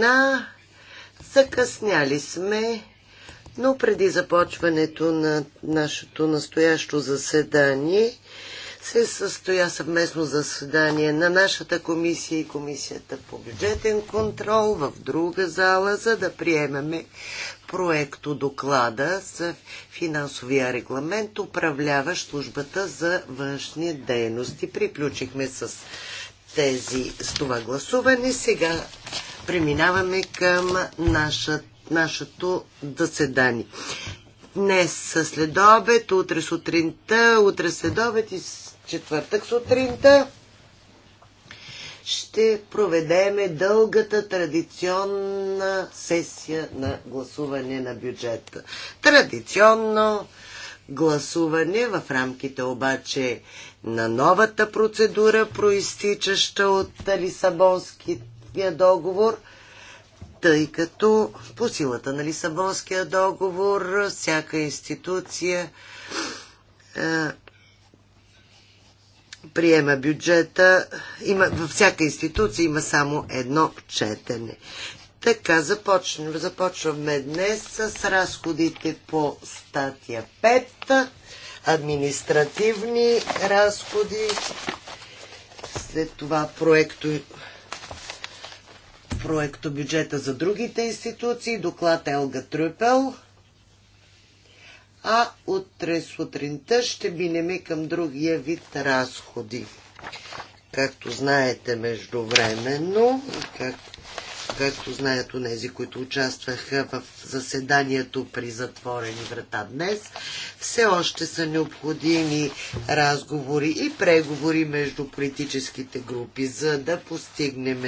на закъсняли сме, но преди започването на нашето настоящо заседание се състоя съвместно заседание на нашата комисия и комисията по бюджетен контрол в друга зала, за да приемеме проекто доклада за финансовия регламент, управляващ службата за външни дейности. Приключихме с тези, с това гласуване. Сега преминаваме към наша, нашето заседание. Днес след обед, утре сутринта, утре след обед и четвъртък сутринта ще проведеме дългата традиционна сесия на гласуване на бюджета. Традиционно гласуване в рамките обаче на новата процедура, проистичаща от Лисабонските Лисабонския договор, тъй като по силата на Лисабонския договор всяка институция е, приема бюджета, има, във всяка институция има само едно четене. Така, започваме, започваме днес с разходите по статия 5, административни разходи, след това проекто проекто бюджета за другите институции, доклад Елга Трюпел. А утре сутринта ще минем към другия вид разходи. Както знаете, междувременно, както както знаят онези, които участваха в заседанието при затворени врата днес, все още са необходими разговори и преговори между политическите групи, за да постигнем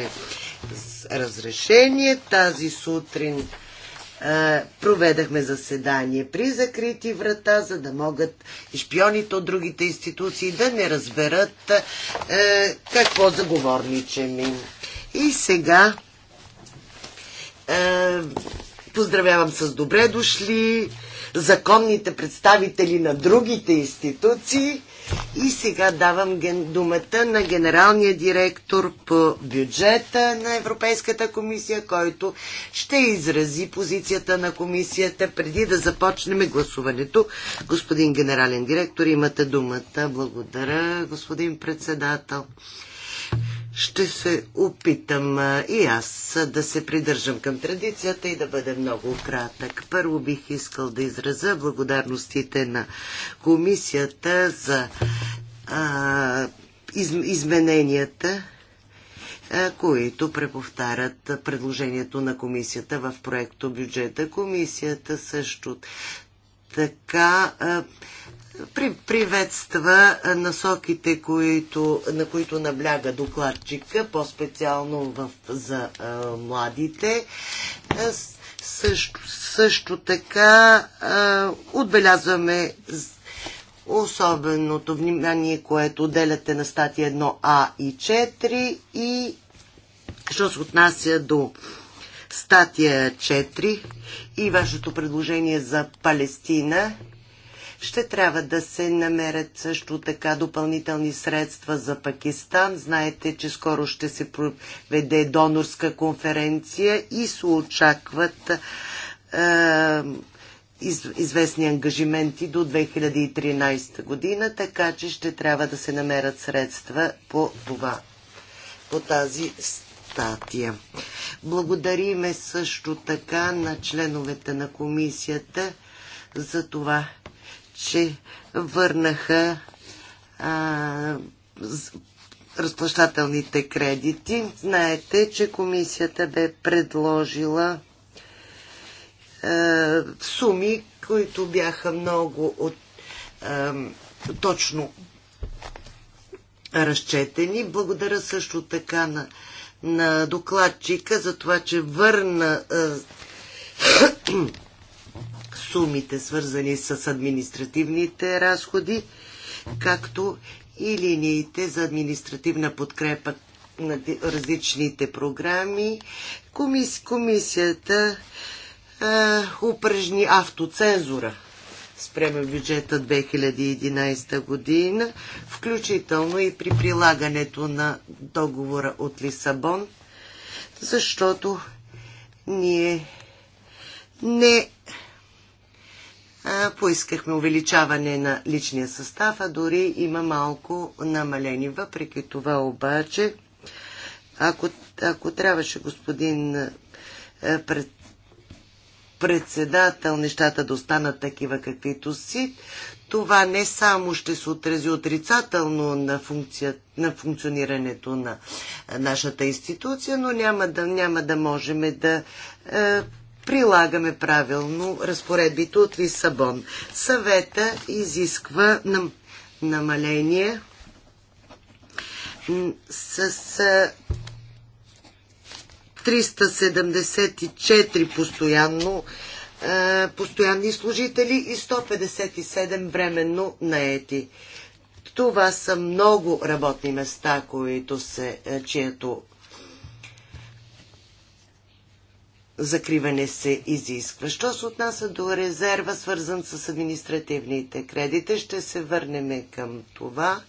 разрешение. Тази сутрин е, проведахме заседание при закрити врата, за да могат и шпионите от другите институции да не разберат е, какво заговорничем им. И сега е, поздравявам с добре дошли законните представители на другите институции и сега давам думата на генералния директор по бюджета на Европейската комисия, който ще изрази позицията на комисията преди да започнем гласуването. Господин генерален директор, имате думата. Благодаря, господин председател ще се опитам и аз да се придържам към традицията и да бъде много кратък. Първо бих искал да изразя благодарностите на комисията за а, из, измененията, а, които преповтарят предложението на комисията в проекто бюджета. Комисията също така а, при, приветства насоките, които, на които набляга докладчика, по-специално за а, младите. А, също, също така а, отбелязваме особеното внимание, което отделяте на статия 1А и 4 и що се отнася до статия 4 и вашето предложение за Палестина – ще трябва да се намерят също така допълнителни средства за Пакистан. Знаете, че скоро ще се проведе донорска конференция и се очакват е, из, известни ангажименти до 2013 година, така че ще трябва да се намерят средства по това, по тази статия. Благодариме също така на членовете на комисията за това, че върнаха а, разплащателните кредити. Знаете, че комисията бе предложила а, суми, които бяха много от, а, точно разчетени. Благодаря също така на, на докладчика за това, че върна а, сумите, свързани с административните разходи, както и линиите за административна подкрепа на различните програми. Комис, комисията а, упражни автоцензура спрямо бюджета 2011 година, включително и при прилагането на договора от Лисабон, защото ние не поискахме увеличаване на личния състав, а дори има малко намалени. Въпреки това обаче, ако, ако трябваше господин пред, председател нещата да останат такива каквито си, това не само ще се отрази отрицателно на, функция, на функционирането на нашата институция, но няма да, няма да можем да е, прилагаме правилно разпоредбите от Лисабон. Съвета изисква нам, намаление с 374 постоянно постоянни служители и 157 временно наети. Това са много работни места, които се, чието закриване се изисква. Що се отнася до резерва, свързан с административните кредити, ще се върнем към това,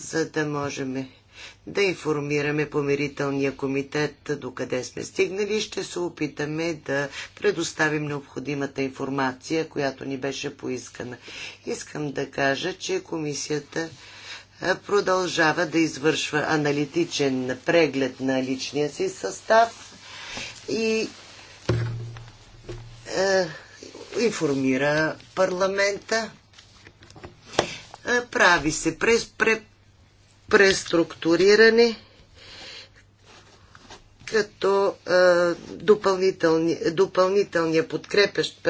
за да можем да информираме помирителния комитет до къде сме стигнали. Ще се опитаме да предоставим необходимата информация, която ни беше поискана. Искам да кажа, че комисията продължава да извършва аналитичен преглед на личния си състав и е, информира парламента. Е, прави се през, пре, преструктуриране като е, допълнителни, допълнителния подкрепещ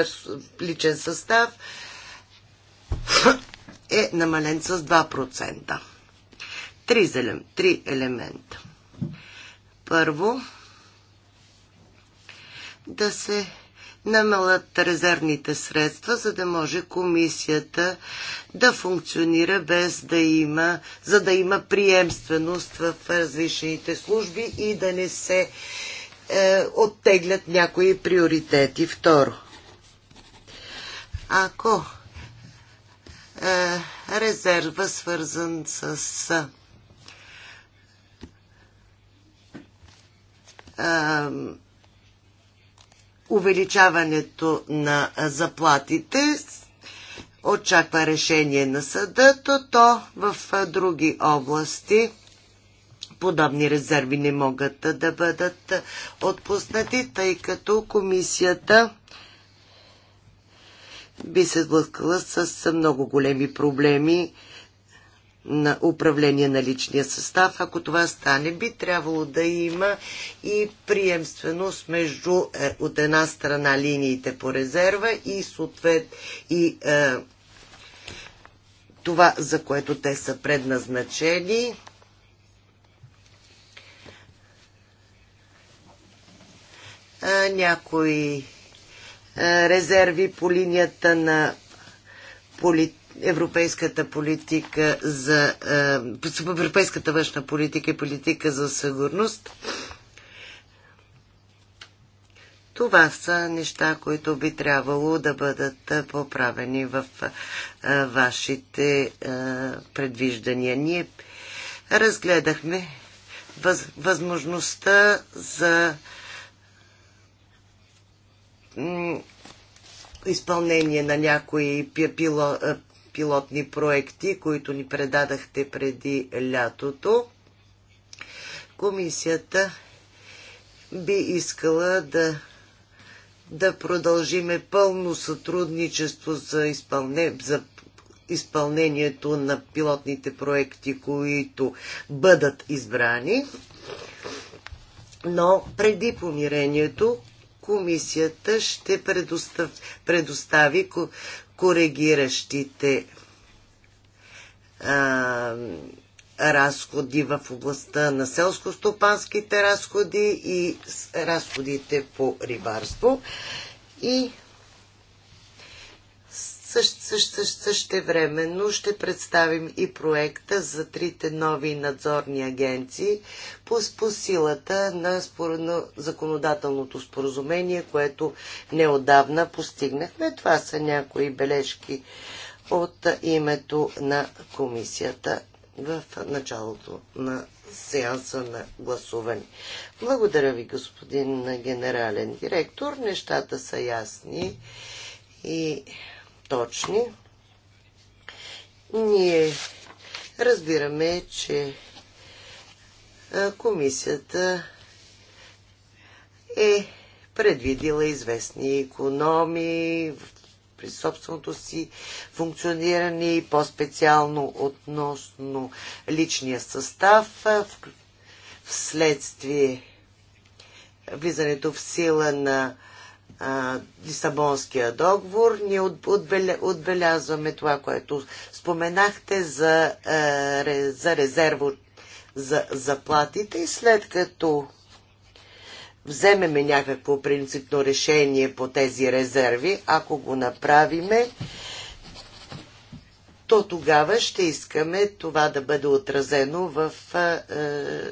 личен състав е намален с 2%. Три, елем, три елемента. Първо, да се намалят резервните средства, за да може комисията да функционира без да има, за да има приемственост в различните служби и да не се е, оттеглят някои приоритети. Второ, ако е, резерва, свързан с е, увеличаването на заплатите очаква решение на съда, то то в е, други области подобни резерви не могат да бъдат отпуснати, тъй като комисията би се сблъскала с много големи проблеми на управление на личния състав. Ако това стане, би трябвало да има и приемственост между е, от една страна линиите по резерва и съответ и е, това, за което те са предназначени. Е, някои е, резерви по линията на полит... европейската политика за е, европейската външна политика и политика за сигурност. Това са неща, които би трябвало да бъдат поправени в е, вашите предвиждания. Ние разгледахме възможността за изпълнение на някои пило, е, пилотни проекти, които ни предадахте преди лятото. Комисията би искала да, да продължиме пълно сътрудничество за, изпълне, за изпълнението на пилотните проекти, които бъдат избрани. Но преди помирението комисията ще предостави коригиращите разходи в областта на селско-стопанските разходи и разходите по рибарство. И също, също, същевременно ще представим и проекта за трите нови надзорни агенции по, по силата на, на законодателното споразумение, което неодавна постигнахме. Това са някои бележки от името на комисията в началото на сеанса на гласуване. Благодаря ви, господин генерален директор. Нещата са ясни и точни. Ние разбираме, че комисията е предвидила известни економии при собственото си функциониране и по-специално относно личния състав вследствие влизането в сила на Лисабонския договор. Ние отбеля, отбелязваме това, което споменахте за, за резерво за заплатите и след като вземеме някакво принципно решение по тези резерви, ако го направиме, то тогава ще искаме това да бъде отразено в е,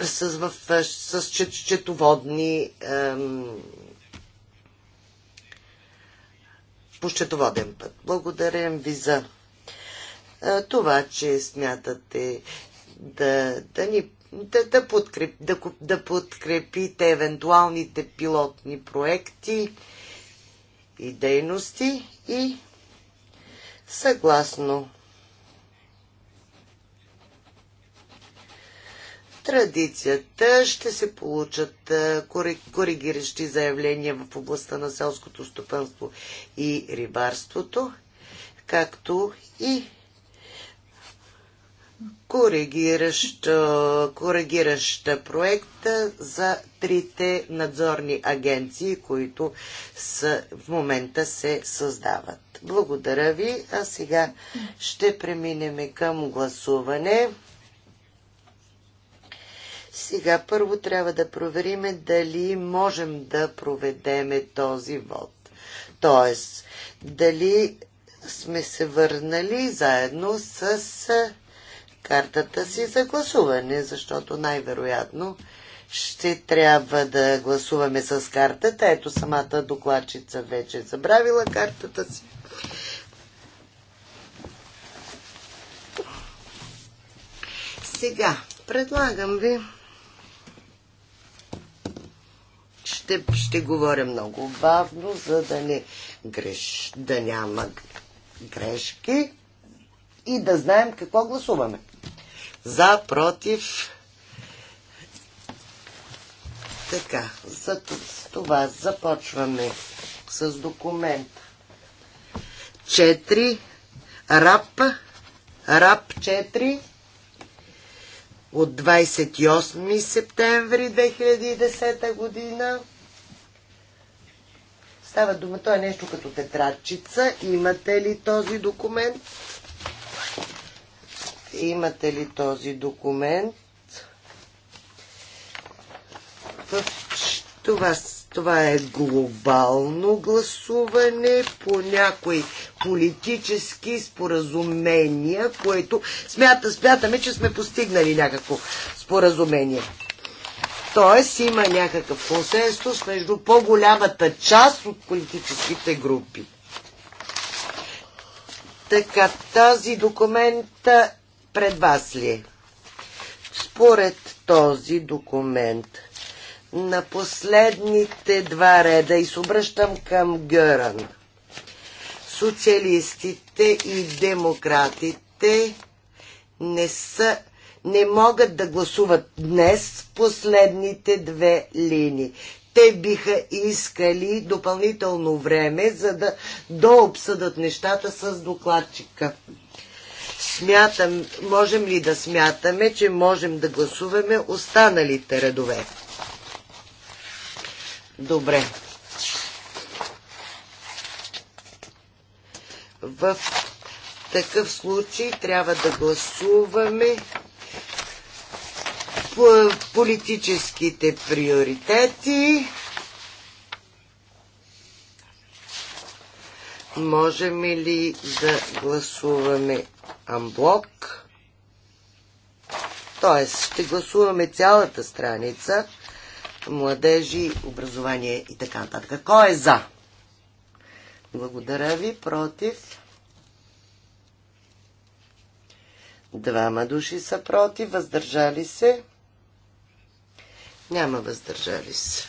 с, в, е, с счетоводни ем, по счетоводен път. Благодарим ви за е, това, че смятате да, да ни да, да, подкреп, да, да подкрепите евентуалните пилотни проекти и дейности и съгласно традицията ще се получат коригиращи заявления в областта на селското стопанство и рибарството, както и коригиращ, коригираща проекта за трите надзорни агенции, които са, в момента се създават. Благодаря ви, а сега ще преминем към гласуване. Сега първо трябва да проверим дали можем да проведеме този вод. Тоест, дали сме се върнали заедно с картата си за гласуване, защото най-вероятно ще трябва да гласуваме с картата. Ето самата докладчица вече е забравила картата си. Сега, предлагам ви ще, ще говоря много бавно, за да не греш, да няма грешки и да знаем какво гласуваме. За, против. Така, за това започваме с документа. 4. Рап. Рап 4 от 28 септември 2010 година. Става дума, то е нещо като тетрадчица. Имате ли този документ? Имате ли този документ? Това, това е глобално гласуване по някои политически споразумения, което смята, смятаме, че сме постигнали някакво споразумение. Тоест има някакъв консенсус между по-голямата част от политическите групи. Така, този документ пред вас ли е? Според този документ на последните два реда и се обръщам към Гъран. Социалистите и демократите не са не могат да гласуват днес последните две линии. Те биха искали допълнително време, за да дообсъдат нещата с докладчика. Смятам, можем ли да смятаме, че можем да гласуваме останалите редове? Добре. В такъв случай трябва да гласуваме политическите приоритети. Можем ли да гласуваме амблок? Тоест, ще гласуваме цялата страница младежи, образование и така нататък. Кой е за? Благодаря ви. Против? Двама души са против. Въздържали се? Няма въздържали се.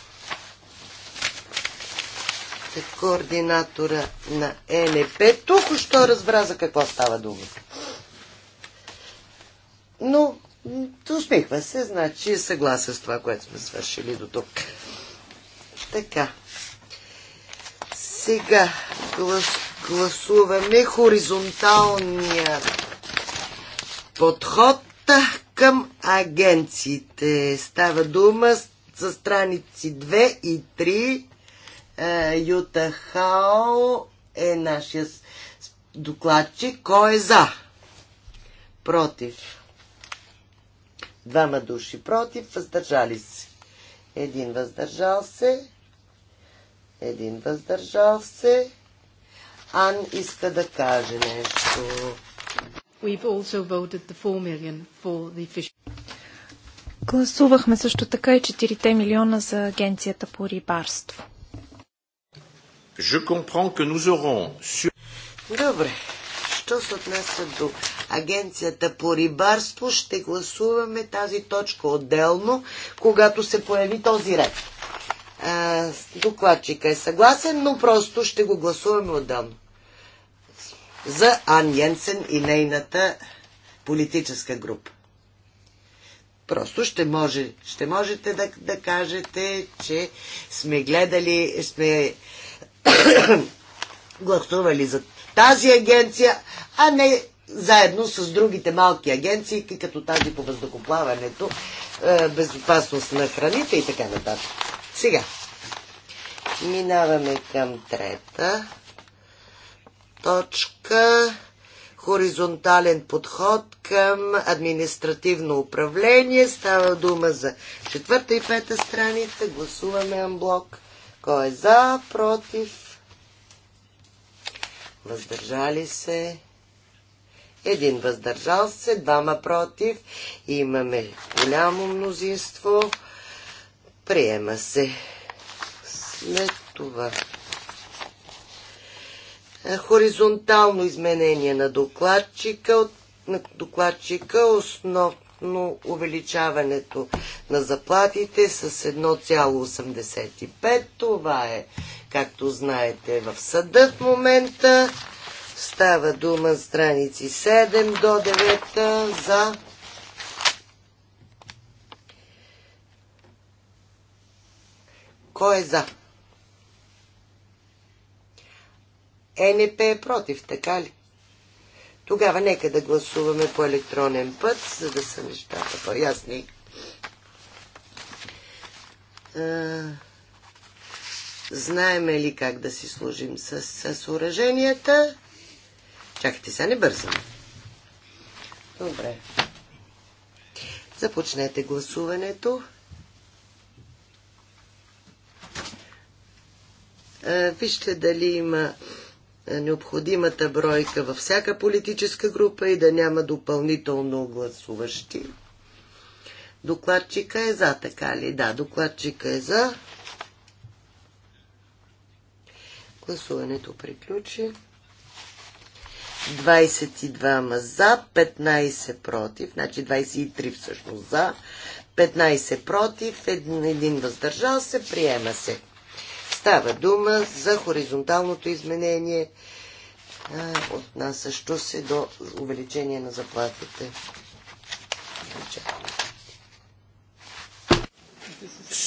Координатора на ЕНП тук що разбра за какво става дума. Но усмихва се, значи е съгласен с това, което сме свършили до тук. Така. Сега глас, гласуваме хоризонталния подход към агенциите. Става дума за страници 2 и 3. Е, Юта Хао е нашия докладчик. Кой е за? Против. Двама души против, въздържали се. Един въздържал се. Един въздържал се. Ан иска да каже нещо. We've also voted the 4 million for the fish. Гласувахме също така и 4 милиона за агенцията по рибарство. Je comprends que nous aurons Добре. Що се отнесе до агенцията по рибарство, ще гласуваме тази точка отделно, когато се появи този ред. А, докладчика е съгласен, но просто ще го гласуваме отделно за Ан Йенсен и нейната политическа група. Просто ще, може, ще можете да, да кажете, че сме гледали, сме гласували за тази агенция, а не заедно с другите малки агенции, като тази по въздухоплаването, е, безопасност на храните и така нататък. Сега, минаваме към трета точка хоризонтален подход към административно управление. Става дума за четвърта и пета страница. Гласуваме анблок. Кой е за, против? Въздържали се? Един въздържал се, двама против. Имаме голямо мнозинство. Приема се. След това хоризонтално изменение на докладчика, на докладчика основно увеличаването на заплатите с 1,85. Това е, както знаете, в съда в момента. Става дума страници 7 до 9 за Кой е за? ЕНП е против, така ли? Тогава нека да гласуваме по електронен път, за да са нещата по-ясни. Знаеме ли как да си служим с, с ураженията? Чакайте, сега не бързам. Добре. Започнете гласуването. Вижте дали има необходимата бройка във всяка политическа група и да няма допълнително гласуващи. Докладчика е за, така ли? Да, докладчика е за. Гласуването приключи. 22 за, 15 против, значи 23 всъщност за, 15 против, един, един въздържал се, приема се. Става дума за хоризонталното изменение, отнасящо се до увеличение на заплатите.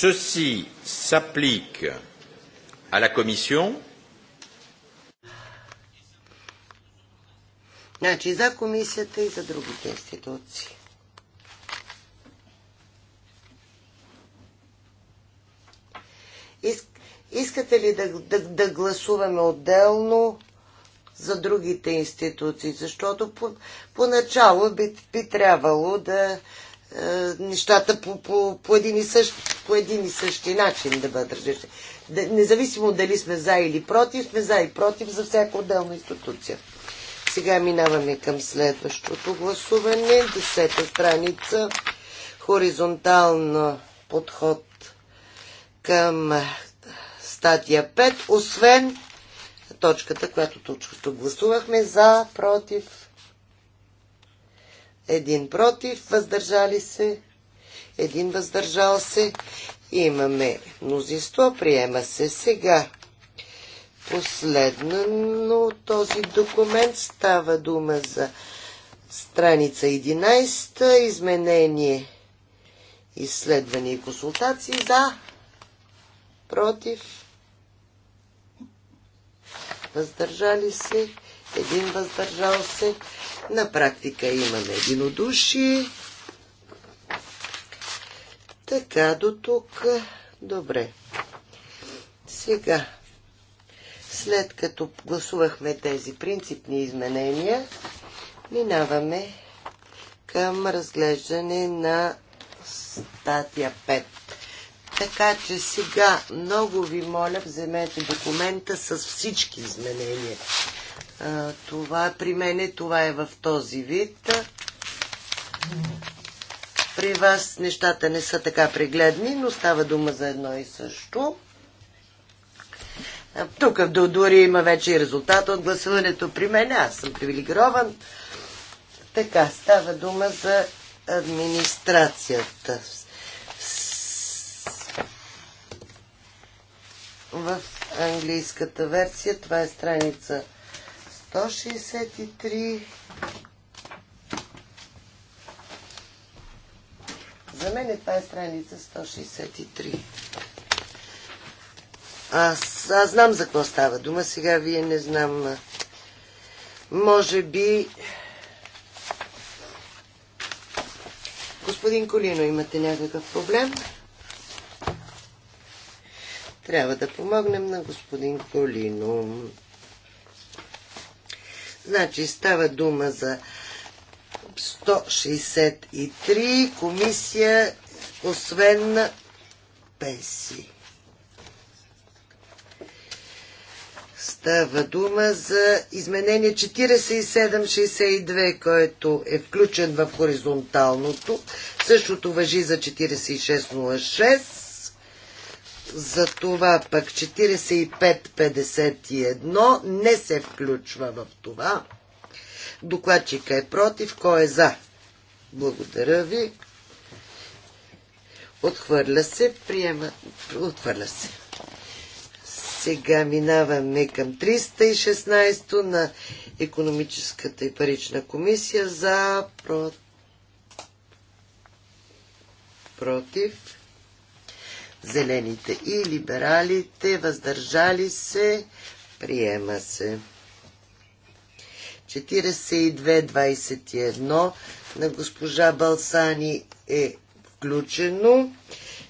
Ceci s'applique à la Commission. Значи за комисията и за другите институции. Иск... Искате ли да, да, да гласуваме отделно за другите институции? Защото по, поначало би, би трябвало да е, нещата по, по, по, един и същ, по един и същи начин да бъдат различни. Да, независимо дали сме за или против, сме за и против за всяка отделна институция. Сега минаваме към следващото гласуване. Десета страница. Хоризонтална подход към статия 5, освен точката, която тук гласувахме за, против, един против, въздържали се, един въздържал се. Имаме мнозинство, приема се сега. Последно този документ става дума за страница 11, изменение, изследване и консултации за, против, въздържали се, един въздържал се. На практика имаме единодушие. Така, до тук. Добре. Сега, след като гласувахме тези принципни изменения, минаваме към разглеждане на статия 5. Така че сега много ви моля, вземете документа с всички изменения. Това при мене, това е в този вид. При вас нещата не са така прегледни, но става дума за едно и също. Тук дори има вече и резултат от гласуването при мен. Аз съм привилегирован. Така, става дума за администрацията. в английската версия. Това е страница 163. За мен е това е страница 163. Аз, аз знам за какво става дума, сега вие не знам. Може би... Господин Колино, имате някакъв проблем? Трябва да помогнем на господин Колино. Значи става дума за 163 комисия, освен на пенсии. Става дума за изменение 4762, който е включен в хоризонталното. Същото въжи за 4606 за това пък 45-51 не се включва в това. Докладчика е против, кой е за? Благодаря ви. Отхвърля се, приема, отхвърля се. Сега минаваме към 316 на економическата и парична комисия за против. против зелените и либералите, въздържали се, приема се. 42.21 на госпожа Балсани е включено.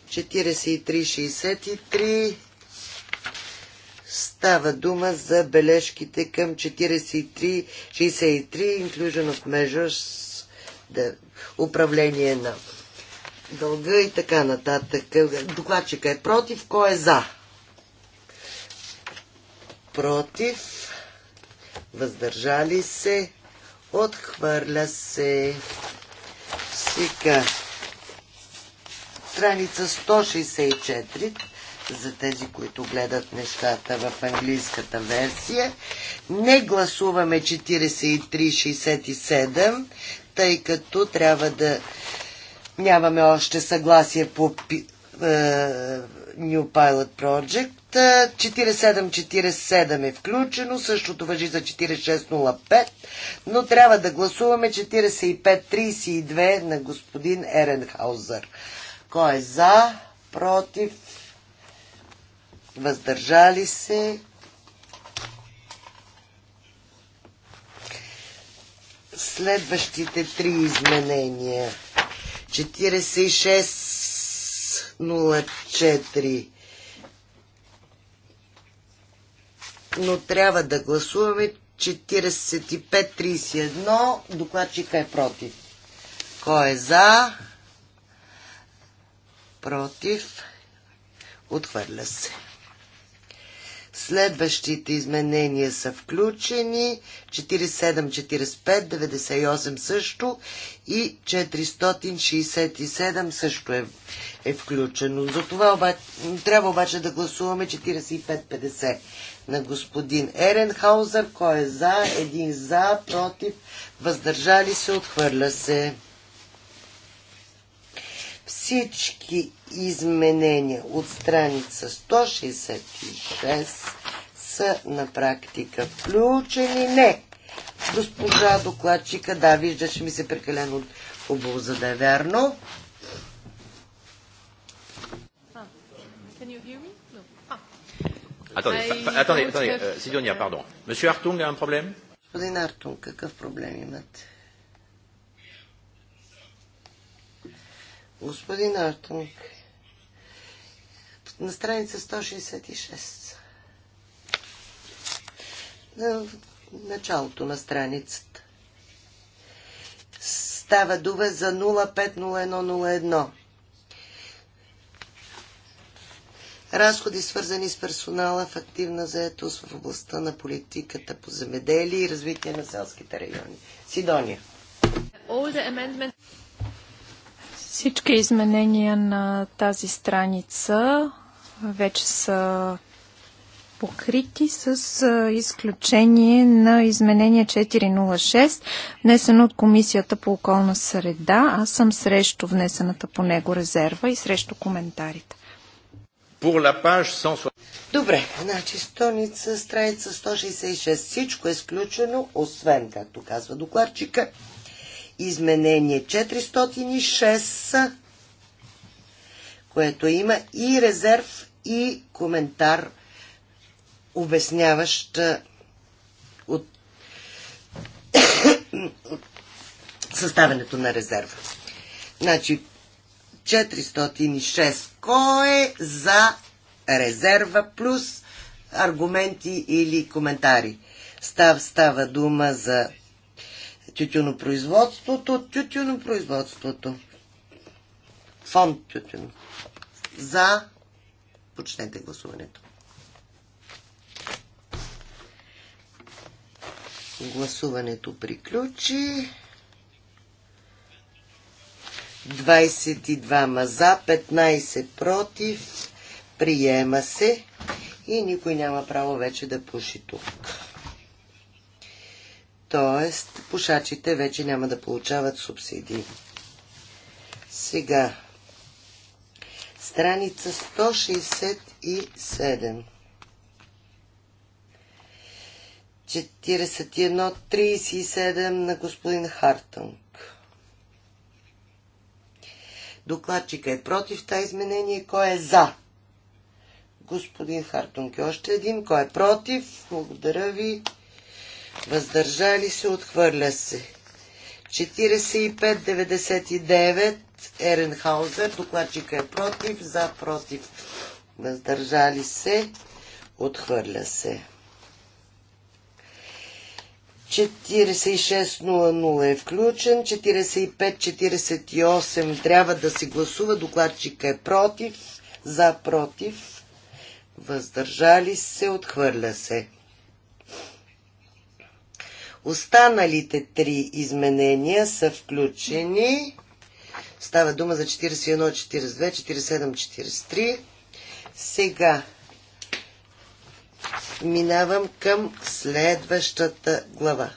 43.63 става дума за бележките към 43.63 Inclusion of Measures да, управление на дълга и така нататък. Докладчика е против, кой е за? Против, въздържали се, отхвърля се. Сика. страница 164, за тези, които гледат нещата в английската версия. Не гласуваме 43-67, тъй като трябва да Нямаме още съгласие по е, New Pilot Project. 4747 е, е включено, същото въжи за 4605, но трябва да гласуваме 4532 на господин Еренхаузър. Кой е за, против, въздържали се? Следващите три изменения – 4604. Но трябва да гласуваме 4531. Докладчика е против. Кой е за? Против. Отхвърля се. Следващите изменения са включени 47, 45, 98 също и 467 също е, е включено. За това обаче, трябва обаче да гласуваме 45-50 на господин Еренхаузър, кой е за, един за, против, въздържали се, отхвърля се всички изменения от страница 166 са на практика включени. Не! Госпожа докладчика, да, виждаше ми се прекалено хубаво, за да е вярно. Господин Артун, какъв проблем имате? Господин Артунг, на страница 166. На началото на страницата. Става дува за 050101. Разходи свързани с персонала в активна заетост в областта на политиката по земеделие и развитие на селските райони. Сидония. Всички изменения на тази страница вече са покрити с изключение на изменение 406, внесено от Комисията по околна среда. Аз съм срещу внесената по него резерва и срещу коментарите. Добре, значи стоница, страница 166. Всичко е изключено, освен, както казва докладчика, изменение 406, което има и резерв, и коментар, обясняващ от съставянето на резерва. Значи 406. Кой е за резерва плюс аргументи или коментари? Став, става дума за тютюнопроизводството, тютюнопроизводството. Фонд тютюн. За. Почнете гласуването. Гласуването приключи. 22 за, 15 против. Приема се. И никой няма право вече да пуши тук. Тоест, пушачите вече няма да получават субсидии. Сега, страница 167. 41.37 на господин Хартунг. Докладчика е против това изменение. Кой е за? Господин Хартунг е още един. Кой е против? Благодаря ви въздържали се, отхвърля се. 45-99 Еренхаузер, докладчика е против, за, против, въздържали се, отхвърля се. 46.00 е включен, 45.48 трябва да се гласува, докладчика е против, за, против, въздържали се, отхвърля се. Останалите три изменения са включени. Става дума за 41, 42, 47, 43. Сега минавам към следващата глава.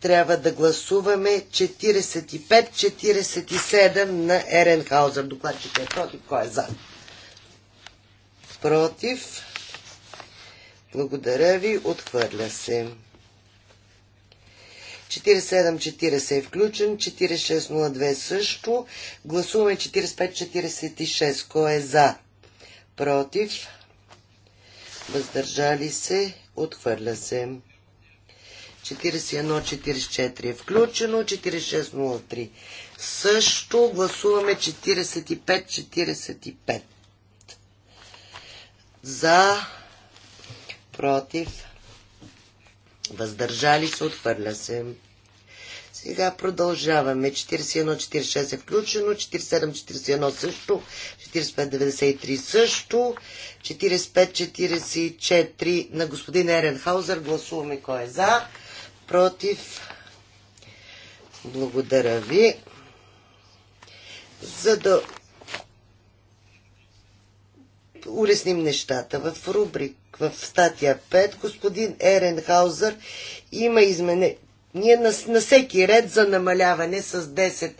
Трябва да гласуваме 45-47 на Еренхаузер. Докладчик е против. Кой е за? Против. Благодаря ви. Отхвърля се. 47-40 е включен, 46-02 е също. Гласуваме 45-46. Кой е за? Против? Въздържали се? Отхвърля се. 41-44 е включено, 46-03 също. Гласуваме 45-45. За? против, въздържали се, отхвърля се. Сега продължаваме. 41-46 е включено, 47-41 също, 45-93 също, 45-44 на господин Еренхаузер. Гласуваме кой е за, против. Благодаря ви. За да улесним нещата в рубрик в статия 5, господин Еренхаузър има изменение на, на всеки ред за намаляване с 10,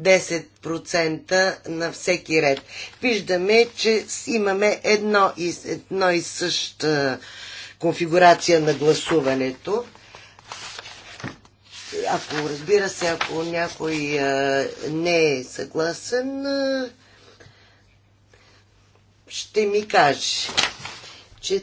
10% на всеки ред. Виждаме, че имаме едно и, едно и съща конфигурация на гласуването. Ако, разбира се, ако някой а, не е съгласен, а, ще ми каже, че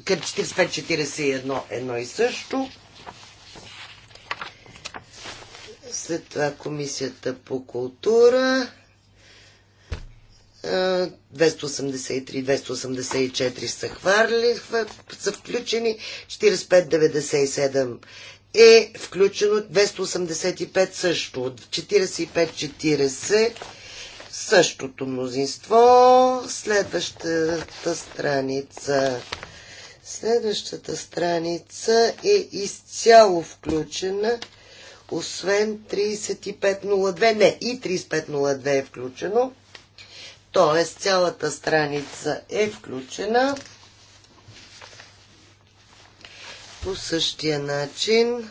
45-41 едно и също. След това Комисията по култура 283-284 са хвърли, са включени, 45-97 е включено, 285 също, 45-40 същото мнозинство, следващата страница Следващата страница е изцяло включена, освен 3502. Не, и 3502 е включено. Тоест цялата страница е включена. По същия начин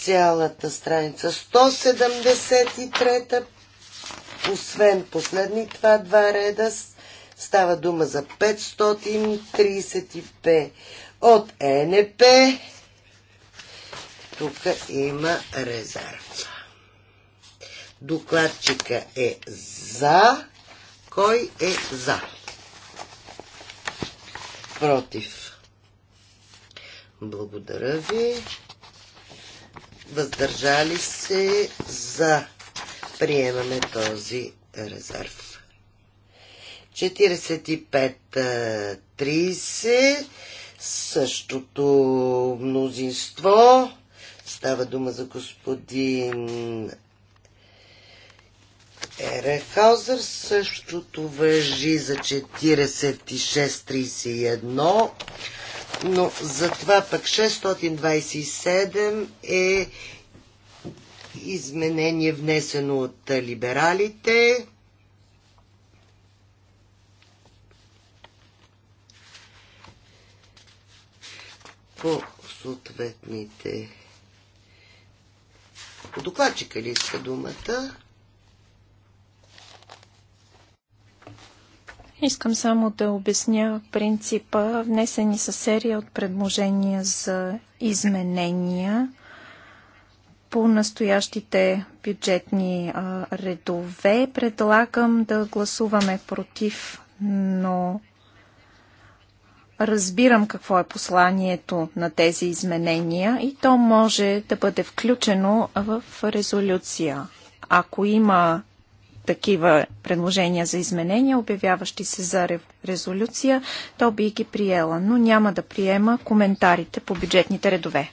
цялата страница 173 освен последни това два реда, става дума за 535 от ЕНП. Тук има резерва. Докладчика е за. Кой е за? Против. Благодаря ви. Въздържали се за приемаме този резерв. 45-30 същото мнозинство. Става дума за господин Ерехаузер. Същото въжи за 46-31, но за това пък 627 е изменение внесено от либералите. По съответните докладчика ли иска думата? Искам само да обясня принципа. Внесени са серия от предложения за изменения по настоящите бюджетни а, редове. Предлагам да гласуваме против, но разбирам какво е посланието на тези изменения и то може да бъде включено в резолюция. Ако има такива предложения за изменения, обявяващи се за резолюция, то би ги приела, но няма да приема коментарите по бюджетните редове.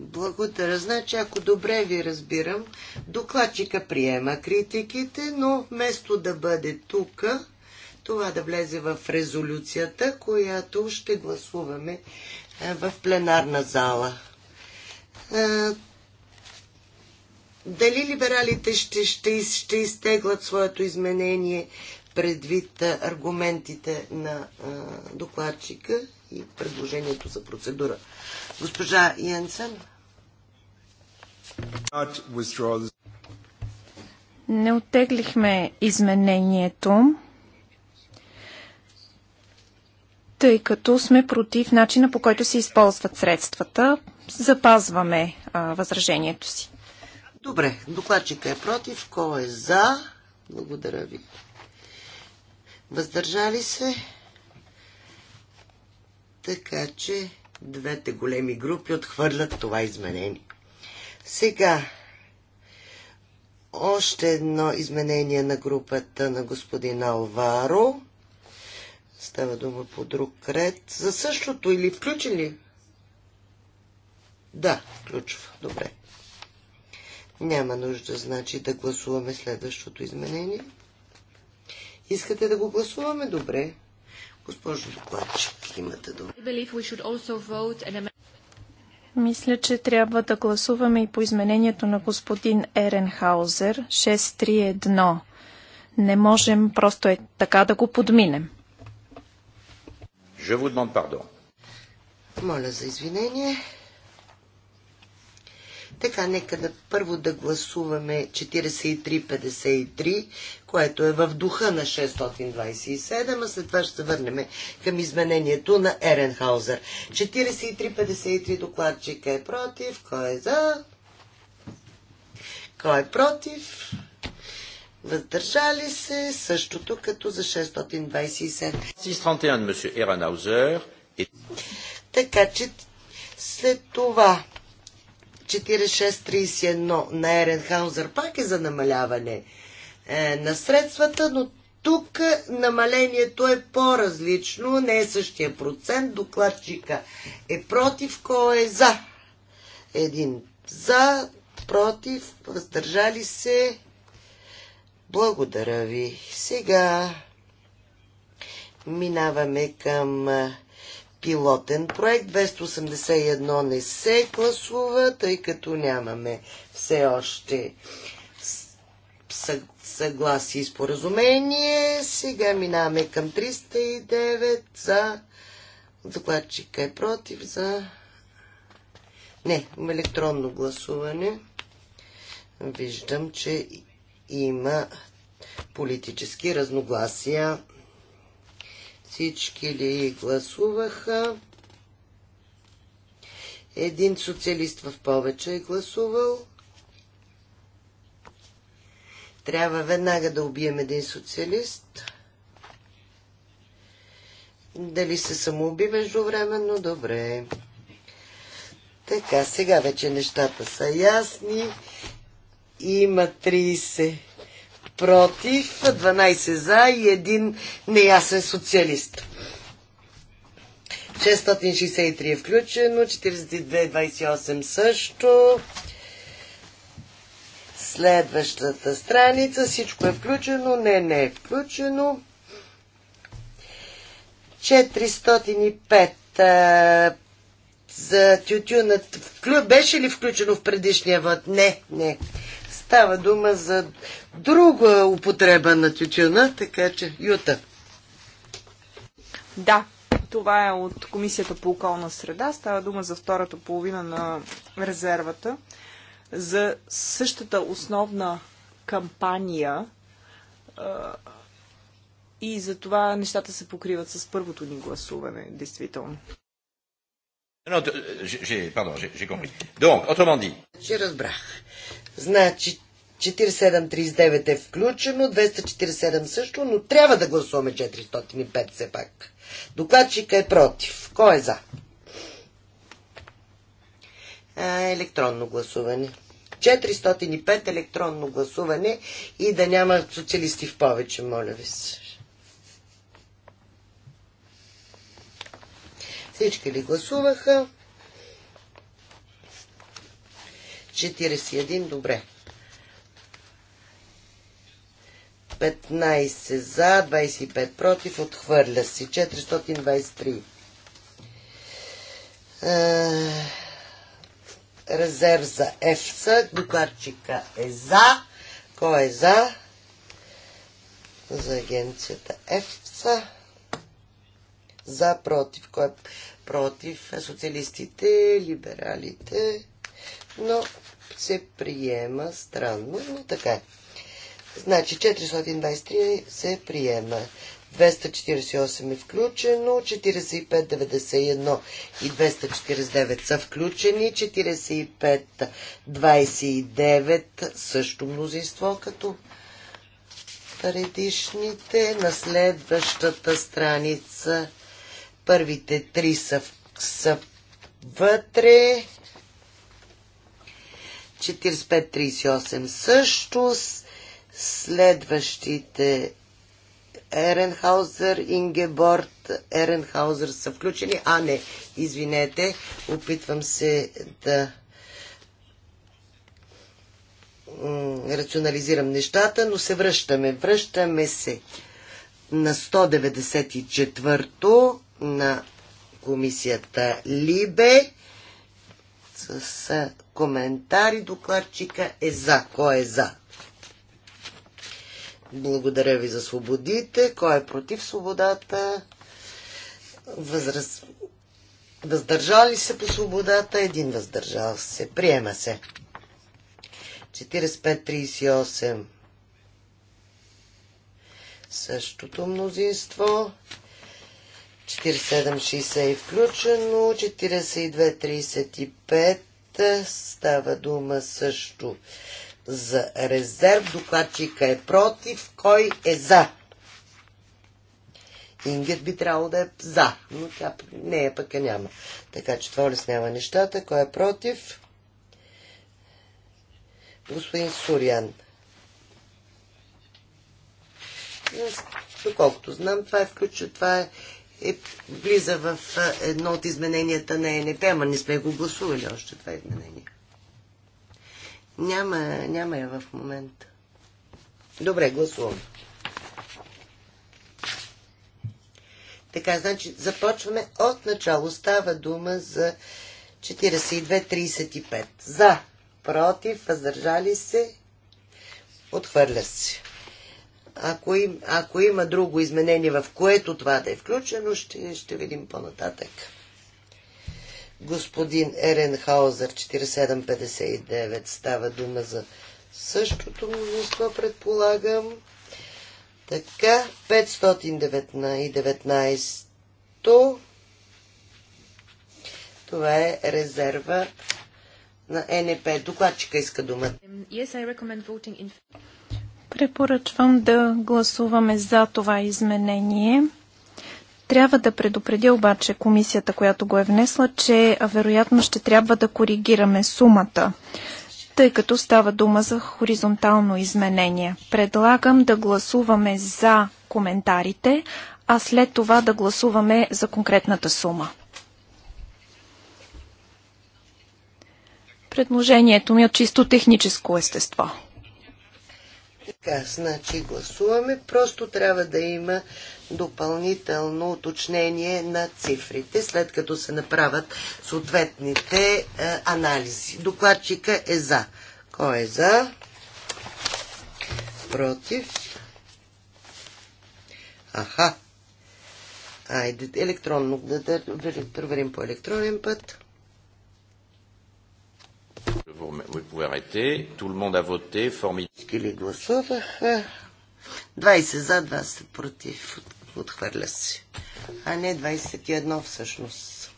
Благодаря. Значи, ако добре ви разбирам, докладчика приема критиките, но вместо да бъде тук, това да влезе в резолюцията, която ще гласуваме е, в пленарна зала. Е, дали либералите ще, ще, ще изтеглят своето изменение предвид е, аргументите на докладчика и предложението за процедура? Госпожа Янсен. Не оттеглихме изменението, тъй като сме против начина по който се използват средствата. Запазваме а, възражението си. Добре, докладчика е против, кой е за? Благодаря ви. Въздържали се? Така че двете големи групи отхвърлят това изменение. Сега, още едно изменение на групата на господин Алваро. Става дума по друг ред. За същото или включи ли? Да, включва. Добре. Няма нужда, значи, да гласуваме следващото изменение. Искате да го гласуваме? Добре. Госпожо докладчик, имате дума. Мисля, че трябва да гласуваме и по изменението на господин Еренхаузер 631. Не можем просто е така да го подминем. Je vous demande pardon. Моля за извинение. Така, нека да първо да гласуваме 4353, което е в духа на 627, а след това ще върнем към изменението на Еренхаузер. 4353 докладчика е против, кой е за, кой е против, въздържали се, същото като за 627. 631, месье Еренхаузер. Така че след това 4631 на Еренхаузер пак е за намаляване е, на средствата, но тук намалението е по-различно, не е същия процент. Докладчика е против, кой е за? Един за, против, въздържали се. Благодаря ви. Сега минаваме към е, пилотен проект. 281 не се гласува, тъй като нямаме все още съгласие и споразумение. Сега минаваме към 309 за докладчика е против за не, електронно гласуване. Виждам, че има политически разногласия. Всички ли гласуваха? Един социалист в повече е гласувал. Трябва веднага да убием един социалист. Дали се самоуби междувременно? Добре. Така, сега вече нещата са ясни. Има 30 против, 12 за и един неясен социалист. 663 е включено, 42,28 също. Следващата страница, всичко е включено, не, не е включено. 405 за тютюнът. Вклю... Беше ли включено в предишния вод? Не, не. Става дума за друга употреба на тютюна, така че Юта. Да, това е от Комисията по околна среда. Става дума за втората половина на резервата. За същата основна кампания и за това нещата се покриват с първото ни гласуване, действително. Non, j'ai, pardon, j'ai compris. Donc, autrement dit. J'ai разбрах. Значи 4739 е включено, 247 също, но трябва да гласуваме 405 все пак. Докладчика е против. Кой е за? А, електронно гласуване. 405 електронно гласуване и да няма социалисти в повече, моля ви се. Всички ли гласуваха? 41 добре. 15 за, 25 против, отхвърля се. 423. резерв за ЕФСА. Докладчика е за. Кой е за? За агенцията ЕФСА. За, против. Кой е против? Социалистите, либералите. Но се приема странно, но така. Значи 423 се приема. 248 е включено, 45, 91 и 249 са включени, 45, 29 също мнозинство като предишните. На следващата страница първите три са, са вътре. 45-38 също. Следващите Еренхаузер, Ингеборд, Еренхаузер са включени. А, не, извинете, опитвам се да рационализирам нещата, но се връщаме. Връщаме се на 194-то на комисията Либе с коментари. Докладчика е за. Кой е за? Благодаря ви за свободите. Кой е против свободата? Възраз... Въздържали се по свободата? Един въздържал се. Приема се. 45-38. Същото мнозинство. 4760 е включено, 4235 е, става дума също за резерв. Докладчика е против. Кой е за? Ингет би трябвало да е за, но тя не е, пък я няма. Така че това улеснява нещата. Кой е против? Господин Сурян. Доколкото знам, това е включено, това е е, влиза в едно от измененията на ЕНП, ама не сме го гласували още това изменение. Няма, няма я в момента. Добре, гласувам. Така, значи започваме от начало. Става дума за 42-35. За, против, въздържали се, отхвърля се. Ако, им, ако има друго изменение, в което това да е включено, ще, ще видим по-нататък. Господин Еренхаузер, 4759, става дума за същото мнозинство, предполагам. Така, 519. Това е резерва на НП. Докладчика иска думата. Yes, Препоръчвам да гласуваме за това изменение. Трябва да предупредя обаче комисията, която го е внесла, че вероятно ще трябва да коригираме сумата, тъй като става дума за хоризонтално изменение. Предлагам да гласуваме за коментарите, а след това да гласуваме за конкретната сума. Предложението ми е чисто техническо естество. Така, значи гласуваме. Просто трябва да има допълнително уточнение на цифрите, след като се направят съответните е, анализи. Докладчика е за. Кой е за? Против. Аха. Айде, електронно да, да проверим по електронен път. Всички ли гласуваха? 20 за, 20 против. Отхвърля се. А не 21 всъщност.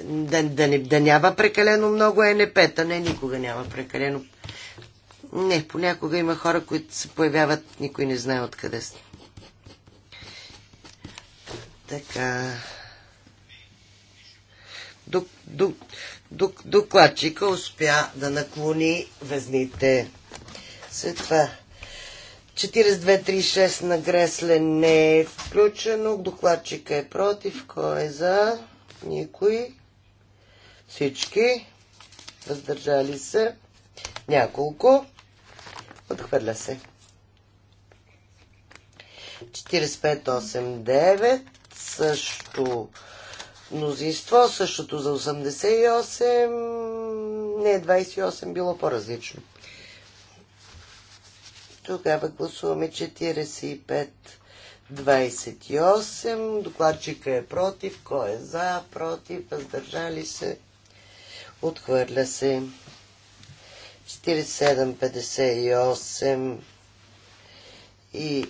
Да, да, не, да няма прекалено много ЕНП-та. Не, никога няма прекалено. Не, понякога има хора, които се появяват, никой не знае откъде са. Така. До, до, докладчика успя да наклони везните. След това 4236 на Гресле не е включено. Докладчика е против. Кой е за? Никой. Всички. Въздържали се. Няколко. Отхвърля се. 4589 също мнозинство, същото за 88, не 28, било по-различно. Тогава гласуваме 45, 28. Докладчика е против, кой е за, против, въздържали се, отхвърля се. 47, 58 и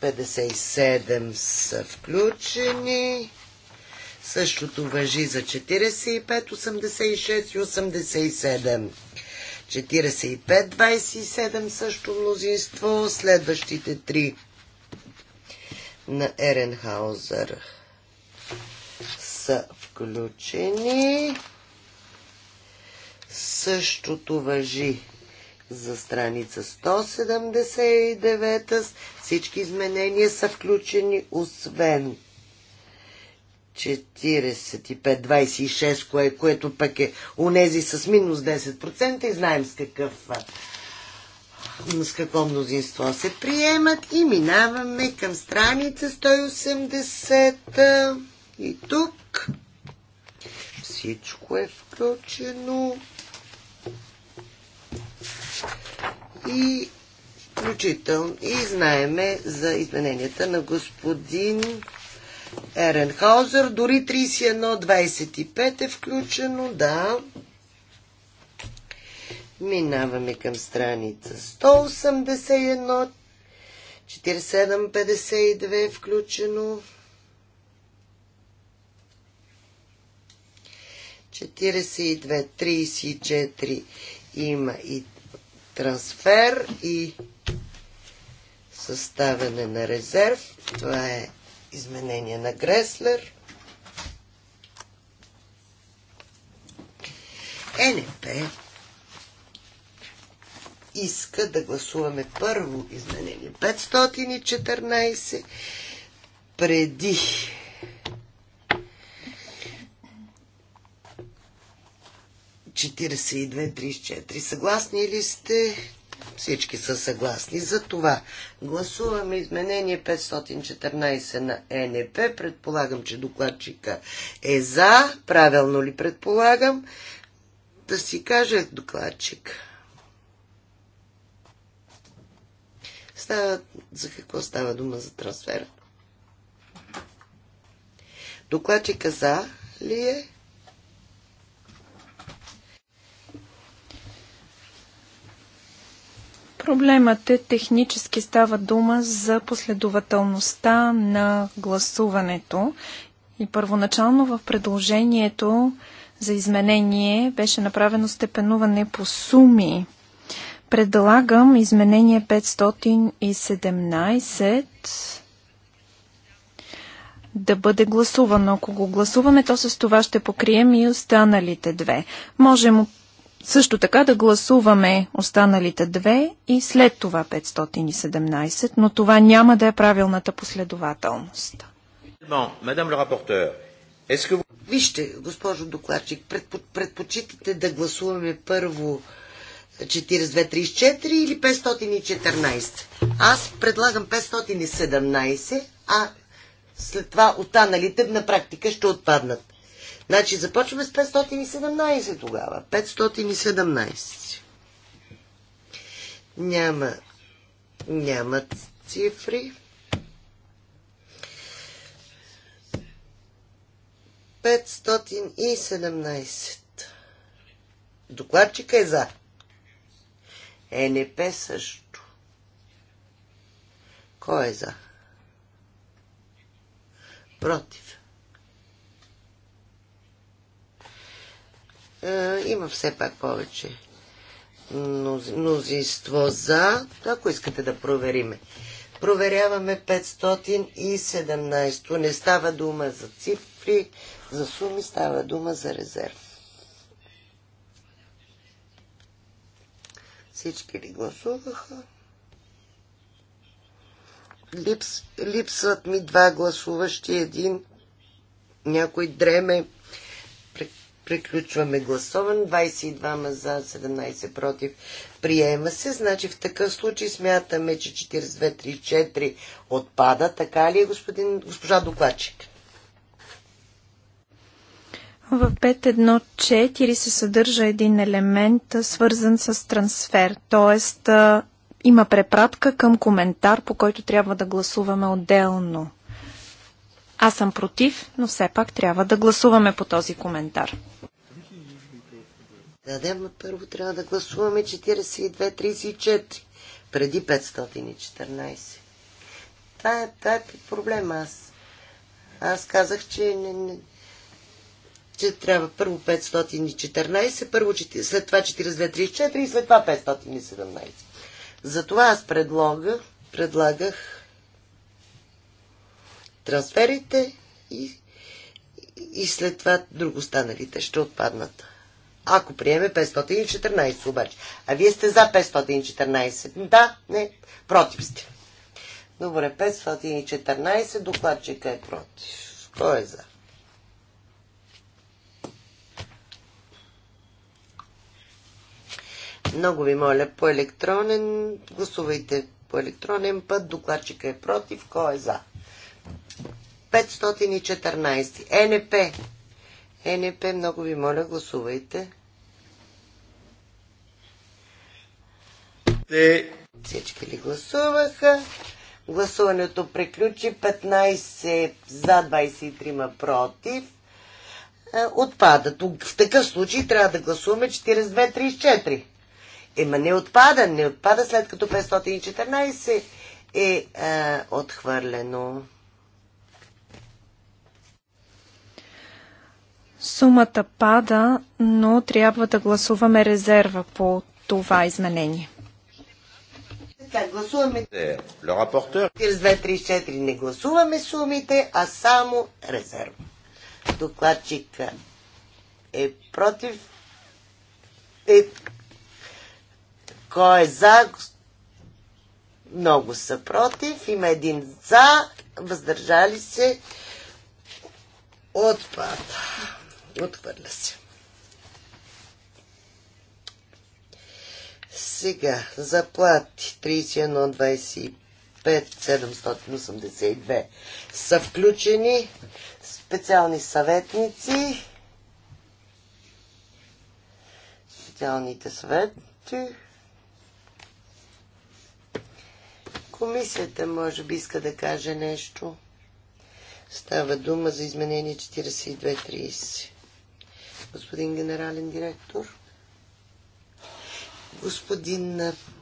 57 са включени. Същото въжи за 45, 86 и 87. 45, 27 също мнозинство. Следващите три на Еренхаузер са включени. Същото въжи за страница 179. Всички изменения са включени, освен 45-26, кое, което пък е унези с минус 10% и знаем с какъв с какво мнозинство се приемат и минаваме към страница 180 и тук всичко е включено и включително и знаеме за измененията на господин Еренхаузер, дори 31.25 е включено, да. Минаваме към страница 181, 47.52 е включено. 42.34 има и трансфер и съставяне на резерв. Това е изменение на Греслер. НП иска да гласуваме първо изменение 514 преди са и Съгласни ли сте? Всички са съгласни. За това гласуваме изменение 514 на НП. Предполагам, че докладчика е за. Правилно ли предполагам? Да си каже докладчик. Става, за какво става дума за трансфера? Докладчика за ли е? Проблемът е технически става дума за последователността на гласуването. И първоначално в предложението за изменение беше направено степенуване по суми. Предлагам изменение 517 да бъде гласувано. Ако го гласуваме, то с това ще покрием и останалите две. Можем също така да гласуваме останалите две и след това 517, но това няма да е правилната последователност. Вижте, госпожо докладчик, предпо, предпочитате да гласуваме първо 4234 или 514? Аз предлагам 517, а след това останалите на практика ще отпаднат. Значи започваме с 517 тогава. 517. Няма, няма цифри. 517. Докладчика е за. Е ЕНП също. Кой е за? Против. Е, има все пак повече мнозинство за. Ако искате да провериме. Проверяваме 517. Не става дума за цифри, за суми, става дума за резерв. Всички ли гласуваха? Липс, липсват ми два гласуващи, един някой дреме. Приключваме гласуване. 22 за, 17 против. Приема се. Значи в такъв случай смятаме, че 4234 отпада. Така ли е, господин, госпожа докладчик? В 5.1.4 се съдържа един елемент, свързан с трансфер, т.е. има препратка към коментар, по който трябва да гласуваме отделно. Аз съм против, но все пак трябва да гласуваме по този коментар. Да, но първо трябва да гласуваме 42-34 преди 514. Това е, това е проблем аз. Аз казах, че, не, не, че трябва първо 514, първо, след това 42-34 и след това 517. Затова аз предлога, предлагах трансферите и, и след това друго станалите ще отпаднат. Ако приеме 514 обаче. А вие сте за 514. Да, не, против сте. Добре, 514, докладчика е против. Кой е за? Много ви моля, по електронен, гласувайте по електронен път, докладчика е против, кой е за? 514. НП. НП, много ви моля, гласувайте. Те... Всички ли гласуваха? Гласуването приключи 15 за 23 против. Е, отпада. В такъв случай трябва да гласуваме 42-34. Ема не отпада, не отпада след като 514 е е отхвърлено. Сумата пада, но трябва да гласуваме резерва по това изменение. Така, гласуваме е, не гласуваме сумите, а само резерва. Докладчик е против. Е... Кой е за? Много са против. Има един за. Въздържали се. Отпада. Отхвърля се. Сега, заплати 31, 25, 782 са включени специални съветници. Специалните съвети. Комисията може би иска да каже нещо. Става дума за изменение 4230 господин генерален директор. Господин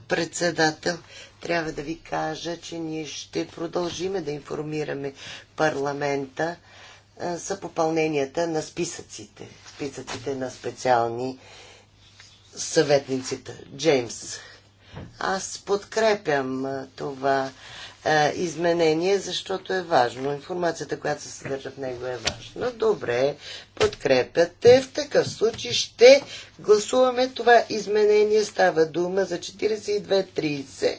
председател, трябва да ви кажа, че ние ще продължиме да информираме парламента за попълненията на списъците, списъците на специални съветниците. Джеймс, аз подкрепям това изменение, защото е важно. Информацията, която се съдържа в него е важна. Добре, подкрепяте. В такъв случай ще гласуваме това изменение. Става дума за 42.30.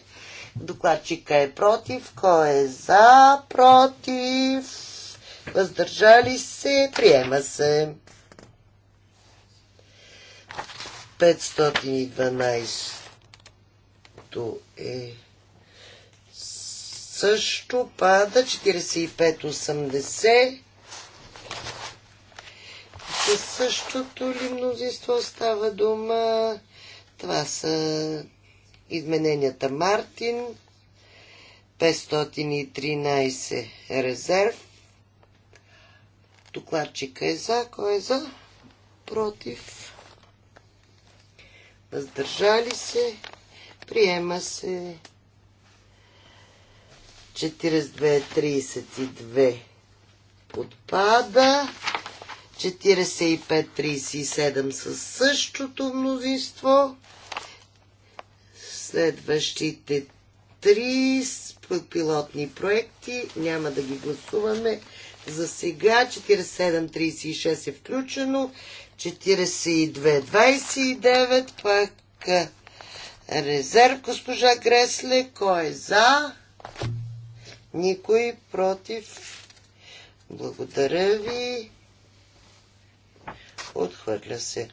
Докладчика е против. Кой е за? Против. Въздържали се. Приема се. 512 е също пада 45-80. За същото ли мнозинство става дума? Това са измененията Мартин, 513 резерв. Докладчика е за. Кой е за? Против. Въздържали се. Приема се. 42-32 отпада. 45-37 със същото мнозинство. Следващите три пилотни проекти няма да ги гласуваме. За сега 47-36 е включено. 42-29 пък резерв госпожа Гресле. Кой е за? Никой против. Благодаря ви. Отхвърля се.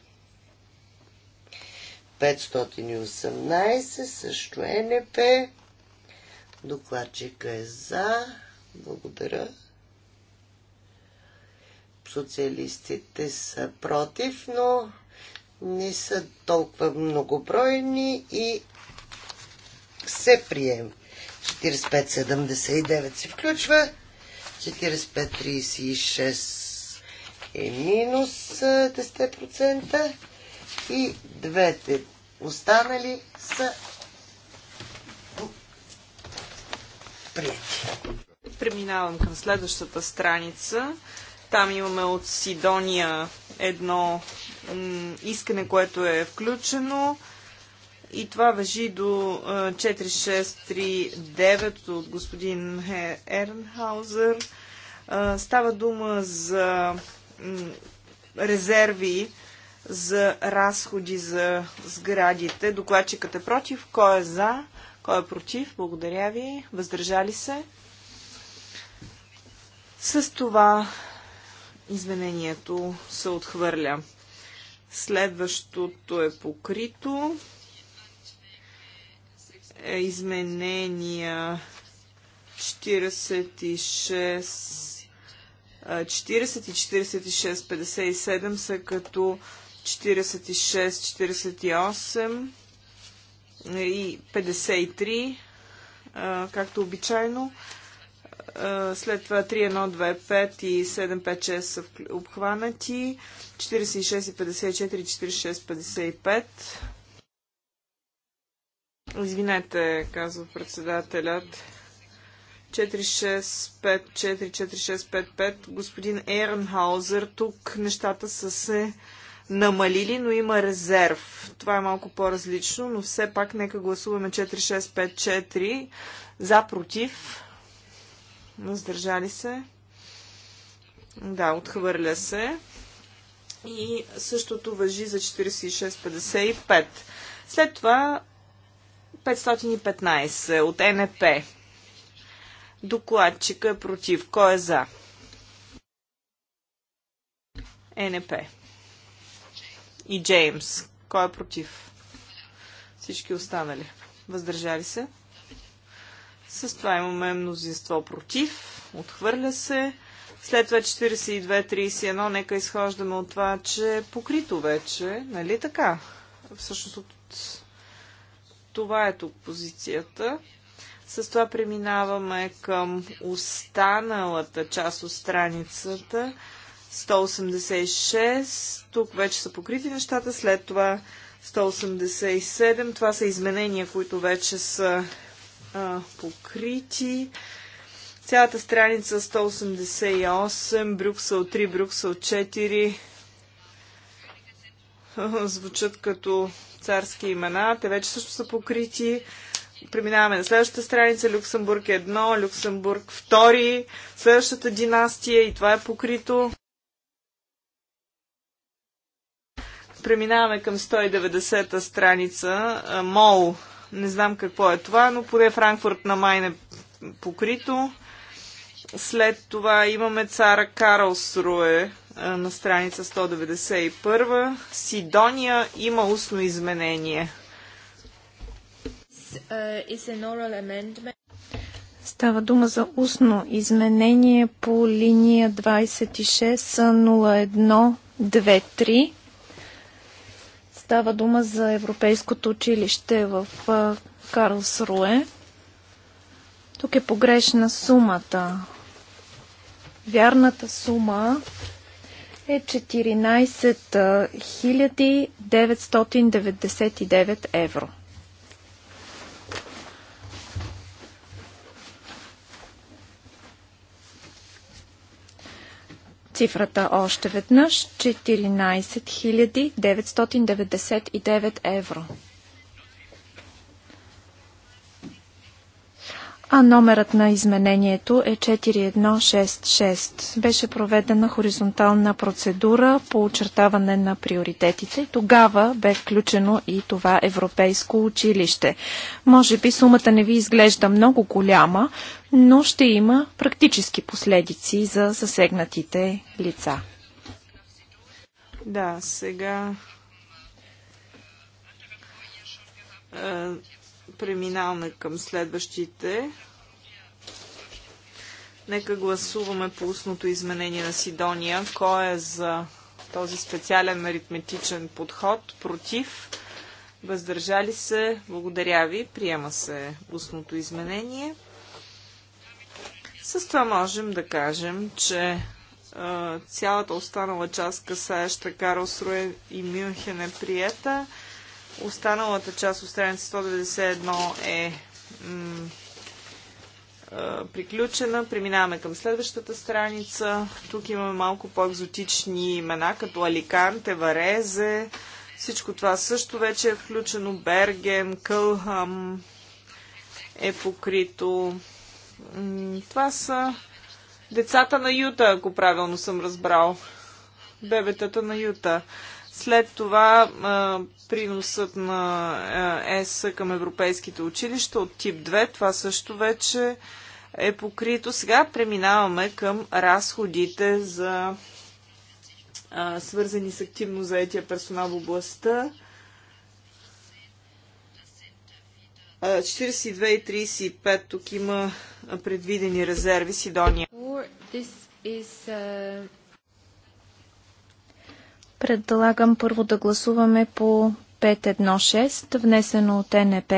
518 също е НП. Докладчика е за. Благодаря. Социалистите са против, но не са толкова многобройни и се приемат. 4579 се включва. 4536 е минус 10% и двете останали са прияти. Преминавам към следващата страница. Там имаме от Сидония едно искане, което е включено. И това въжи до 4639 от господин Ернхаузер. Става дума за резерви за разходи за сградите. Докладчикът е против. Кой е за? Кой е против? Благодаря ви. Въздържали се? С това изменението се отхвърля. Следващото е покрито изменения 46, 40 и 46, 57 са като 46, 48 и 53, както обичайно. След това 3 5 и 756 са обхванати. 46 и 54, 46, 55. Извинете, казва председателят. 465 господин Ернхаузер, тук нещата са се намалили, но има резерв. Това е малко по-различно, но все пак нека гласуваме 4654 за против. Въздържали се. Да, отхвърля се. И същото въжи за 4655. След това 515 от НП. Докладчика е против. Кой е за? НП. И Джеймс. Кой е против? Всички останали. Въздържали се. С това имаме мнозинство против. Отхвърля се. След това 42-31, нека изхождаме от това, че е покрито вече, нали така? Всъщност от това е тук позицията. С това преминаваме към останалата част от страницата. 186. Тук вече са покрити нещата. След това 187. Това са изменения, които вече са а, покрити. Цялата страница 188, Брюксел 3, Брюксел 4 звучат като царски имена. Те вече също са покрити. Преминаваме на следващата страница. Люксембург 1, Люксембург 2, следващата династия и това е покрито. Преминаваме към 190-та страница. Мол. Не знам какво е това, но поне Франкфурт на Майн е покрито. След това имаме цара Карлсруе, на страница 191. Сидония има устно изменение. Uh, Става дума за устно изменение по линия 260123. Става дума за Европейското училище в Карлсруе. Тук е погрешна сумата. Вярната сума е 14 999 евро. Цифрата още веднъж 14 999 евро. а номерът на изменението е 4166. Беше проведена хоризонтална процедура по очертаване на приоритетите. Тогава бе включено и това Европейско училище. Може би сумата не ви изглежда много голяма, но ще има практически последици за засегнатите лица. Да, сега преминаваме към следващите. Нека гласуваме по устното изменение на Сидония. Кой е за този специален аритметичен подход? Против? Въздържали се? Благодаря ви. Приема се устното изменение. С това можем да кажем, че цялата останала част, касаеща Карлсруе и Мюнхен е приета. Останалата част от страница 191 е приключена. Преминаваме към следващата страница. Тук имаме малко по-екзотични имена, като Аликанте, Варезе. Всичко това също вече е включено. Берген, Кълхам е покрито. Това са децата на Юта, ако правилно съм разбрал. Бебетата на Юта. След това а, приносът на ЕС към европейските училища от тип 2, това също вече е покрито. Сега преминаваме към разходите за а, свързани с активно заетия персонал в областта. 42 и 35 тук има предвидени резерви Сидония. Предлагам първо да гласуваме по 516, внесено от НП.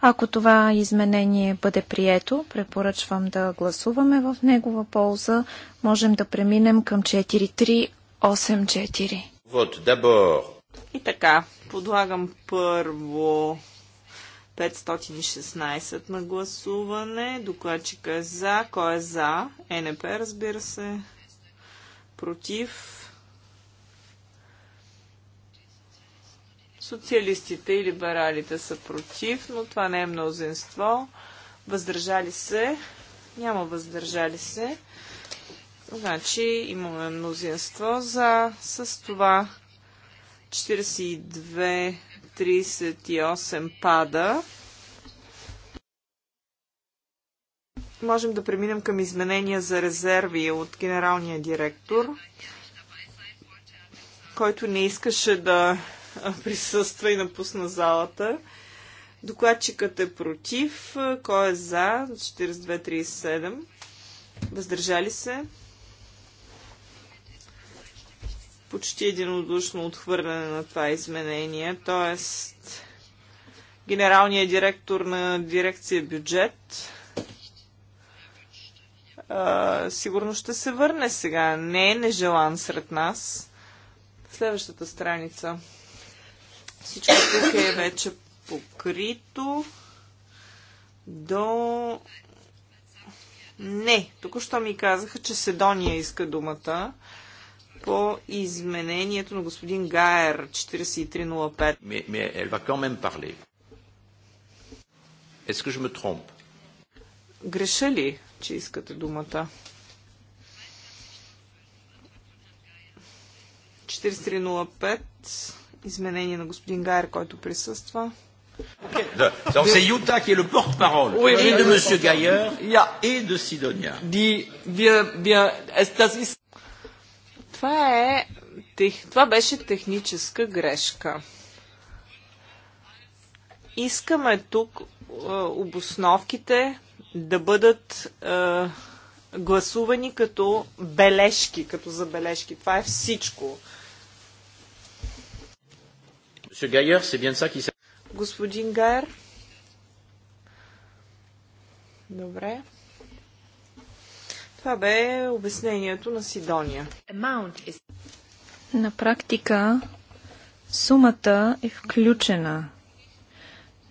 Ако това изменение бъде прието, препоръчвам да гласуваме в негова полза. Можем да преминем към 4384. Вот, дабор. И така, подлагам първо 516 на гласуване. Докладчика е за. Кой е за? НП, разбира се. Против. Социалистите и либералите са против, но това не е мнозинство. Въздържали се. Няма въздържали се. Значи имаме мнозинство за с това 42-38 пада. Можем да преминем към изменения за резерви от генералния директор, който не искаше да присъства и напусна залата. Докладчикът е против. Кой е за? 4237. Въздържали се? Почти единодушно отхвърляне на това изменение. Тоест, генералният директор на дирекция бюджет а, сигурно ще се върне сега. Не е нежелан сред нас. Следващата страница. Всичко тук е вече покрито до... Не, току-що ми казаха, че Седония иска думата по изменението на господин Гайер 4305. Mais, mais elle va quand même parler. Est-ce Греша ли, че искате думата? 4305 изменение на господин Гайер, който присъства. Това, е, това беше техническа грешка. Искаме тук е, обосновките да бъдат е, гласувани като бележки, като забележки. Това е всичко. Е, Господин Гайер. Добре. Това бе обяснението на Сидония. На практика сумата е включена,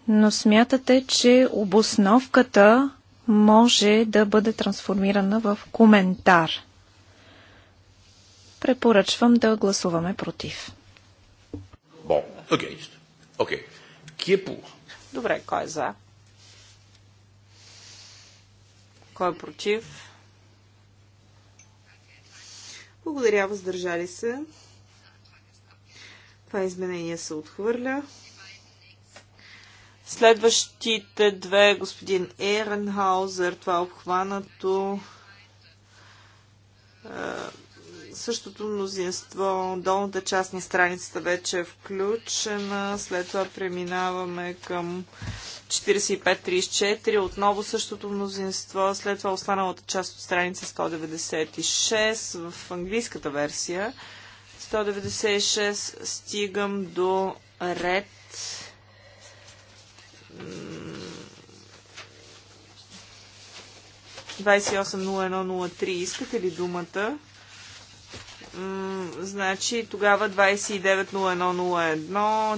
но смятате, че обосновката може да бъде трансформирана в коментар. Препоръчвам да гласуваме против. Bon. Against. Окей. Qui Добре, кой е за? Кой е против? Благодаря, въздържали се. Това изменение се отхвърля. Следващите две, господин Еренхаузер, това е обхванато. Е, същото мнозинство. Долната част на страницата вече е включена. След това преминаваме към 45-34. Отново същото мнозинство. След това останалата част от страница 196 в английската версия. 196 стигам до ред искате ли думата? значи тогава 29.01.01,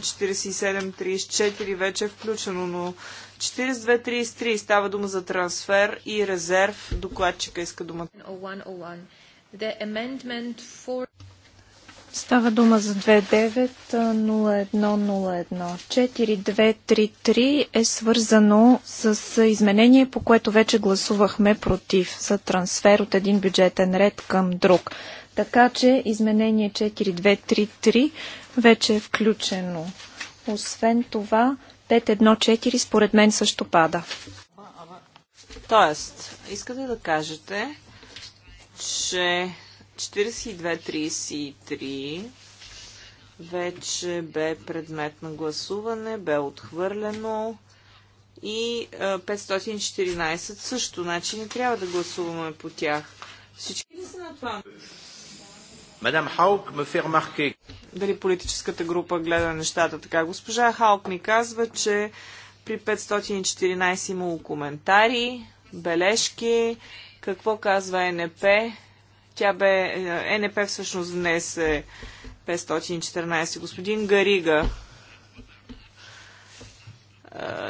47.34 вече е включено, но 42.33 става дума за трансфер и резерв. Докладчика иска думата. Oh става дума за 29.01.01. 4233 е свързано с изменение, по което вече гласувахме против за трансфер от един бюджетен ред към друг. Така че изменение 4233 вече е включено. Освен това, 514 според мен също пада. Тоест, искате да кажете, че 4233 вече бе предмет на гласуване, бе отхвърлено и 514 също. Значи не трябва да гласуваме по тях. Всички ли са на това? Мадам Хаук, ме Дали политическата група гледа нещата така? Госпожа Халк ми казва, че при 514 имало коментари, бележки, какво казва НП. Тя бе, е, НП всъщност днес е 514. Господин Гарига,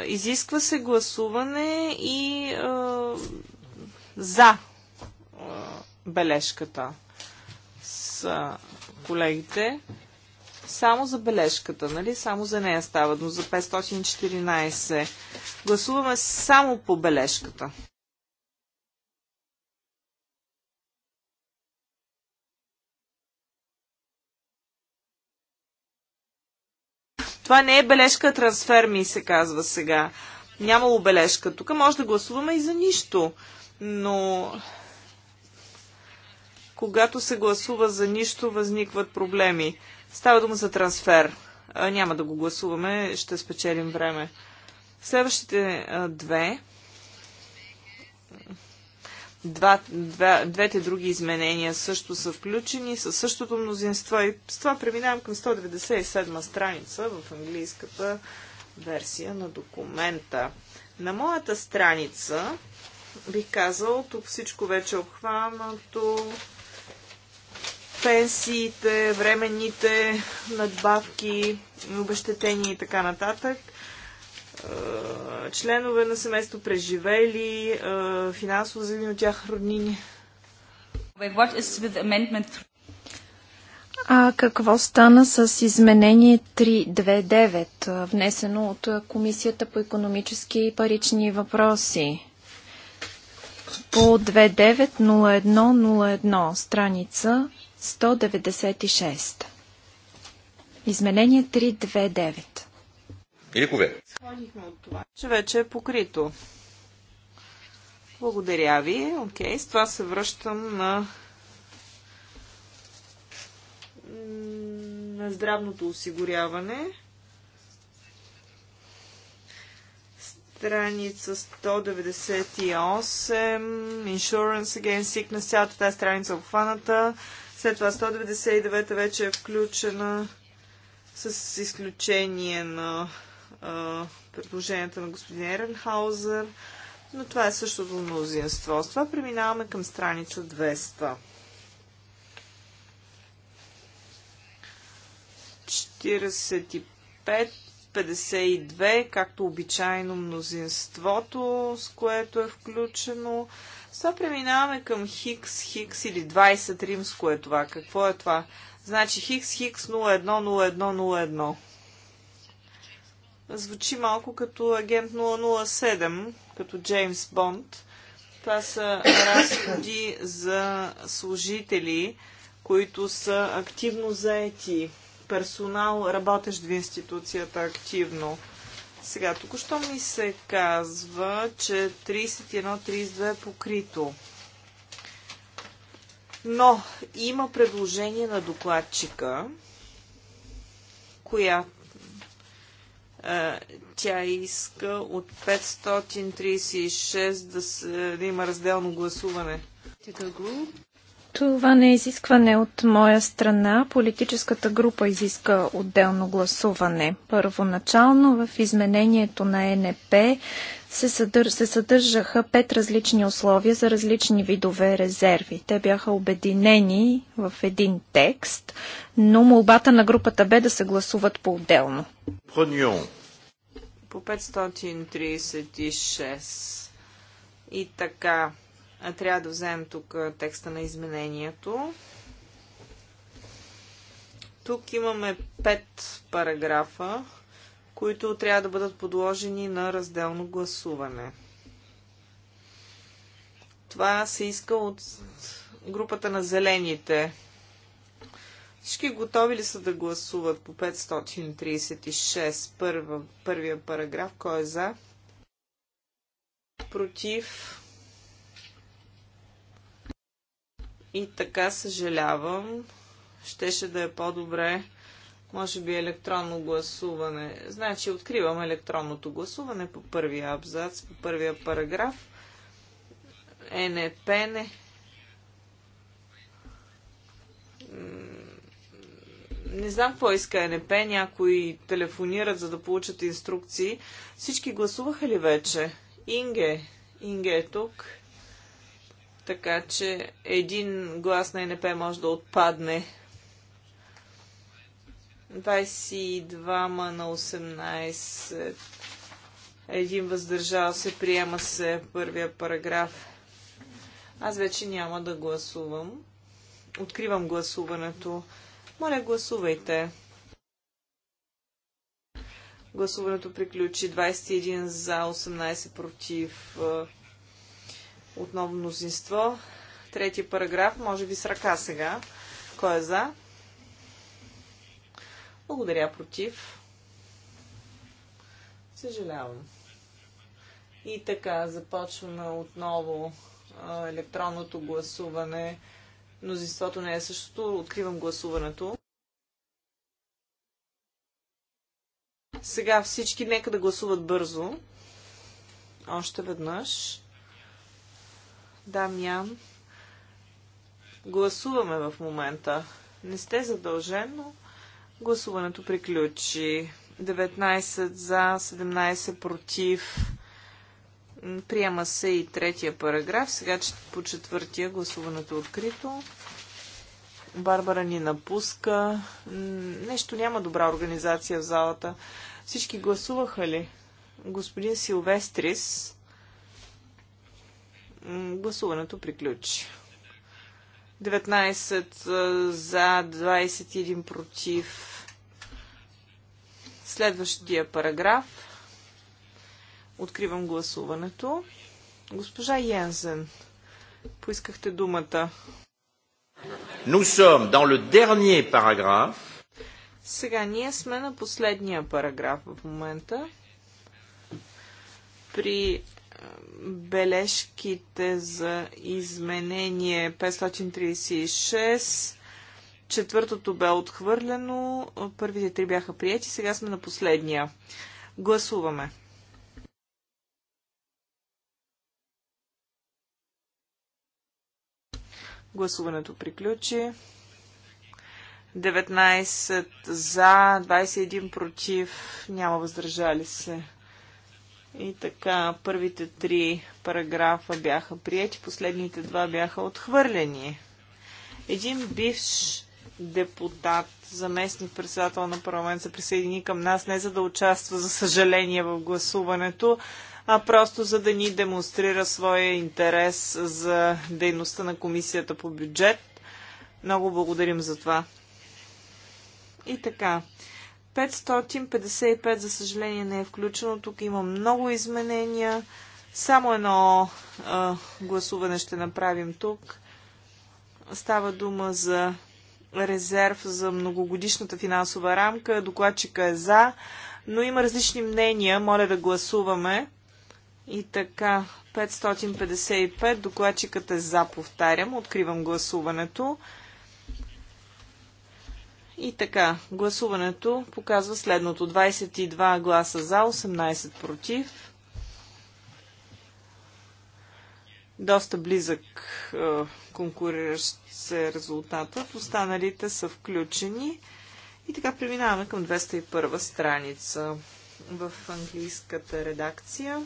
изисква се гласуване и за бележката а, колегите. Само за бележката, нали? Само за нея става, но за 514. Гласуваме само по бележката. Това не е бележка трансфер, ми се казва сега. Нямало бележка. Тук може да гласуваме и за нищо. Но когато се гласува за нищо, възникват проблеми. Става дума за трансфер. А, няма да го гласуваме, ще спечелим време. Следващите а, две, два, два, двете други изменения също са включени със същото мнозинство и с това преминавам към 197 страница в английската версия на документа. На моята страница бих казал, тук всичко вече е обхванато, пенсиите, временните надбавки, обещетения и така нататък. Е, членове на семейство преживели, е, финансово зависими от тях роднини. А какво стана с изменение 329, е, внесено от Комисията по економически и парични въпроси? По 290101 страница 196. Изменение 329. Иликове. Сходихме от това, че вече е покрито. Благодаря ви. Окей, с това се връщам на на здравното осигуряване. Страница 198, Insurance Against Sickness, цялата тази страница е обхваната. След това 199 вече е включена с изключение на а, предложенията на господин Еренхаузер, но това е същото мнозинство. С това преминаваме към страница 200. 45-52, както обичайно мнозинството, с което е включено. Сега преминаваме към Хикс, Хикс или 20 римско е това. Какво е това? Значи Хикс, Хикс 010101. Звучи малко като агент 007, като Джеймс Бонд. Това са разходи за служители, които са активно заети. Персонал, работещ в институцията активно. Сега, току-що ми се казва, че 31-32 е покрито. Но има предложение на докладчика, която е, тя иска от 536 да, се, да има разделно гласуване. Това не е изискване от моя страна. Политическата група изиска отделно гласуване. Първоначално в изменението на НП се, съдър... се съдържаха пет различни условия за различни видове резерви. Те бяха обединени в един текст, но молбата на групата бе да се гласуват по-отделно. По 536. И така, трябва да вземем тук текста на изменението. Тук имаме пет параграфа, които трябва да бъдат подложени на разделно гласуване. Това се иска от групата на зелените. Всички готови ли са да гласуват по 536 първия параграф? Кой е за? Против? И така съжалявам. Щеше да е по-добре, може би, електронно гласуване. Значи, откривам електронното гласуване по първия абзац, по първия параграф. ЕНЕП не. Не знам какво иска е НП. Някои телефонират, за да получат инструкции. Всички гласуваха ли вече? Инге. Инге е тук. Така че един глас на НП може да отпадне. 22 на 18. Един въздържал се, приема се първия параграф. Аз вече няма да гласувам. Откривам гласуването. Моля, гласувайте. Гласуването приключи 21 за 18 против отново мнозинство. Трети параграф, може би с ръка сега. Кой е за? Благодаря, против. Съжалявам. И така, започваме отново електронното гласуване. Мнозинството не е същото. Откривам гласуването. Сега всички нека да гласуват бързо. Още веднъж. Дамян. Гласуваме в момента. Не сте задължен, но гласуването приключи. 19 за, 17 против. Приема се и третия параграф. Сега по четвъртия гласуването е открито. Барбара ни напуска. Нещо няма добра организация в залата. Всички гласуваха ли? Господин Силвестрис Гласуването приключи. 19 за, 21 против. Следващия параграф. Откривам гласуването. Госпожа Янзен, поискахте думата. Nous sommes dans le dernier paragraphe. Сега ние сме на последния параграф в момента. При бележките за изменение 536. Четвъртото бе отхвърлено, първите три бяха прияти, сега сме на последния. Гласуваме. Гласуването приключи. 19 за, 21 против, няма въздържали се. И така, първите три параграфа бяха прияти, последните два бяха отхвърлени. Един бивш депутат, заместник председател на парламент, се присъедини към нас не за да участва, за съжаление, в гласуването, а просто за да ни демонстрира своя интерес за дейността на комисията по бюджет. Много благодарим за това. И така, 555, за съжаление, не е включено. Тук има много изменения. Само едно а, гласуване ще направим тук. Става дума за резерв за многогодишната финансова рамка. Докладчика е за, но има различни мнения. Моля да гласуваме. И така, 555, докладчикът е за, повтарям. Откривам гласуването. И така, гласуването показва следното. 22 гласа за, 18 против. Доста близък е, конкуриращ се резултатът. Останалите са включени. И така преминаваме към 201 страница в английската редакция.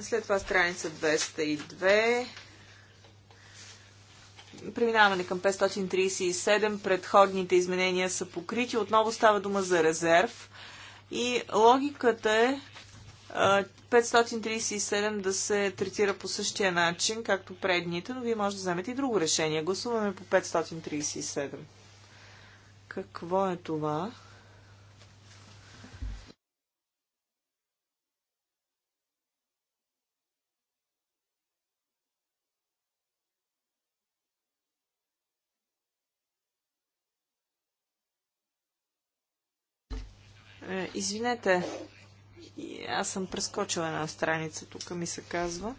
След това страница 202 Преминаваме към 537. Предходните изменения са покрити. Отново става дума за резерв. И логиката е 537 да се третира по същия начин, както предните, но вие може да вземете и друго решение. Гласуваме по 537. Какво е това? Е, извинете, аз съм прескочила една страница, тук ми се казва.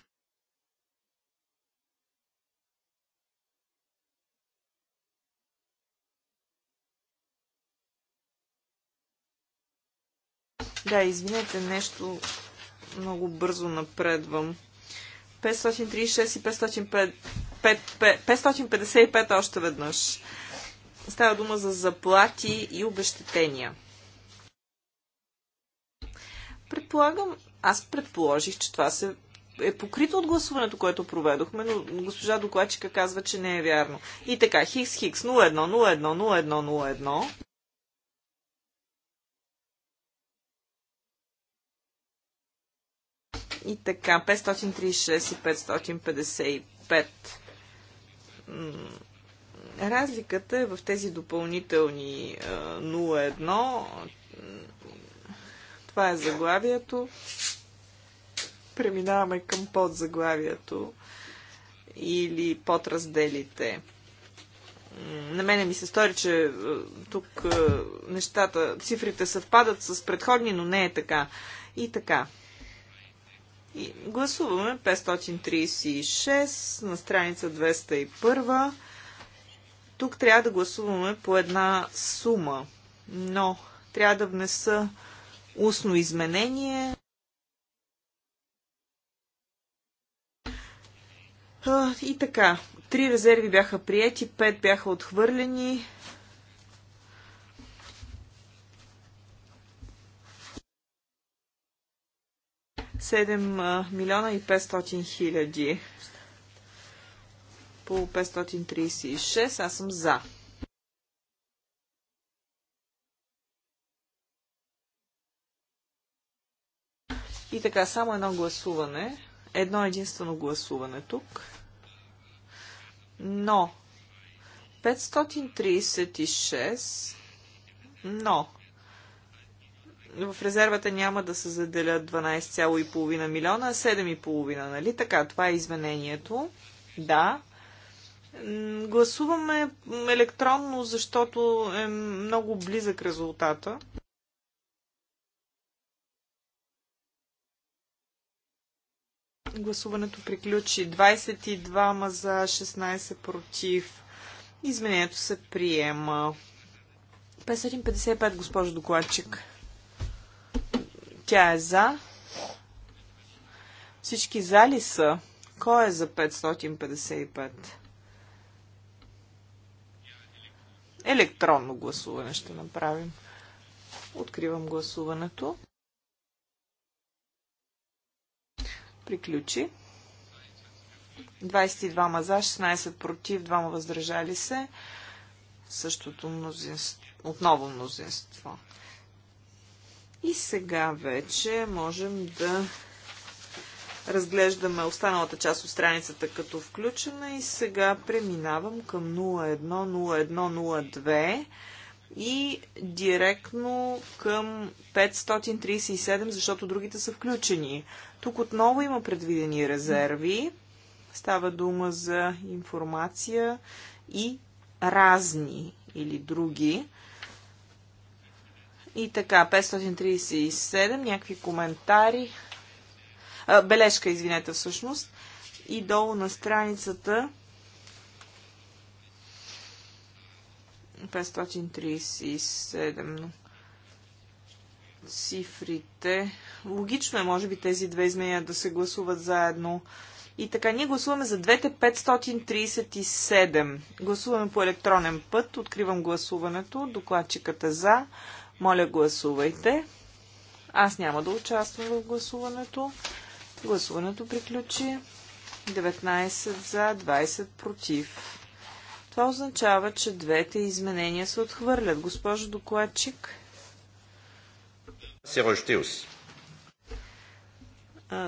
Да, извинете, нещо много бързо напредвам. 536 и 5, 555 още веднъж. Става дума за заплати и обещетения. Предполагам, аз предположих, че това се е покрито от гласуването, което проведохме, но госпожа докладчика казва, че не е вярно. И така, Хикс Хикс 01010101. И така, 536 и 555. Разликата е в тези допълнителни 01 това е заглавието. Преминаваме към подзаглавието или подразделите. На мене ми се стори, че е, тук е, нещата, цифрите съвпадат с предходни, но не е така. И така. И гласуваме 536 на страница 201. Тук трябва да гласуваме по една сума, но трябва да внеса устно изменение. И така, три резерви бяха приети, пет бяха отхвърлени. Седем милиона и 500 хиляди по 536. Аз съм за. И така, само едно гласуване. Едно единствено гласуване тук. Но 536, но в резервата няма да се заделят 12,5 милиона, а 7,5, нали? Така, това е изменението. Да. Гласуваме електронно, защото е много близък резултата. Гласуването приключи 22 за 16 против. Изменението се приема. 555, госпожо докладчик. Тя е за. Всички за ли са? Кой е за 555? Електронно гласуване ще направим. Откривам гласуването. приключи. 22 за, 16 против, 2 въздържали се. Същото мнозинство, отново мнозинство. И сега вече можем да разглеждаме останалата част от страницата като включена и сега преминавам към 010102 и директно към 537, защото другите са включени. Тук отново има предвидени резерви. Става дума за информация и разни или други. И така, 537, някакви коментари, а, бележка, извинете всъщност, и долу на страницата 537 цифрите. Логично е, може би, тези две изменения да се гласуват заедно. И така, ние гласуваме за двете 537. Гласуваме по електронен път. Откривам гласуването. Докладчикът е за. Моля, гласувайте. Аз няма да участвам в гласуването. Гласуването приключи. 19 за, 20 против. Това означава, че двете изменения се отхвърлят. Госпожо докладчик. Се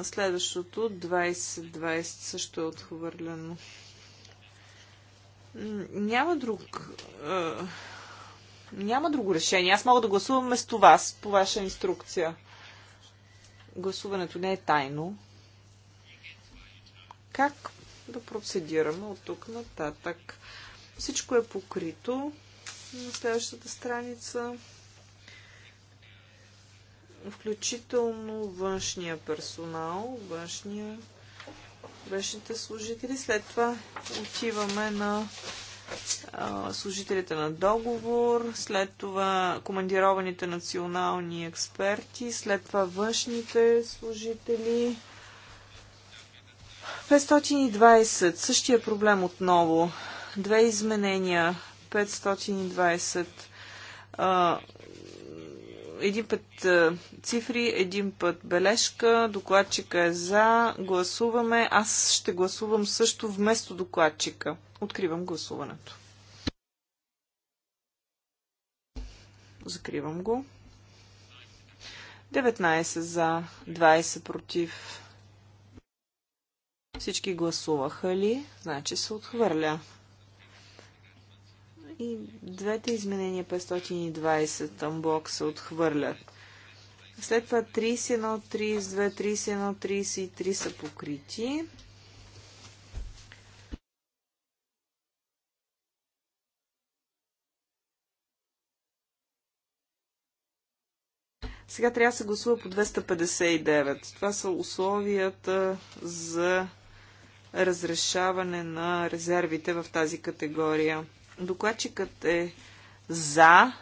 Следващото, 20-20, също е отхвърлено. Няма друг. няма друго решение. Аз мога да гласувам вместо вас, по ваша инструкция. Гласуването не е тайно. Как да процедираме от тук нататък? Всичко е покрито на следващата страница, включително външния персонал, външния, външните служители. След това отиваме на а, служителите на договор, след това командированите национални експерти, след това външните служители. 520. Същия проблем отново две изменения. 520 а, един път цифри, един път бележка, докладчика е за, гласуваме. Аз ще гласувам също вместо докладчика. Откривам гласуването. Закривам го. 19 за, 20 против. Всички гласуваха ли? Значи се отхвърля и двете изменения 520 амблок се отхвърлят. След това 31, 32, 31, 33 са покрити. Сега трябва да се гласува по 259. Това са условията за разрешаване на резервите в тази категория. Докладчикът е за.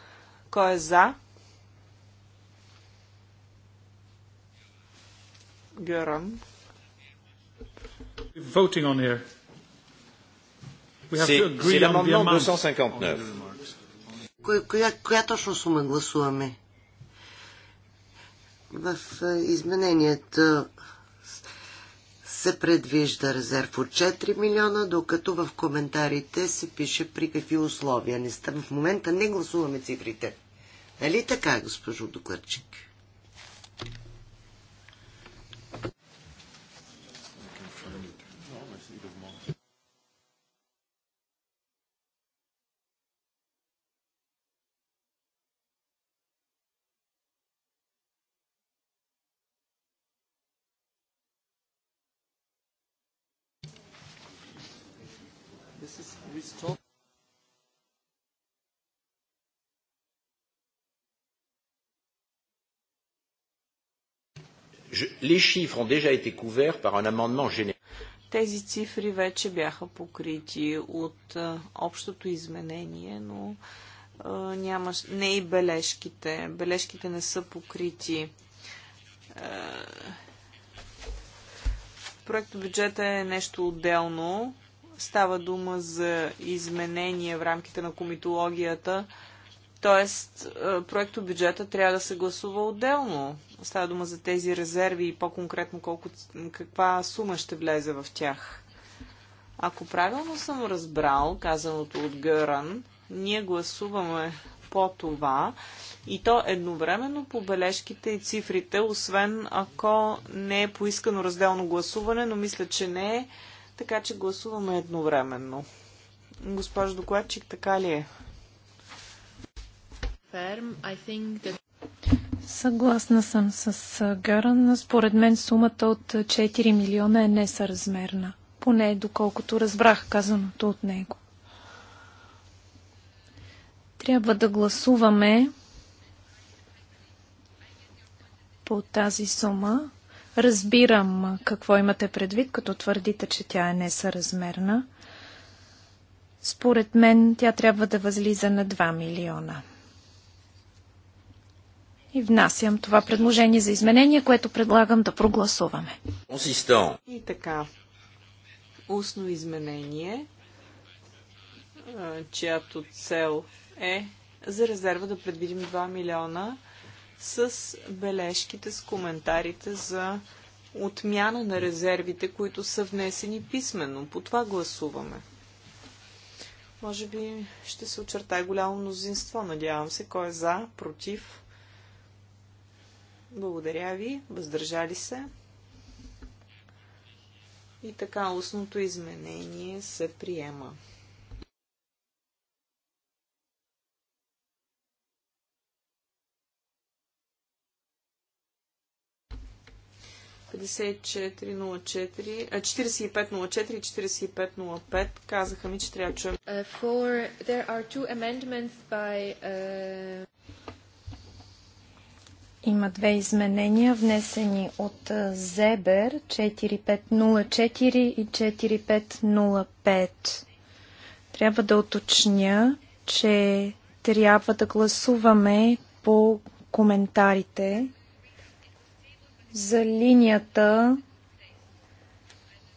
Кой е за? Геран. Voting on here. We have to agree Коя, коя, коя точно сума гласуваме? В е, измененията се предвижда резерв от 4 милиона, докато в коментарите се пише при какви условия. Не ста, в момента не гласуваме цифрите. Нали така, госпожо Докладчик? les chiffres ont déjà été couverts par un amendement général. Тези цифри вече бяха покрити от а, общото изменение, но а, няма, не и бележките. Бележките не са покрити. Проектът бюджета е нещо отделно. Става дума за изменения в рамките на комитологията. Тоест, проекто бюджета трябва да се гласува отделно. Става дума за тези резерви и по-конкретно колко, каква сума ще влезе в тях. Ако правилно съм разбрал казаното от Гъран, ние гласуваме по това и то едновременно по бележките и цифрите, освен ако не е поискано разделно гласуване, но мисля, че не е, така че гласуваме едновременно. Госпожо докладчик, така ли е? That... Съгласна съм с Гаран. Според мен сумата от 4 милиона е несъразмерна. Поне доколкото разбрах казаното от него. Трябва да гласуваме по тази сума. Разбирам какво имате предвид, като твърдите, че тя е несъразмерна. Според мен тя трябва да възлиза на 2 милиона. И внасям това предложение за изменение, което предлагам да прогласуваме. И така, устно изменение, чиято цел е за резерва да предвидим 2 милиона с бележките, с коментарите за отмяна на резервите, които са внесени писменно. По това гласуваме. Може би ще се очертае голямо мнозинство, надявам се. Кой е за, против? Благодаря ви. Въздържали се. И така устното изменение се приема. а 4504-4505 казаха ми, че трябва да чуем. Uh, има две изменения, внесени от Зебер 4504 и 4505. Трябва да уточня, че трябва да гласуваме по коментарите за линията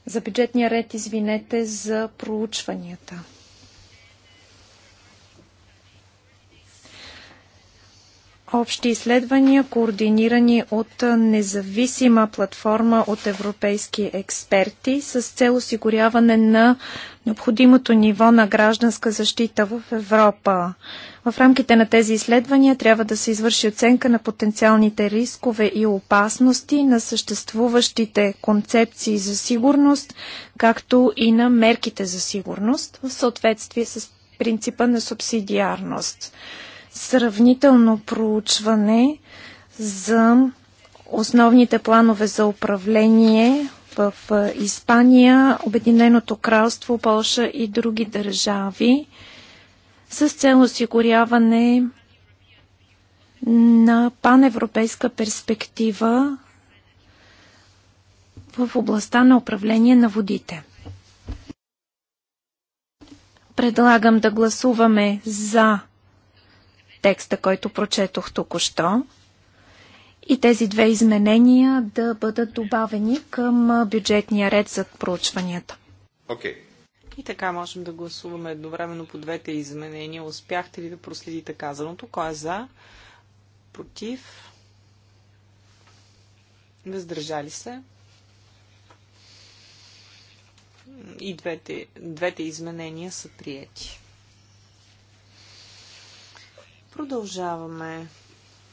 за бюджетния ред, извинете, за проучванията. общи изследвания, координирани от независима платформа от европейски експерти с цел осигуряване на необходимото ниво на гражданска защита в Европа. В рамките на тези изследвания трябва да се извърши оценка на потенциалните рискове и опасности на съществуващите концепции за сигурност, както и на мерките за сигурност в съответствие с принципа на субсидиарност сравнително проучване за основните планове за управление в Испания, Обединеното кралство, Полша и други държави с цел осигуряване на паневропейска перспектива в областта на управление на водите. Предлагам да гласуваме за текста, който прочетох току-що и тези две изменения да бъдат добавени към бюджетния ред за проучванията. Okay. И така можем да гласуваме едновременно по двете изменения. Успяхте ли да проследите казаното? Кой е за? Против? Въздържали се? И двете, двете изменения са приети. Продължаваме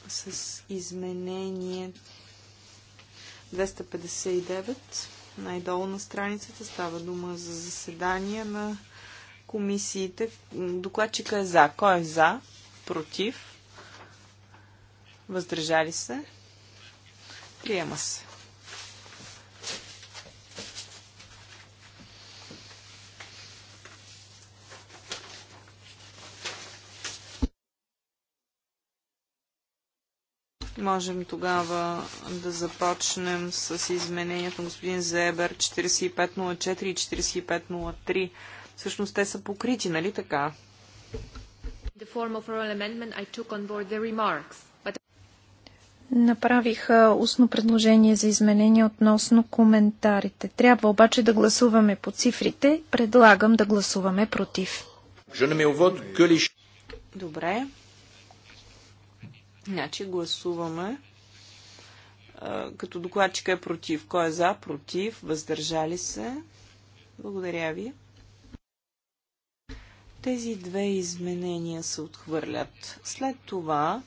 с изменение 259. Най-долу на страницата става дума за заседания на комисиите. Докладчика е за. Кой е за? Против? Въздържали се? Приема се. Можем тогава да започнем с изменението на господин Зебер 4504 и 4503. Всъщност те са покрити, нали така? Направих устно предложение за изменение относно коментарите. Трябва обаче да гласуваме по цифрите. Предлагам да гласуваме против. Добре. Значи гласуваме като докладчика е против. Кой е за? Против. Въздържали се. Благодаря ви. Тези две изменения се отхвърлят. След това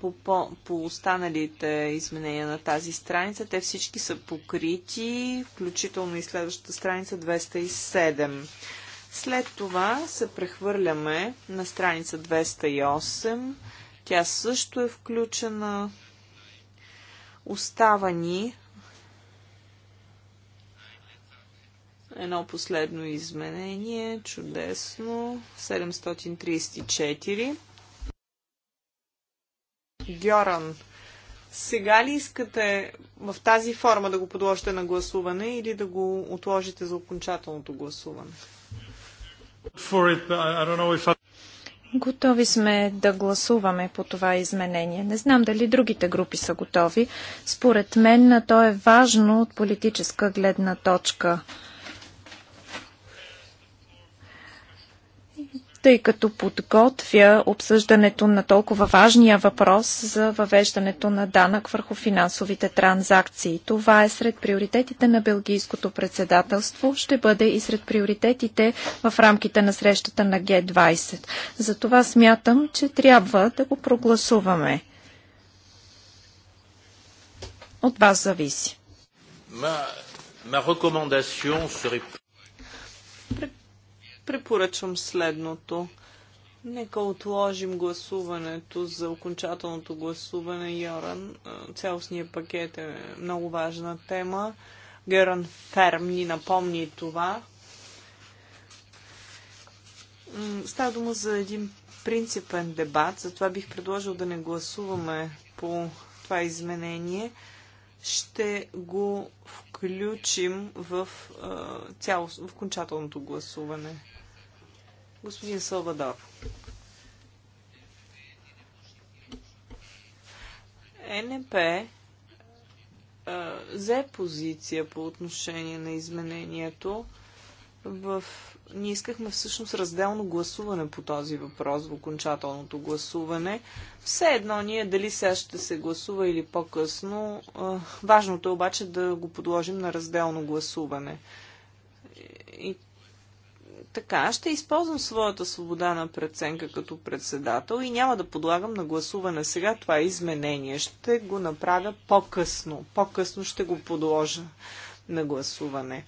по, по, по останалите изменения на тази страница, те всички са покрити, включително и следващата страница 207. След това се прехвърляме на страница 208 тя също е включена. Остава ни едно последно изменение. Чудесно. 734. Гьоран, сега ли искате в тази форма да го подложите на гласуване или да го отложите за окончателното гласуване? I, if I... Готови сме да гласуваме по това изменение. Не знам дали другите групи са готови. Според мен то е важно от политическа гледна точка. тъй като подготвя обсъждането на толкова важния въпрос за въвеждането на данък върху финансовите транзакции. Това е сред приоритетите на Белгийското председателство, ще бъде и сред приоритетите в рамките на срещата на Г-20. Затова смятам, че трябва да го прогласуваме. От вас зависи. Ма, ма препоръчвам следното. Нека отложим гласуването за окончателното гласуване, Йоран. Цялостния пакет е много важна тема. Геран Ферм ни напомни това. Става дума за един принципен дебат, затова бих предложил да не гласуваме по това изменение. Ще го включим в, в окончателното гласуване. Господин Салвадор. НП взе позиция по отношение на изменението в... Ние искахме всъщност разделно гласуване по този въпрос в окончателното гласуване. Все едно ние дали сега ще се гласува или по-късно. Важното е обаче да го подложим на разделно гласуване. И така, ще използвам своята свобода на преценка като председател и няма да подлагам на гласуване сега това е изменение. Ще го направя по-късно. По-късно ще го подложа на гласуване.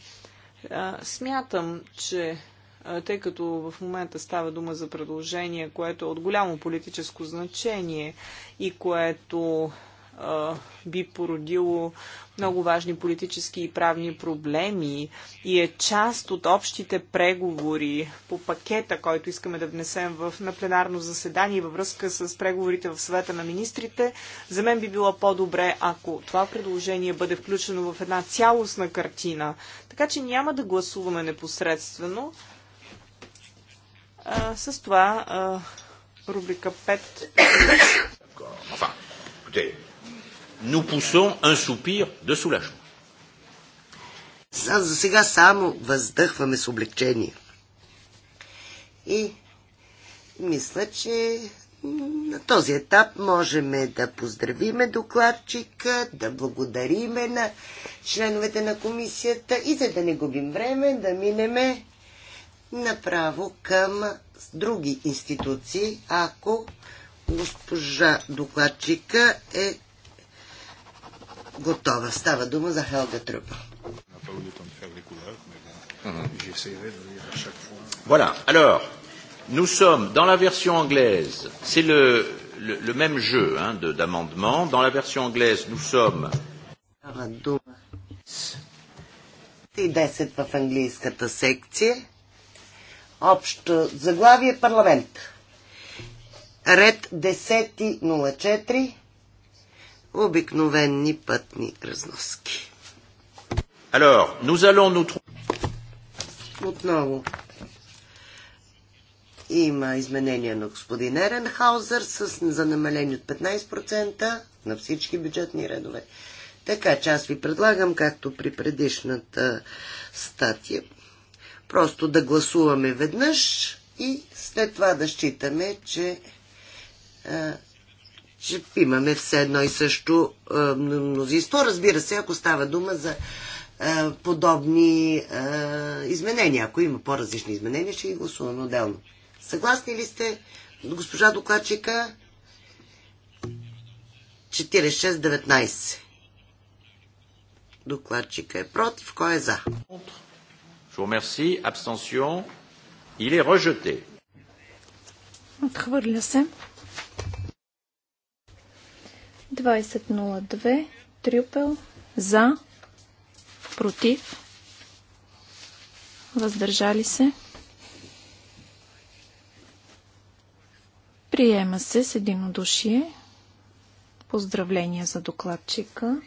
А, смятам, че тъй като в момента става дума за предложение, което е от голямо политическо значение и което би породило много важни политически и правни проблеми и е част от общите преговори по пакета, който искаме да внесем в, на пленарно заседание във връзка с преговорите в съвета на министрите. За мен би било по-добре, ако това предложение бъде включено в една цялостна картина. Така че няма да гласуваме непосредствено. А, с това а, рубрика 5. Enfin, nous poussons un soupir de soulagement. За сега само въздъхваме с И мисля, че на този етап можем да поздравиме докладчика, да благодариме на членовете на комисията и за да не губим време, да минеме направо към други институции, ако госпожа докладчика е готова. Става дума за Хелга Трупа. Voilà. Alors, nous sommes dans la version anglaise. C'est le, le, le même jeu hein, de, d'amendement. Dans la version anglaise, nous sommes. Ти Общо заглавие парламент. Ред 10.04. Обикновени пътни разноски. Alors, nous allons nous... Отново има изменения на господин Еренхаузер с, за намаление от 15% на всички бюджетни редове. Така че аз ви предлагам, както при предишната статия, просто да гласуваме веднъж и след това да считаме, че а, ще имаме все едно и също мнозинство. Разбира се, ако става дума за подобни изменения. Ако има по-различни изменения, ще ги гласуваме отделно. Съгласни ли сте, госпожа докладчика? 46-19. Докладчика е против. Кой е за? Шумерси, Абстенсион. или est Отхвърля се. 2002 Трюпел за против въздържали се Приема се с единодушие. Поздравления за докладчика.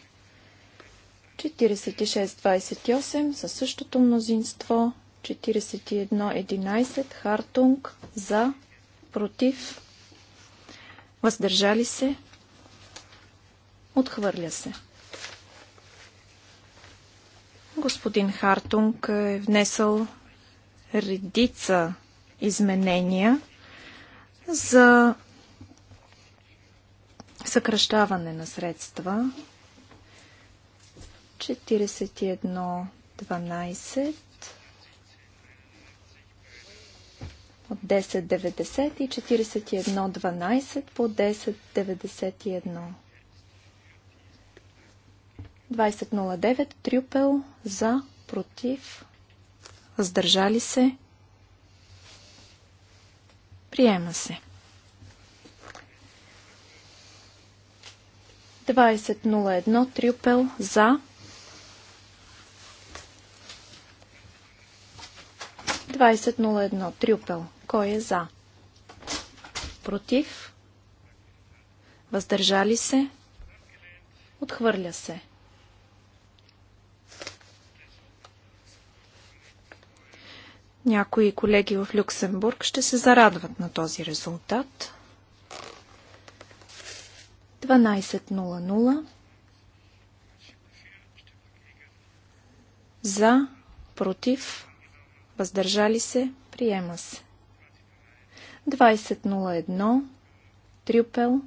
46-28 със същото мнозинство. 41-11 Хартунг за, против, въздържали се. Отхвърля се. Господин Хартунг е внесъл редица изменения за съкръщаване на средства. 41.12 от 10.90 и 41.12 по 10.91. 2009 Трюпел за, против, въздържали се, приема се. 2001 Трюпел за, 2001 Трюпел. Кой е за? Против? Въздържали се? Отхвърля се. 2001 Някои колеги в Люксембург ще се зарадват на този резултат. 12.00 За, против, въздържали се, приема се. 20.01 Трюпел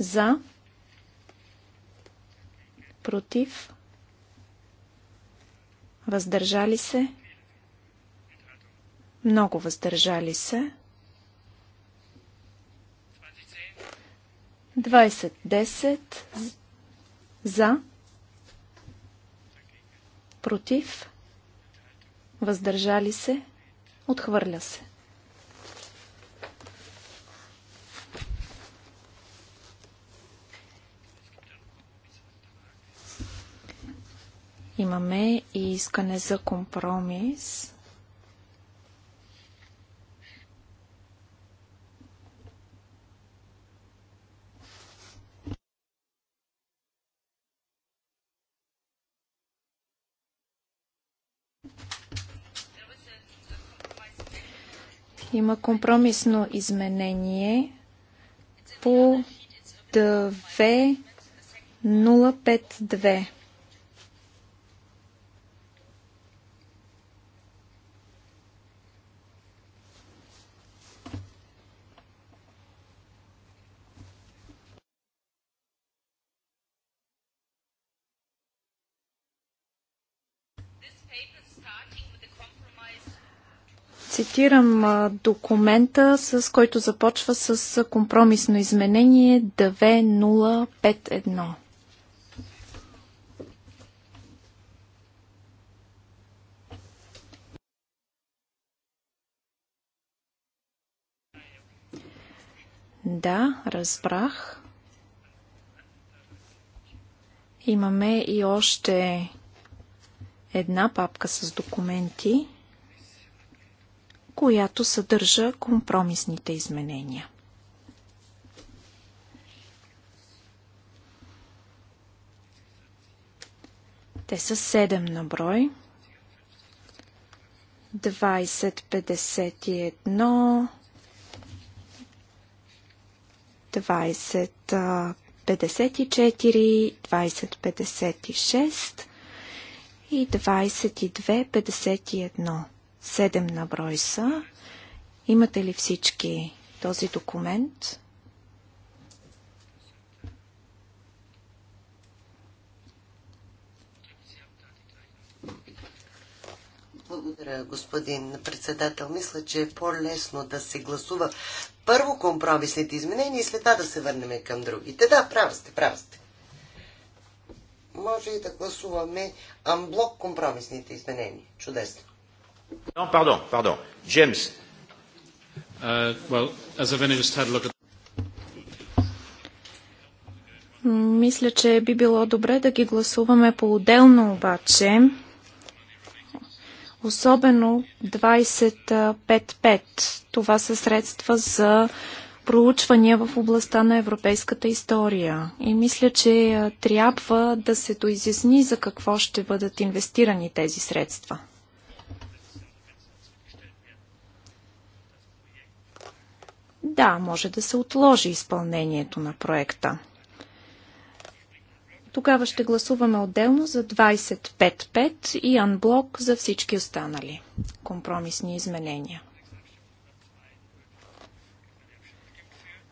За, против, въздържали се, много въздържали се. 20-10 за, против, въздържали се, отхвърля се. Имаме и искане за компромис. Има компромисно изменение по 2052. цитирам документа, с който започва с компромисно изменение 2051. Да, разбрах. Имаме и още една папка с документи която съдържа компромисните изменения. Те са 7 на брой. 2051, 2054, 2056 и 2251. Седем на брой са. Имате ли всички този документ? Благодаря, господин председател. Мисля, че е по-лесно да се гласува първо компромисните изменения и след това да се върнем към другите. Да, прав сте, прав сте. Може и да гласуваме амблок компромисните изменения. Чудесно. Non, pardon, pardon. James. Uh, well, as I've only just had a look at мисля, че би било добре да ги гласуваме по-отделно обаче. Особено 25.5. Това са средства за проучвания в областта на европейската история. И мисля, че трябва да се доизясни за какво ще бъдат инвестирани тези средства. Да, може да се отложи изпълнението на проекта. Тогава ще гласуваме отделно за 25.5 и анблок за всички останали компромисни изменения.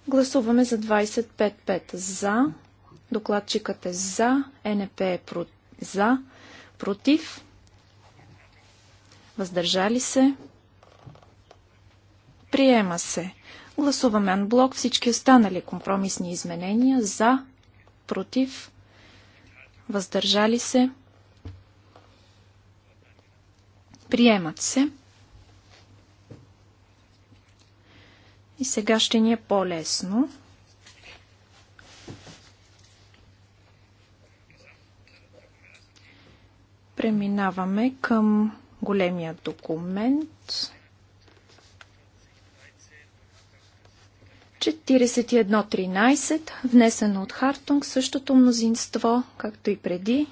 Гласуваме за 25.5 за. Докладчикът е за. НП е про... за. Против. Въздържали се. Приема се. Гласуваме анблок всички останали компромисни изменения за, против, въздържали се, приемат се. И сега ще ни е по-лесно. Преминаваме към големия документ. 41.13, внесено от Хартунг, същото мнозинство, както и преди.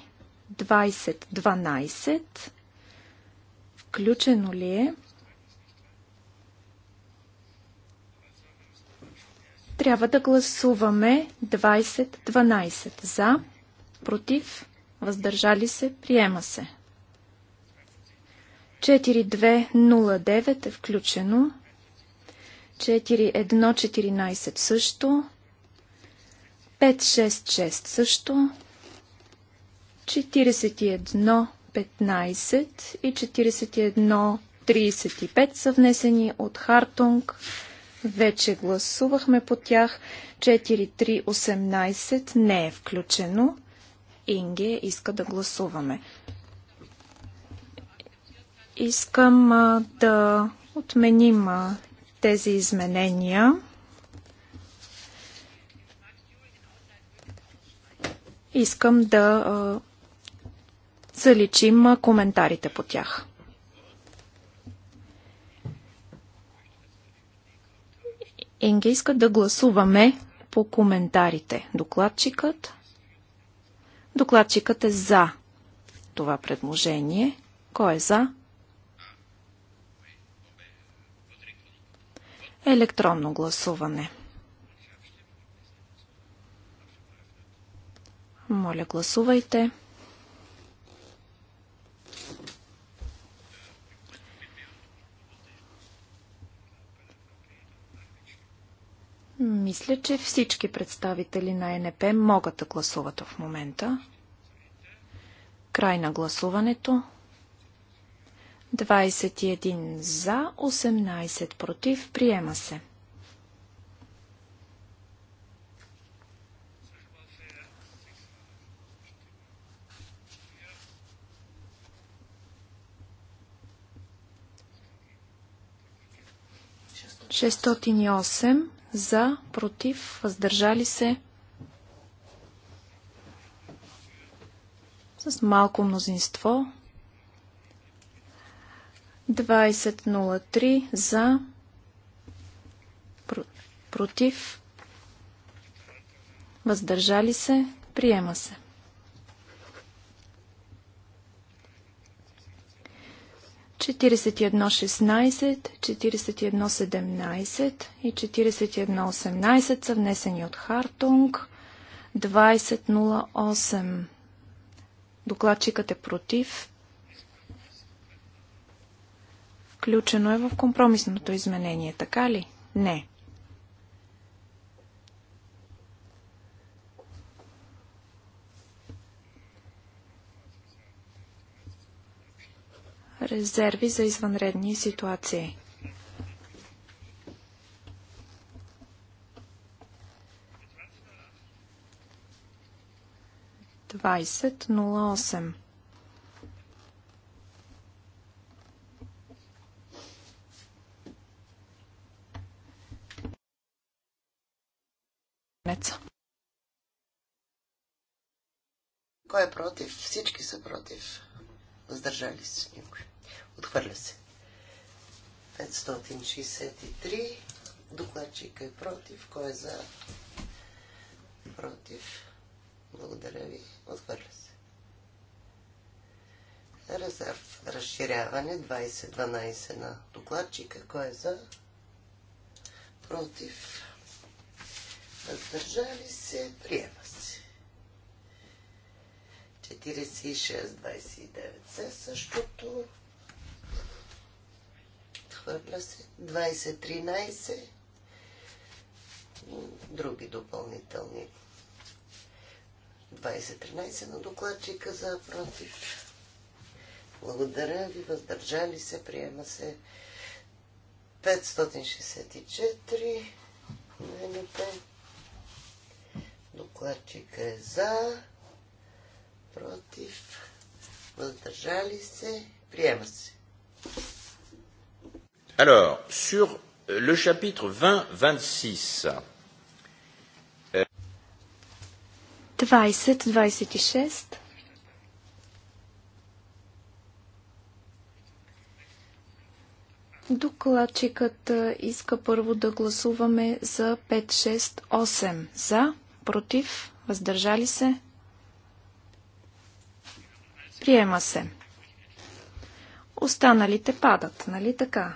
20.12, включено ли е? Трябва да гласуваме 20.12 за, против, въздържали се, приема се. 4209 е включено. 4209 4114 също. 566 също. 4115 и 4135 са внесени от Хартунг. Вече гласувахме по тях. 4318 не е включено. Инге иска да гласуваме. Искам а, да отменим а, тези изменения. Искам да заличим коментарите по тях. Енге иска да гласуваме по коментарите. Докладчикът. Докладчикът е за това предложение. Кой е за? Електронно гласуване. Моля, гласувайте. Мисля, че всички представители на НП могат да гласуват в момента. Край на гласуването. 21 за, 18 против. Приема се. Шестотин и осем за, против, въздържали се. С малко мнозинство 20.03 за, против, въздържали се, приема се. Четиридесет и едно шестнайсет, четиридесет и едно седемнайсет и четиридесет и едно осемнайсет са внесени от Хартунг. Двайсет нула осем. Докладчикът е против. включено е в компромисното изменение, така ли? Не. Резерви за извънредни ситуации. Двадесет нула осем. страница. Кой е против? Всички са против. Въздържали се никой. Отхвърля се. 563. Докладчика е против. Кой е за? Против. Благодаря ви. Отхвърля се. Резерв. Разширяване 2012 на докладчика. Кой е за? Против въздържали се, приема се. 46-29 се същото. Хвърля се. 20-13. Други допълнителни. 20-13 на докладчика за против. Благодаря ви, въздържали се, приема се 564 на Докладчика е за, против, въздържали се, приема се. Alors, sur le chapitre 20-26. Euh, Докладчикът иска първо да гласуваме за 5-6-8. За? против, въздържали се, приема се. Останалите падат, нали така?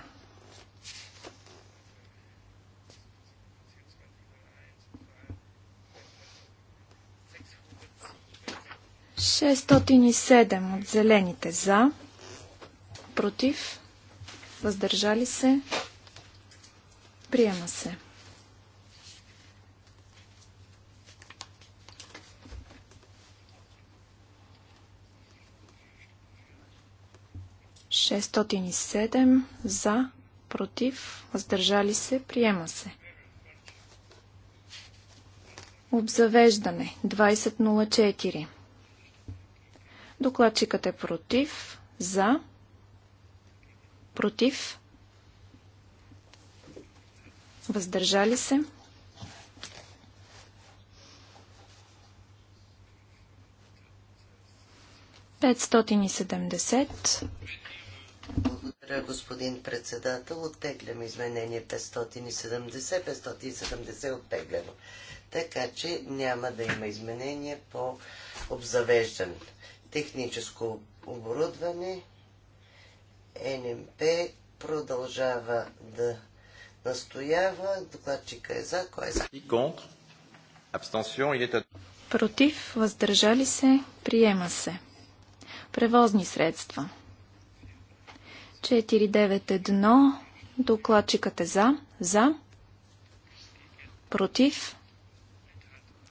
Шестотини седем от зелените за, против, въздържали се, приема се. 607 за, против, въздържали се, приема се. Обзавеждане 2004. Докладчикът е против, за, против, въздържали се. Петстотин и седемдесет. Благодаря, господин председател. Оттеглям изменение 570. 570 оттегляно. Така че няма да има изменение по обзавеждане. Техническо оборудване. НМП продължава да настоява. Докладчика е за. Кой е за? И Против, въздържали се, приема се. Превозни средства. 491. Докладчикът е за. За. Против.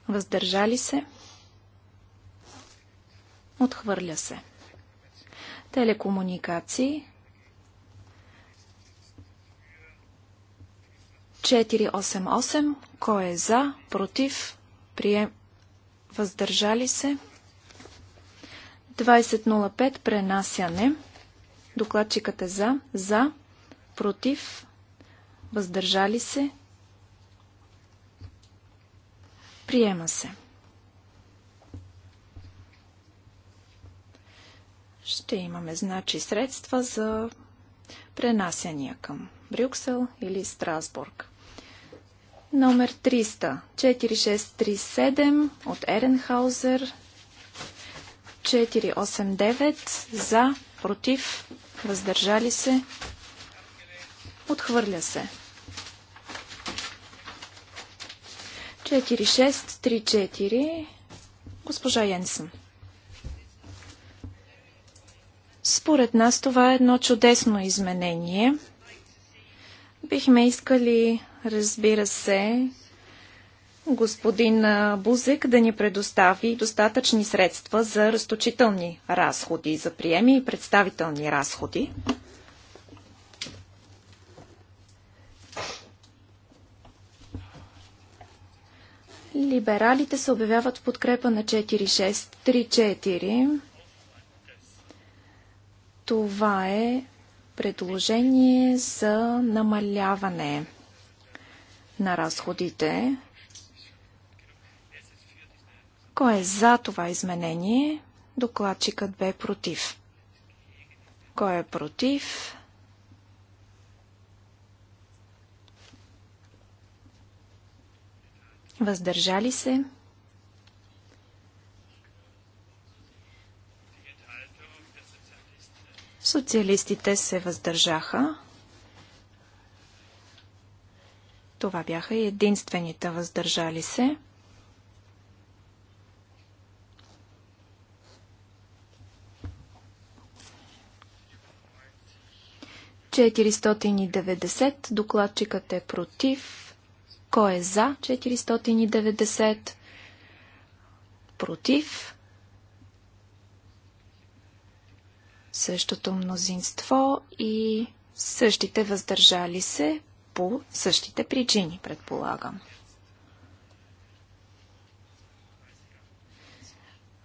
Въздържали се. Отхвърля се. Телекомуникации. 488. Кой е за? Против. Прием. Въздържали се. 2005. Пренасяне. Докладчикът е за. За. Против. Въздържали се. Приема се. Ще имаме, значи, средства за пренасяния към Брюксел или Страсбург. Номер 300 4637 от Еренхаузер 489 за против, въздържали се, отхвърля се. 4634 госпожа Йенсън. Според нас това е едно чудесно изменение. Бихме искали, разбира се, господин Бузек да ни предостави достатъчни средства за разточителни разходи, за приеми и представителни разходи. Либералите се обявяват в подкрепа на 4634. Това е предложение за намаляване на разходите. Кой е за това изменение? Докладчикът бе против. Кой е против? Въздържали се? Социалистите се въздържаха. Това бяха единствените въздържали се. 490. Докладчикът е против. Кой е за 490? Против? Същото мнозинство и същите въздържали се по същите причини, предполагам.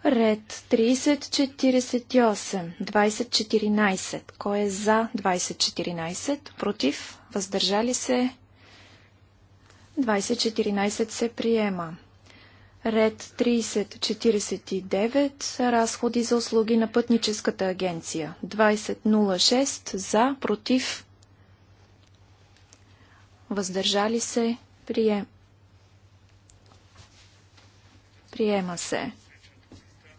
Ред 3048, 2014. Кой е за 2014? Против? Въздържали се? 2014 се приема. Ред 3049 разходи за услуги на пътническата агенция. 2006 за, против, въздържали се, прием. Приема се.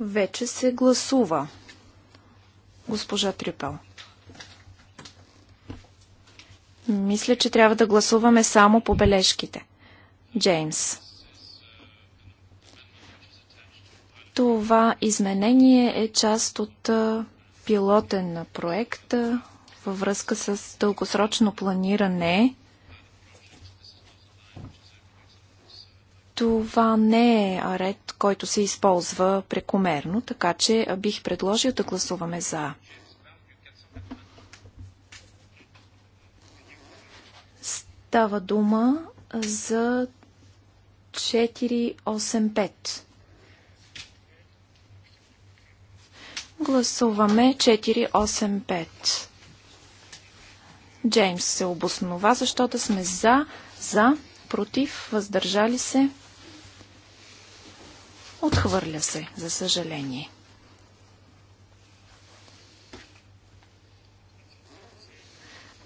вече се гласува. Госпожа Трипел. Мисля, че трябва да гласуваме само по бележките. Джеймс. Това изменение е част от пилотен проект във връзка с дългосрочно планиране това не е ред, който се използва прекомерно, така че бих предложил да гласуваме за. Става дума за 485. Гласуваме 485. Джеймс се обоснова, защото сме за, за, против, въздържали се. Отхвърля се, за съжаление.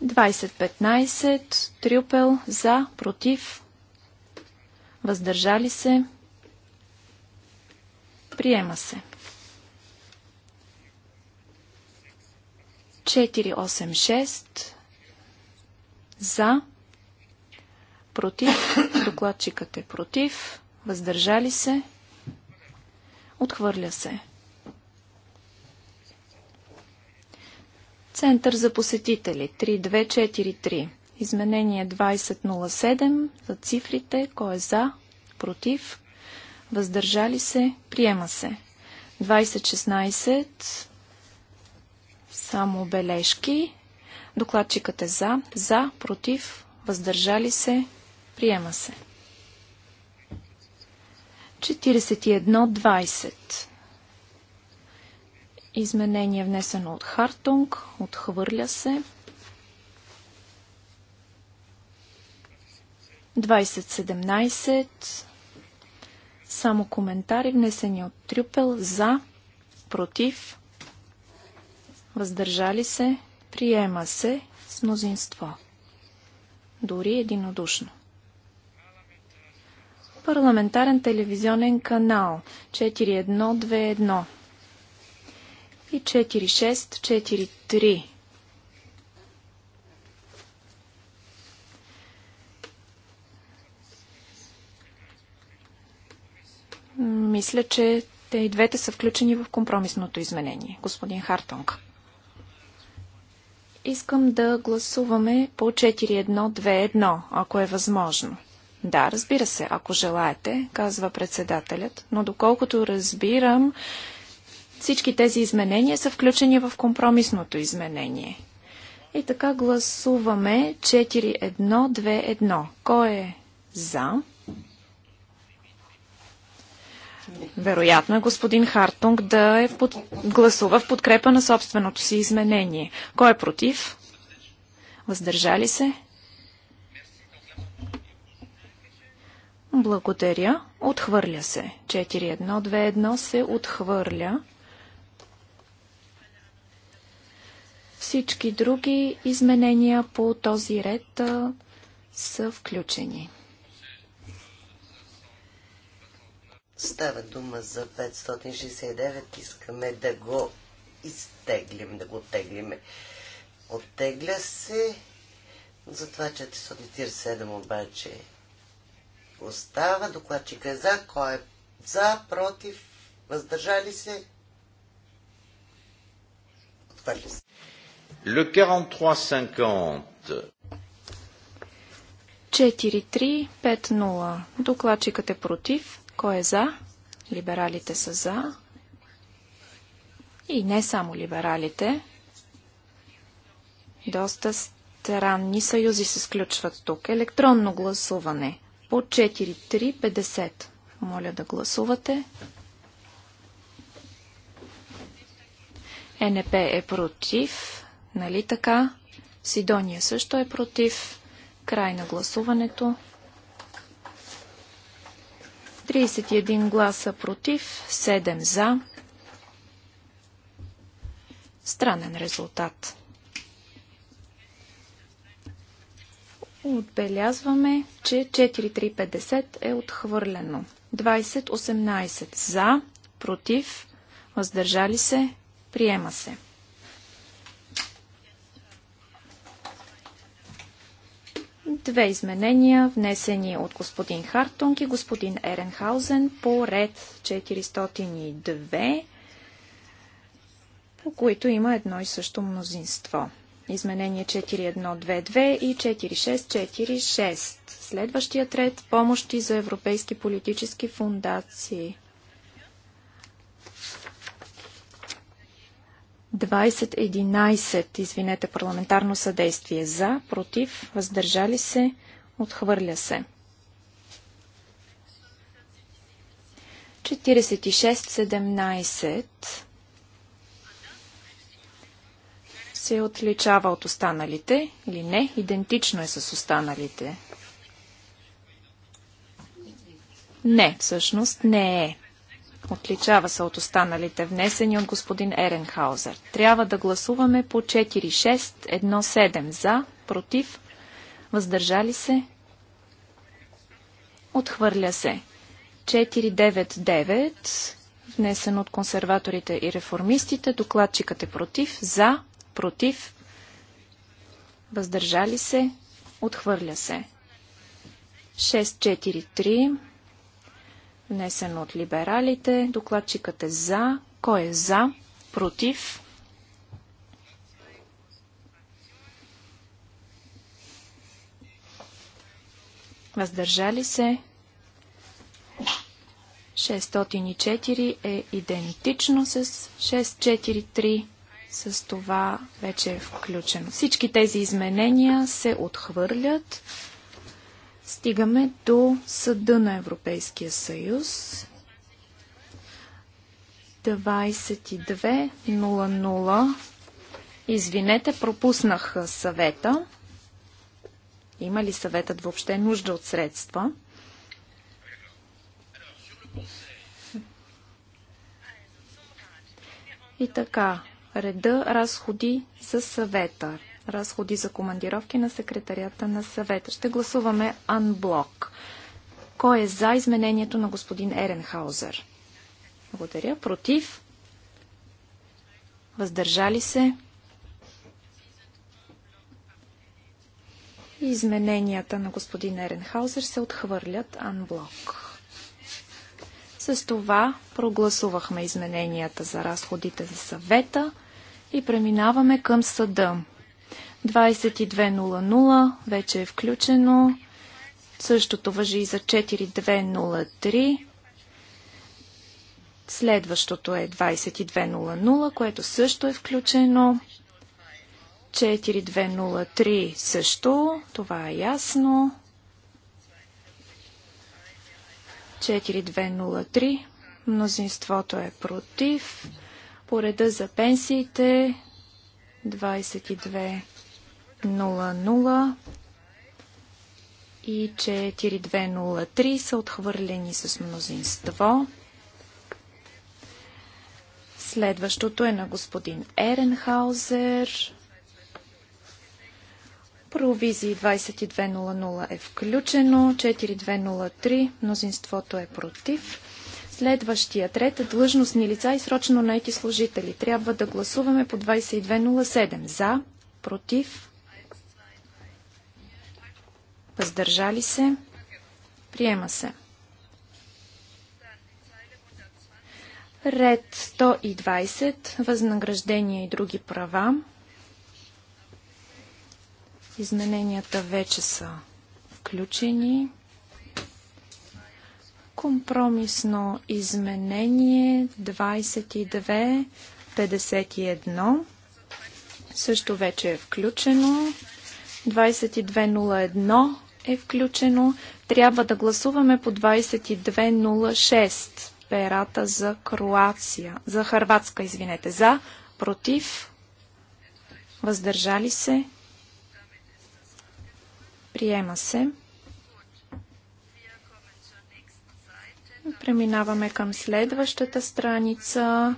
Двадесет петнайсет, Трюпел, за, против, въздържали се, приема се. 486 за против, докладчикът е против, въздържали се, Отхвърля се. Център за посетители 3243. Изменение 2007 за цифрите. Кой е за? Против? Въздържали се? Приема се. 2016 само бележки. Докладчикът е за. За, против, въздържали се, приема се. 41.20. Изменение внесено от Хартунг. Отхвърля се. 2017. Само коментари внесени от Трюпел. За. Против. Въздържали се. Приема се с мнозинство. Дори единодушно парламентарен телевизионен канал 4121 и 4643. Мисля, че те и двете са включени в компромисното изменение, господин Хартонг. Искам да гласуваме по 4121, ако е възможно. Да, разбира се, ако желаете, казва председателят, но доколкото разбирам, всички тези изменения са включени в компромисното изменение. И така гласуваме 4-1-2-1. Кой е за? Вероятно е господин Хартунг да е под... гласува в подкрепа на собственото си изменение. Кой е против? Въздържали се? Благодаря. Отхвърля се. 4-1, 2-1 се отхвърля. Всички други изменения по този ред а, са включени. Става дума за 569. Искаме да го изтеглим, да го оттеглиме. Оттегля се. Затова 447 обаче остава. Докладчика е за. Кой е за, против, въздържали се? Отвърли се. Le 4-3-5-0. Докладчикът е против. Кой е за? Либералите са за. И не само либералите. Доста странни съюзи се сключват тук. Електронно гласуване по 4350. Моля да гласувате. НП е против, нали така? Сидония също е против. Край на гласуването. 31 гласа против, 7 за. Странен резултат. Отбелязваме, че 4350 е отхвърлено. 2018 за, против, въздържали се, приема се. Две изменения, внесени от господин Хартунг и господин Еренхаузен по ред 402, по които има едно и също мнозинство. Изменение 4122 и 4646. Следващият ред – помощи за европейски политически фундации. 2011, извинете, парламентарно съдействие за, против, въздържали се, отхвърля се. 46-17 се отличава от останалите или не? Идентично е с останалите. Не, всъщност не е. Отличава се от останалите внесени от господин Еренхаузер. Трябва да гласуваме по 4-6-1-7 за, против, въздържали се, отхвърля се. 499, внесен от консерваторите и реформистите, докладчикът е против, за, против, въздържали се, отхвърля се. 643, внесен от либералите, докладчикът е за, кой е за, против, въздържали се, 604 е идентично с 643. С това вече е включено. Всички тези изменения се отхвърлят. Стигаме до Съда на Европейския съюз. 22.00. Извинете, пропуснах съвета. Има ли съветът въобще нужда от средства? И така, реда разходи за съвета. Разходи за командировки на секретарията на съвета. Ще гласуваме анблок. Кой е за изменението на господин Еренхаузер? Благодаря. Против? Въздържали се? Измененията на господин Еренхаузер се отхвърлят анблок. С това прогласувахме измененията за разходите за съвета – и преминаваме към съда. 22.00 вече е включено. Същото въжи и за 4203. Следващото е 2200, което също е включено. 4203 също, това е ясно. 4203, мнозинството е против. По реда за пенсиите 22.00 и 4203 са отхвърлени с мнозинство. Следващото е на господин Еренхаузер. Провизии 2200 е включено, 4203 мнозинството е против. Следващия ред е длъжностни лица и срочно наети служители. Трябва да гласуваме по 2207. За, против, въздържали се, приема се. Ред 120. Възнаграждения и други права. Измененията вече са включени. Компромисно изменение 2251 също вече е включено. 2201 е включено. Трябва да гласуваме по 2206 перата за Кроация, за Харватска, извинете, за, против, въздържали се, приема се. Преминаваме към следващата страница.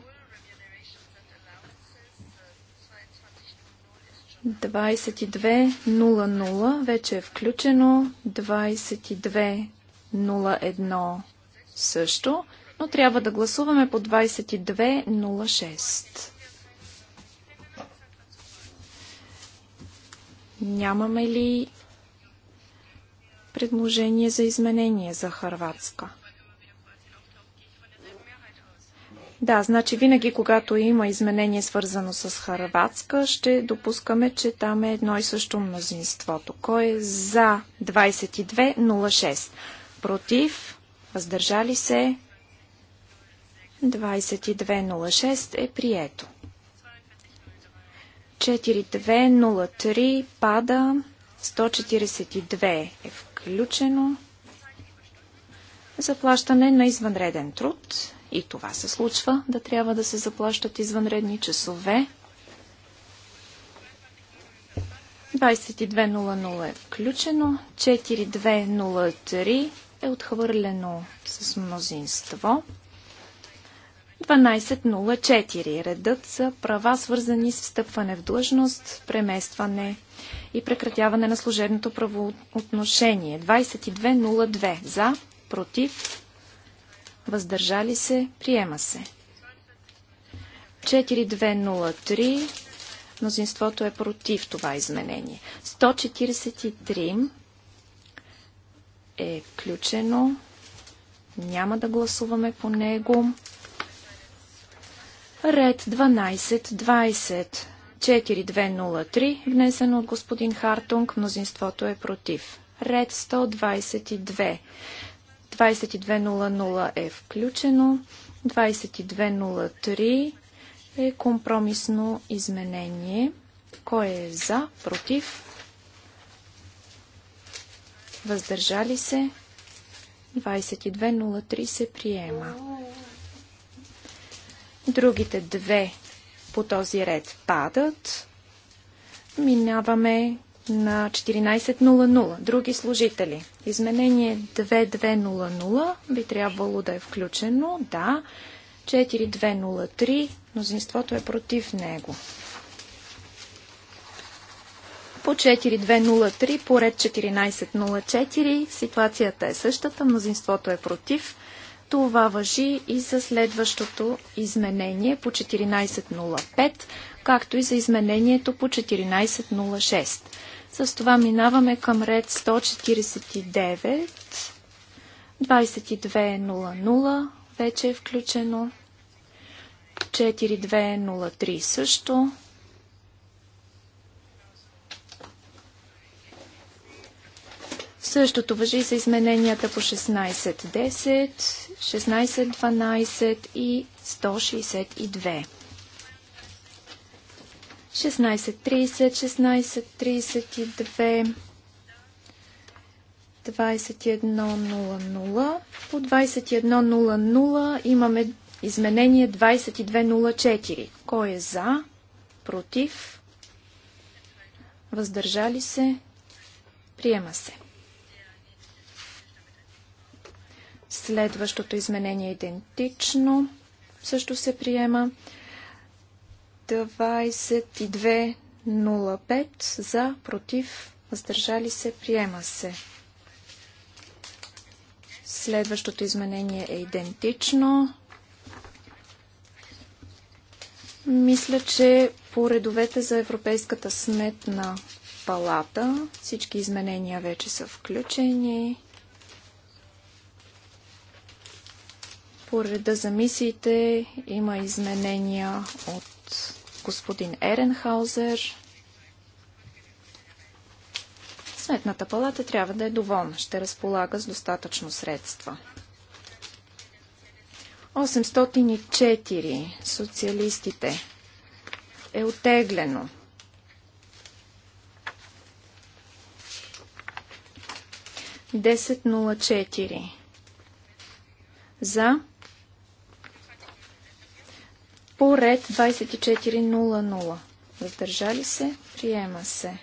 22.00 вече е включено. 22.01 също, но трябва да гласуваме по 22.06. Нямаме ли предложение за изменение за Харватска? Да, значи винаги, когато има изменение свързано с Харватска, ще допускаме, че там е едно и също мнозинството. Кой е за 22.06? Против? Въздържали се? 22.06 е прието. 4203 пада. 142 е включено. Заплащане на извънреден труд. И това се случва, да трябва да се заплащат извънредни часове. 22.00 е включено, 4.2.03 е отхвърлено с мнозинство. 12.04. Е редът са права, свързани с встъпване в длъжност, преместване и прекратяване на служебното правоотношение. 22.02. За, против, въздържали се, приема се. 4203, мнозинството е против това изменение. 143 е включено, няма да гласуваме по него. Ред 1220, 4203, внесено от господин Хартунг, мнозинството е против. Ред 122, 2200 е включено. 2203 е компромисно изменение. Кой е за, против? Въздържали се? 2203 се приема. Другите две по този ред падат. Минаваме на 14.00. Други служители. Изменение 2200 би трябвало да е включено. Да. 4203. Мнозинството е против него. По 4203, по ред 1404, ситуацията е същата. Мнозинството е против. Това въжи и за следващото изменение по 1405, както и за изменението по 1406. С това минаваме към ред 149. 22.00 вече е включено. 4203 също. Същото въжи за измененията по 1610, 1612 и 162. 16.30, 16.32, 21.00. По 21.00 имаме изменение 22.04. Кой е за? Против? Въздържали се? Приема се. Следващото изменение е идентично. Също се приема. 22.05 за, против, въздържали се, приема се. Следващото изменение е идентично. Мисля, че по редовете за Европейската сметна палата всички изменения вече са включени. По реда за мисиите има изменения от господин Еренхаузер. Сметната палата трябва да е доволна. Ще разполага с достатъчно средства. 804 социалистите е отеглено. Десет нула четири. За. По ред 2400. Въздържали се, приема се.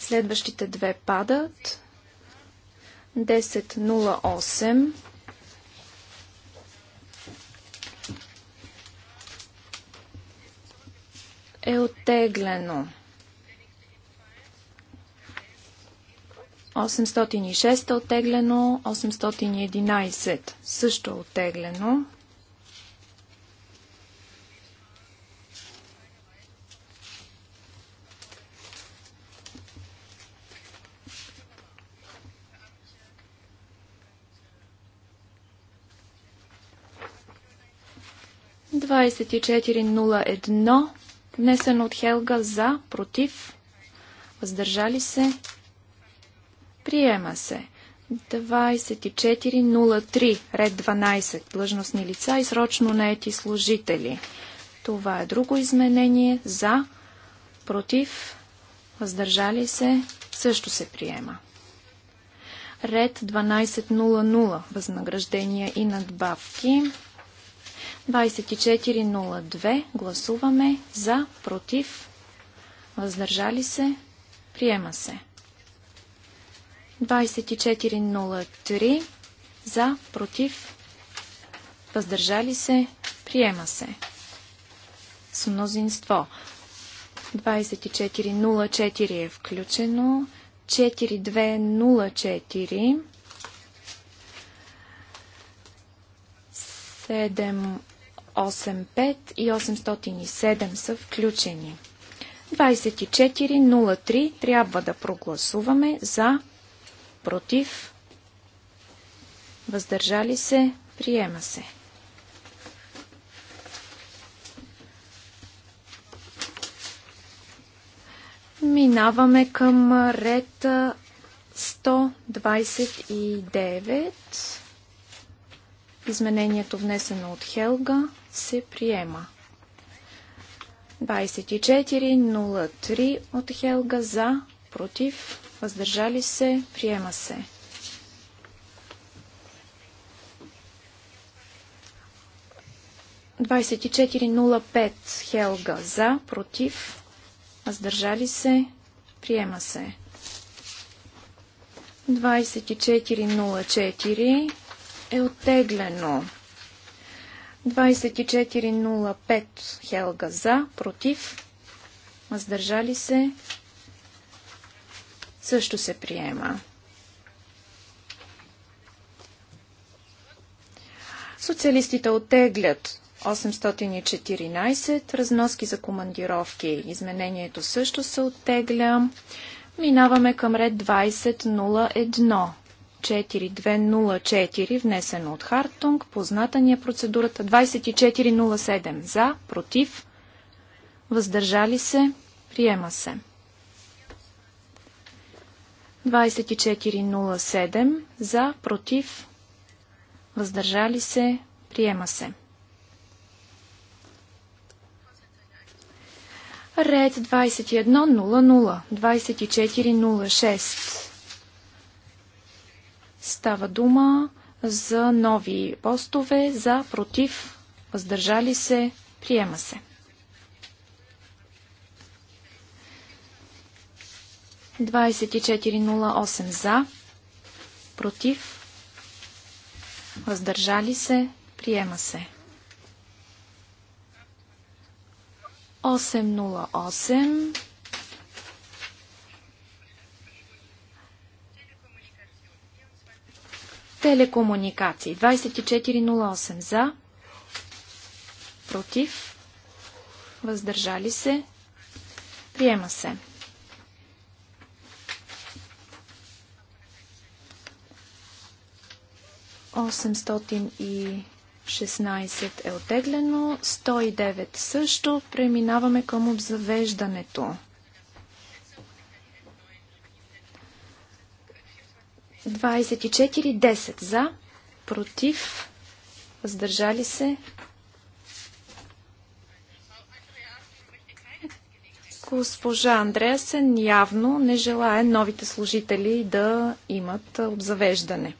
Следващите две падат. 1008. е оттеглено. 806 е оттеглено, 811 също е оттеглено. 2401, внесен от Хелга за, против, въздържали се, приема се. 2403, ред 12, длъжностни лица и срочно наети служители. Това е друго изменение за, против, въздържали се, също се приема. Ред 1200, възнаграждения и надбавки. 2402. Гласуваме за, против, въздържали се, приема се. 2403. За, против, въздържали се, приема се. С мнозинство. 2404 е включено. 4204. 7 885 и 807 са включени. 2403 трябва да прогласуваме за, против, въздържали се, приема се. Минаваме към ред 129. Изменението внесено от Хелга се приема. 24.03 от Хелга за, против, въздържали се, приема се. Двадесет и Хелга за, против, въздържали се, приема се. 2404 е оттеглено. 2405 Хелга за, против, въздържали се, също се приема. Социалистите оттеглят 814 разноски за командировки. Изменението също се оттегля. Минаваме към ред 2001. 4204, внесен от Хартунг. Позната ни е процедурата 2407 за, против, въздържали се, приема се. 2407 за, против, въздържали се, приема се. Ред 2100, 2406 Става дума за нови постове, за, против, въздържали се, приема се. 2408 за, против, въздържали се, приема се. 808 Телекомуникации. 2408 за. Против. Въздържали се. Приема се. Осемстотин и 16 е оттеглено, 109 също. Преминаваме към обзавеждането. 24-10 за, против, въздържали се. Госпожа Андреасен явно не желая новите служители да имат обзавеждане.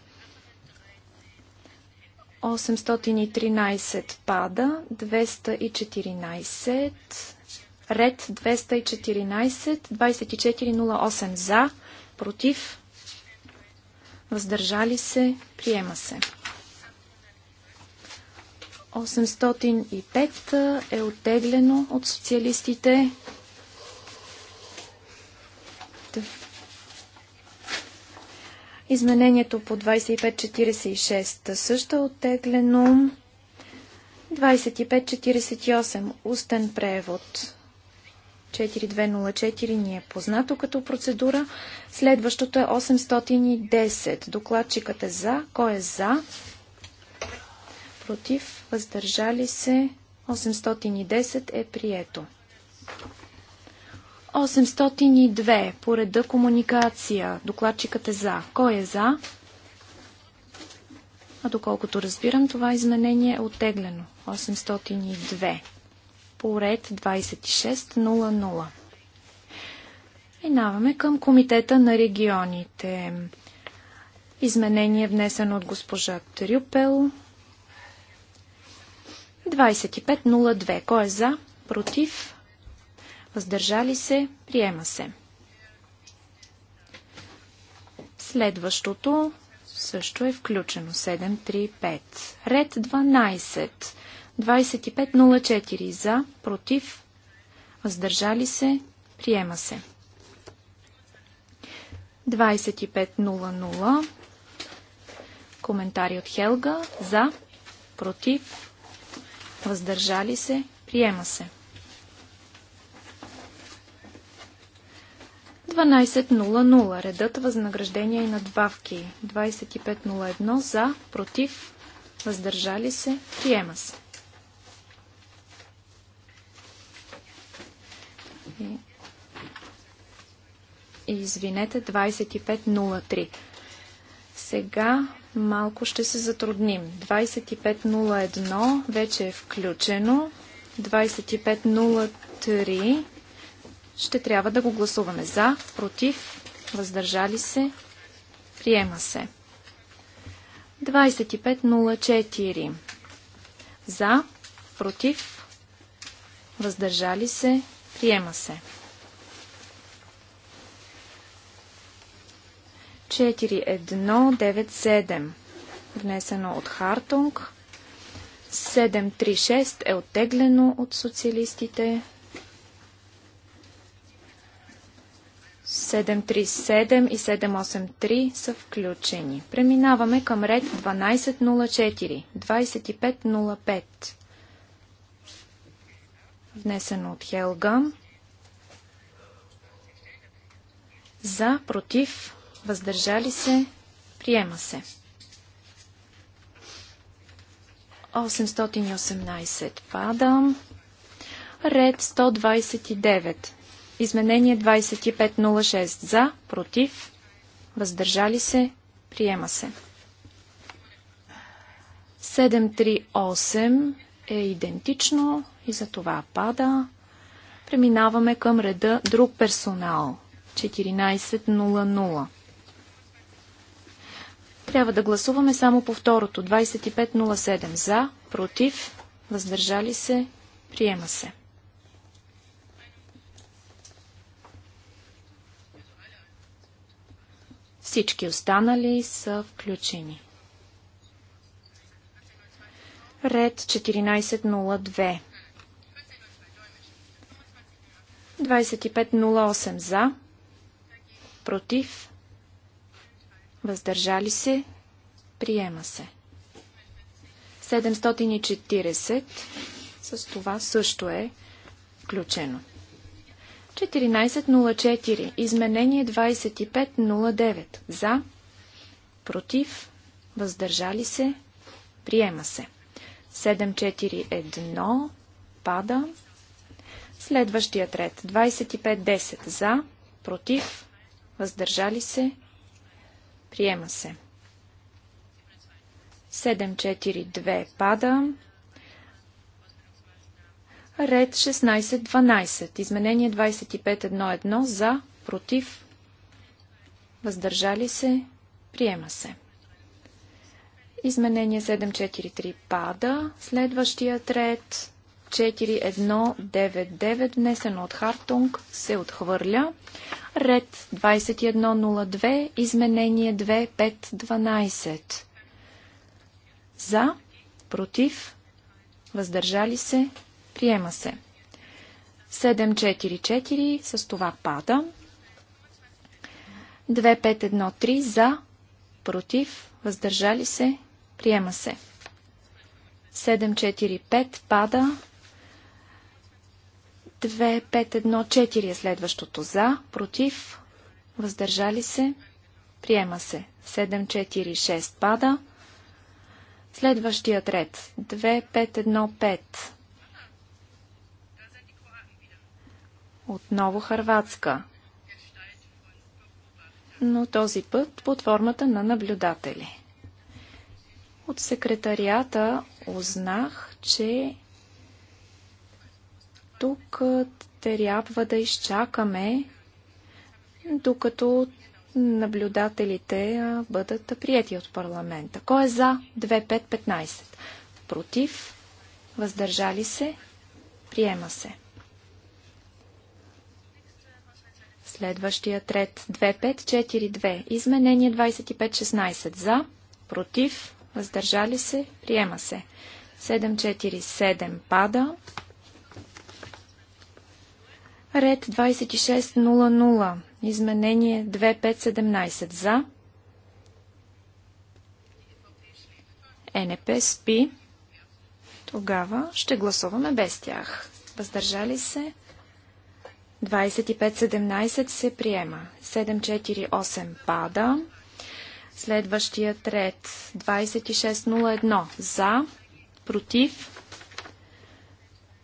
813 пада, 214, ред 214, 2408 за, против, въздържали се, приема се. 805 е оттеглено от социалистите. Изменението по 2546 също е оттеглено. 2548 устен превод. 4204 ни е познато като процедура. Следващото е 810. Докладчикът е за. Кой е за? Против. Въздържали се. 810 е прието. 802. По реда комуникация. Докладчикът е за. Кой е за? А доколкото разбирам, това изменение е оттеглено. 802 по ред 2600. Минаваме към Комитета на регионите. Изменение внесено от госпожа Трюпел. 2502. Кой е за? Против? Въздържали се? Приема се. Следващото също е включено. 735. Ред 12. 2504 за, против, въздържали се, приема се. 2500 коментари от Хелга за, против, въздържали се, приема се. 12.00. Редът възнаграждения и надбавки. 25.01. За, против, въздържали се, приема се. Извинете, 2503. Сега малко ще се затрудним. 2501 вече е включено. 2503 ще трябва да го гласуваме за, против, въздържали се, приема се. 2504 за, против, въздържали се, Приема се. 4197, внесено от Хартунг. 736 е оттеглено от социалистите. 737 и 783 са включени. Преминаваме към ред 1204, 2505 внесено от Хелга. За, против, въздържали се, приема се. 818 пада. Ред 129. Изменение 2506 за, против, въздържали се, приема се. 738 е идентично и за това пада. Преминаваме към реда друг персонал. 14.00. Трябва да гласуваме само по второто. 25.07 за, против, въздържали се, приема се. Всички останали са включени. Ред 1402. 2508 за, против, въздържали се, приема се. 740 с това също е включено. 1404. Изменение 2509. За. Против. Въздържали се. Приема се. 1405. 741 пада. Следващият ред 2510 за, против, въздържали се, приема се. 742 пада. Ред 1612. Изменение 2511 за, против, въздържали се, приема се. Изменение 743 пада. Следващият ред 4199, внесено от Хартунг, се отхвърля. Ред 2102, изменение 2512. За, против, въздържали се, приема се. 744 с това пада. 2513 за, против, въздържали се, Приема се. 745 пада. 2514 е следващото за, против, въздържали се, приема се. 746 пада. Следващият ред 2515. Отново Харватска. Но този път под формата на наблюдатели. От секретарията узнах, че тук трябва да изчакаме, докато наблюдателите бъдат прияти от парламента. Кой е за 2515? Против? Въздържали се? Приема се. Следващия ред 2542. Изменение 2516. За? Против? въздържали се, приема се. 747 пада. Ред 2600. Изменение 2517 за. НП спи. Тогава ще гласуваме без тях. Въздържали се. 2517 се приема. 748 пада. Следващият ред 2601 за, против,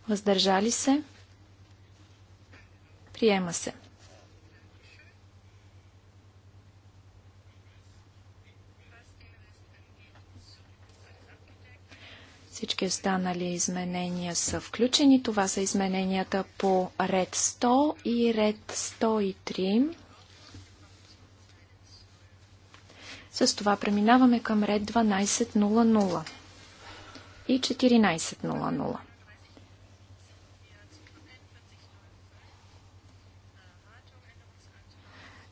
въздържали се, приема се. Всички останали изменения са включени. Това са измененията по ред 100 и ред 103. С това преминаваме към ред 12.00 и 14.00.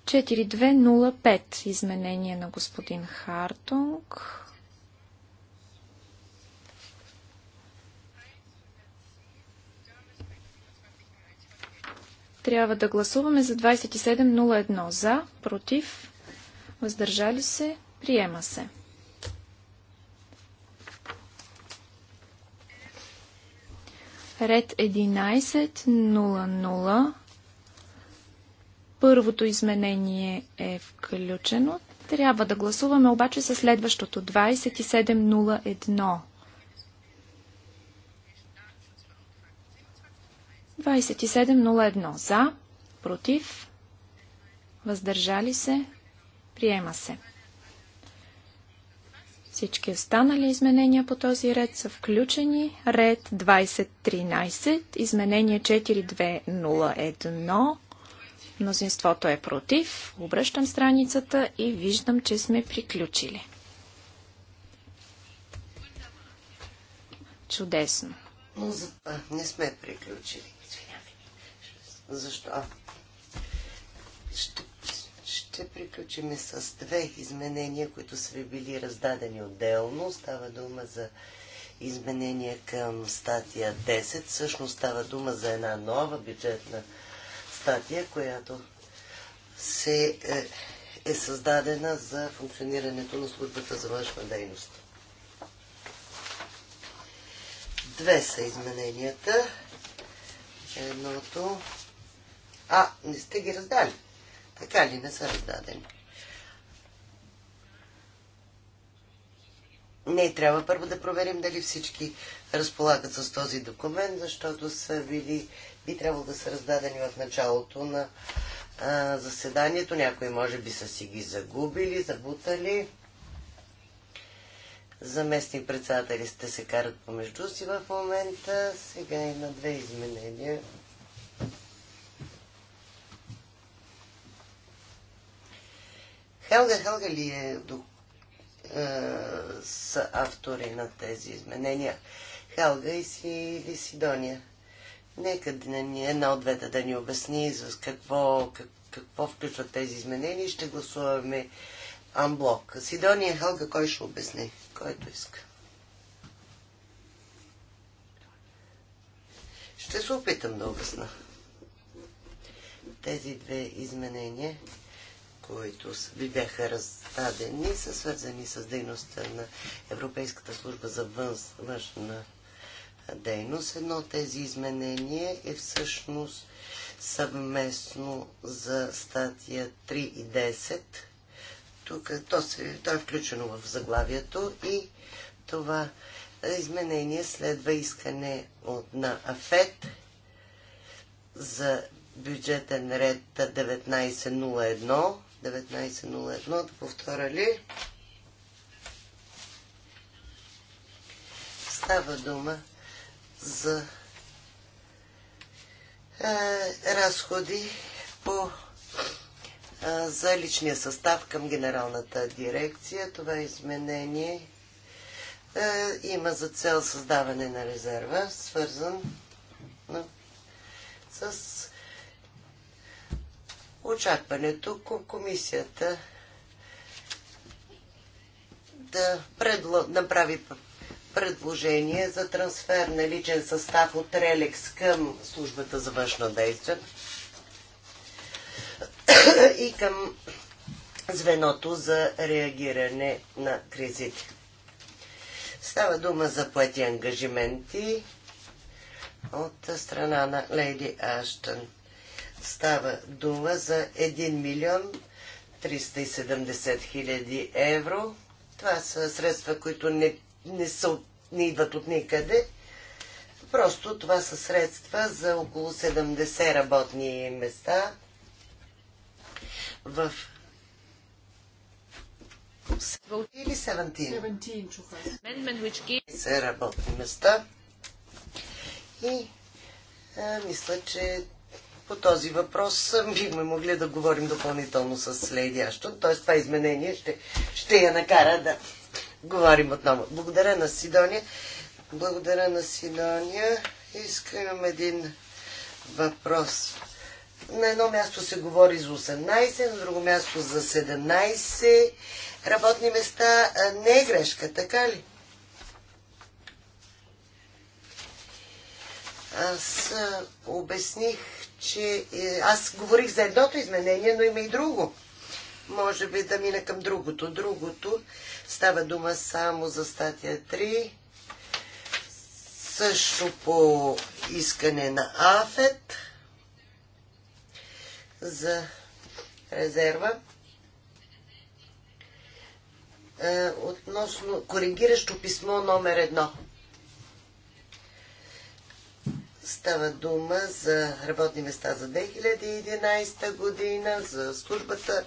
Четири две нула пет изменение на господин Хартунг. Трябва да гласуваме за 27.01 за, против въздържали се, приема се. Ред 11.00. Първото изменение е включено. Трябва да гласуваме обаче със следващото 27.01. 27.01 за, против, въздържали се, Приема се. Всички останали изменения по този ред са включени. Ред 2013, изменение 4201. Мнозинството е против. Обръщам страницата и виждам, че сме приключили. Чудесно. Но за... а, не сме приключили. Защо? Ще ще приключим с две изменения, които са ви били раздадени отделно. Става дума за изменения към статия 10. Всъщност става дума за една нова бюджетна статия, която се е, е създадена за функционирането на службата за външна дейност. Две са измененията. Едното. А, не сте ги раздали така ли не са раздадени? Не, трябва първо да проверим дали всички разполагат с този документ, защото са били, би трябвало да са раздадени в началото на а, заседанието. Някои може би са си ги загубили, забутали. Заместни председатели сте се карат помежду си в момента. Сега има две изменения. Хелга Хелга ли е, е са автори на тези изменения? Хелга и, си, и Сидония. Нека да ни една от двете да ни обясни за какво, как, какво включват тези изменения и ще гласуваме амблок. Сидония Хелга, кой ще обясни? Който иска. Ще се опитам да обясна. Тези две изменения които ви бяха раздадени, са свързани с дейността на Европейската служба за външна дейност. Едно от тези изменения е всъщност съвместно за статия 3 и 10. Тук то, се, то е включено в заглавието и това изменение следва искане от, на АФЕТ за бюджетен ред 1901 1901. Да повторя ли? Става дума за е, разходи по е, за личния състав към генералната дирекция. Това е изменение е, има за цел създаване на резерва, свързан с очакването комисията да предло... направи предложение за трансфер на личен състав от Релекс към службата за външно действие и към звеното за реагиране на кризите. Става дума за плати ангажименти от страна на Лейди Аштън. Става дума за 1 милион 370 хиляди евро. Това са средства, които не, не, са, не идват от никъде. Просто това са средства за около 70 работни места в или 17. 17 работни места. И а, мисля, че по този въпрос бихме могли да говорим допълнително с Лейди Аштон. Т.е. това изменение ще, ще я накара да говорим отново. Благодаря на Сидония. Благодаря на Сидония. Искам един въпрос. На едно място се говори за 18, на друго място за 17 работни места. Не е грешка, така ли? Аз обясних че е, аз говорих за едното изменение, но има и друго. Може би да мина към другото. Другото става дума само за статия 3. Също по искане на АФЕТ за резерва. Е, относно коригиращо писмо номер едно. Става дума за работни места за 2011 година, за службата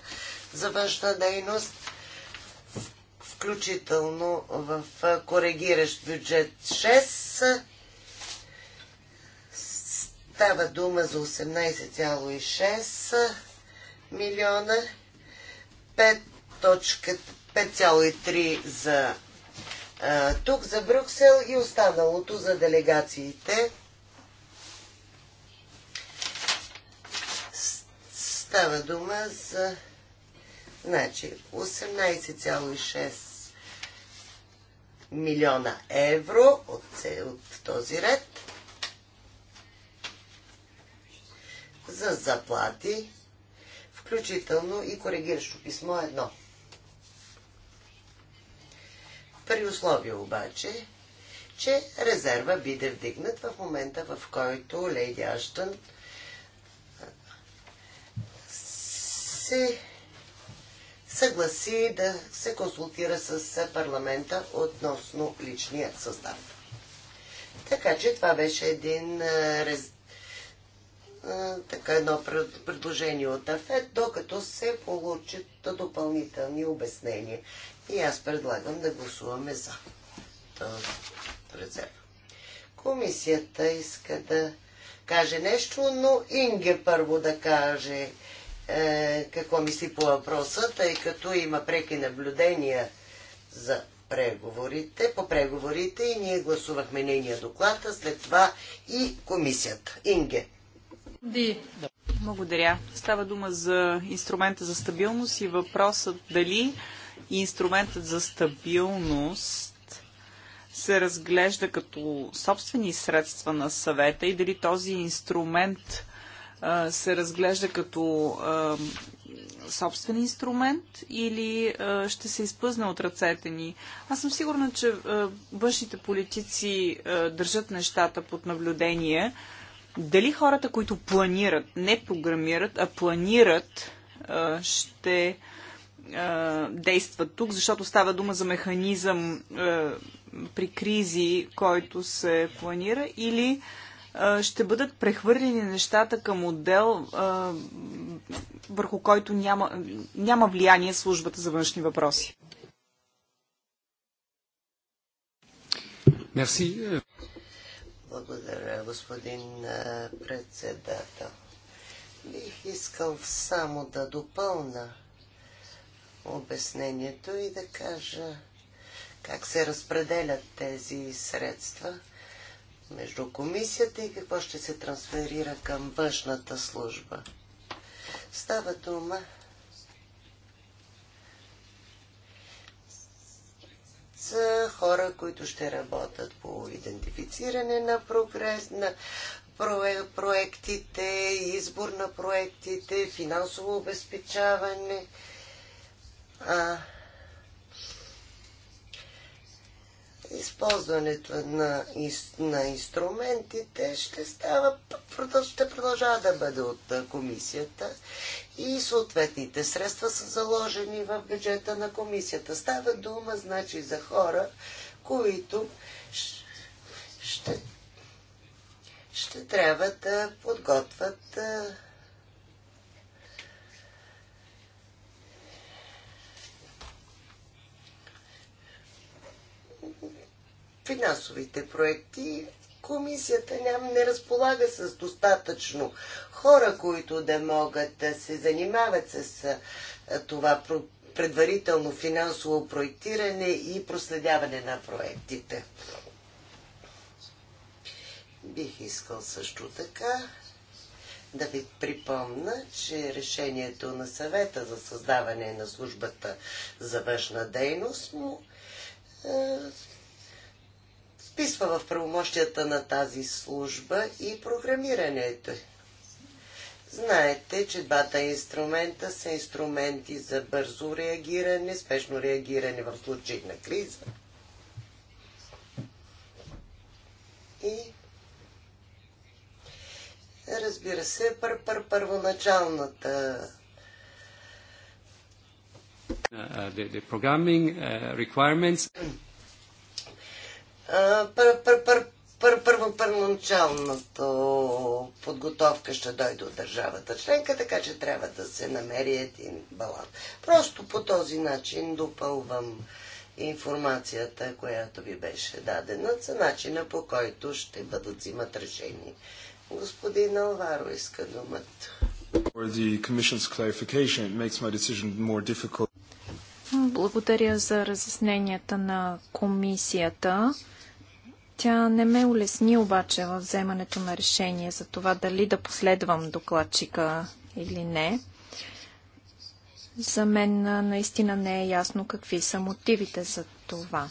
за външна дейност, включително в коригиращ бюджет 6. Става дума за 18,6 милиона, 5,3 за тук, за Брюксел и останалото за делегациите. Става дума за значи, 18,6 милиона евро от, от този ред за заплати, включително и коригиращо писмо едно. При условие обаче, че резерва биде вдигнат в момента, в който Лейди Аштън се съгласи да се консултира с парламента относно личния състав. Така че това беше един раз... така едно предложение от Афет, докато се получат допълнителни обяснения. И аз предлагам да гласуваме за резерва. Комисията иска да каже нещо, но Инге първо да каже е, какво мисли по въпроса, тъй като има преки наблюдения за преговорите, по преговорите и ние гласувахме нейния доклад, а след това и комисията. Инге. Ди. Благодаря. Става дума за инструмента за стабилност и въпросът дали инструментът за стабилност се разглежда като собствени средства на съвета и дали този инструмент се разглежда като собствен инструмент или ще се изпъзне от ръцете ни. Аз съм сигурна, че външните политици държат нещата под наблюдение. Дали хората, които планират, не програмират, а планират, ще действат тук, защото става дума за механизъм при кризи, който се планира, или а, ще бъдат прехвърлени нещата към отдел, върху който няма, няма влияние службата за външни въпроси. Мерси. Благодаря, господин председател. Бих искал само да допълна обяснението и да кажа как се разпределят тези средства – между комисията и какво ще се трансферира към външната служба. Става дума за хора, които ще работят по идентифициране на прогрес, на проектите, избор на проектите, финансово обезпечаване. А, използването на, из, на инструментите ще става, ще продължава да бъде от комисията и съответните средства са заложени в бюджета на комисията. Става дума, значи, за хора, които ще, ще трябва да подготвят финансовите проекти комисията ням, не разполага с достатъчно хора, които да могат да се занимават с това предварително финансово проектиране и проследяване на проектите. Бих искал също така да ви припомна, че решението на съвета за създаване на службата за външна дейност му е, вписва в правомощията на тази служба и програмирането. Знаете, че двата инструмента са инструменти за бързо реагиране, спешно реагиране в случай на криза. И разбира се, пър -пър първоначалната uh, the, the programming uh, requirements първо първоначалната подготовка ще дойде от държавата членка, така че трябва да се намери един баланс. Просто по този начин допълвам информацията, която ви беше дадена, за начина по който ще бъдат взимат решения. Господин Алваро иска думата. Благодаря за разясненията на комисията. Тя не ме улесни обаче в вземането на решение за това дали да последвам докладчика или не. За мен наистина не е ясно какви са мотивите за това.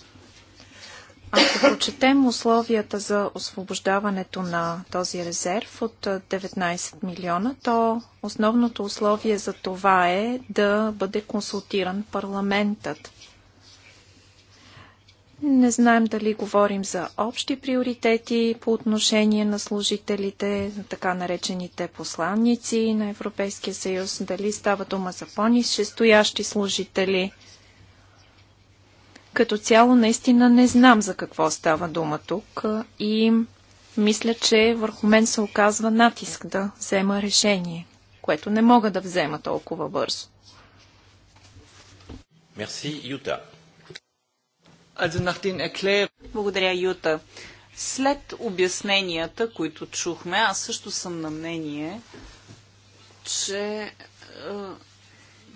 Ако прочетем условията за освобождаването на този резерв от 19 милиона, то основното условие за това е да бъде консултиран парламентът. Не знаем дали говорим за общи приоритети по отношение на служителите, на така наречените посланници на Европейския съюз, дали става дума за по-нисшестоящи служители. Като цяло наистина не знам за какво става дума тук и мисля, че върху мен се оказва натиск да взема решение, което не мога да взема толкова бързо. Мерси, Юта. Благодаря, Юта. След обясненията, които чухме, аз също съм на мнение, че е,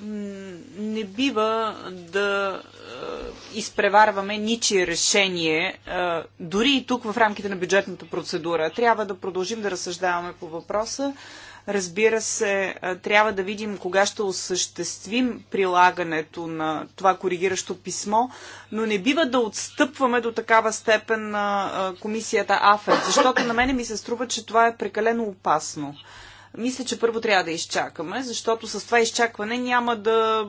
не бива да е, изпреварваме ничие решение, е, дори и тук в рамките на бюджетната процедура. Трябва да продължим да разсъждаваме по въпроса Разбира се, трябва да видим кога ще осъществим прилагането на това коригиращо писмо, но не бива да отстъпваме до такава степен на комисията АФЕД, защото на мене ми се струва, че това е прекалено опасно. Мисля, че първо трябва да изчакаме, защото с това изчакване няма да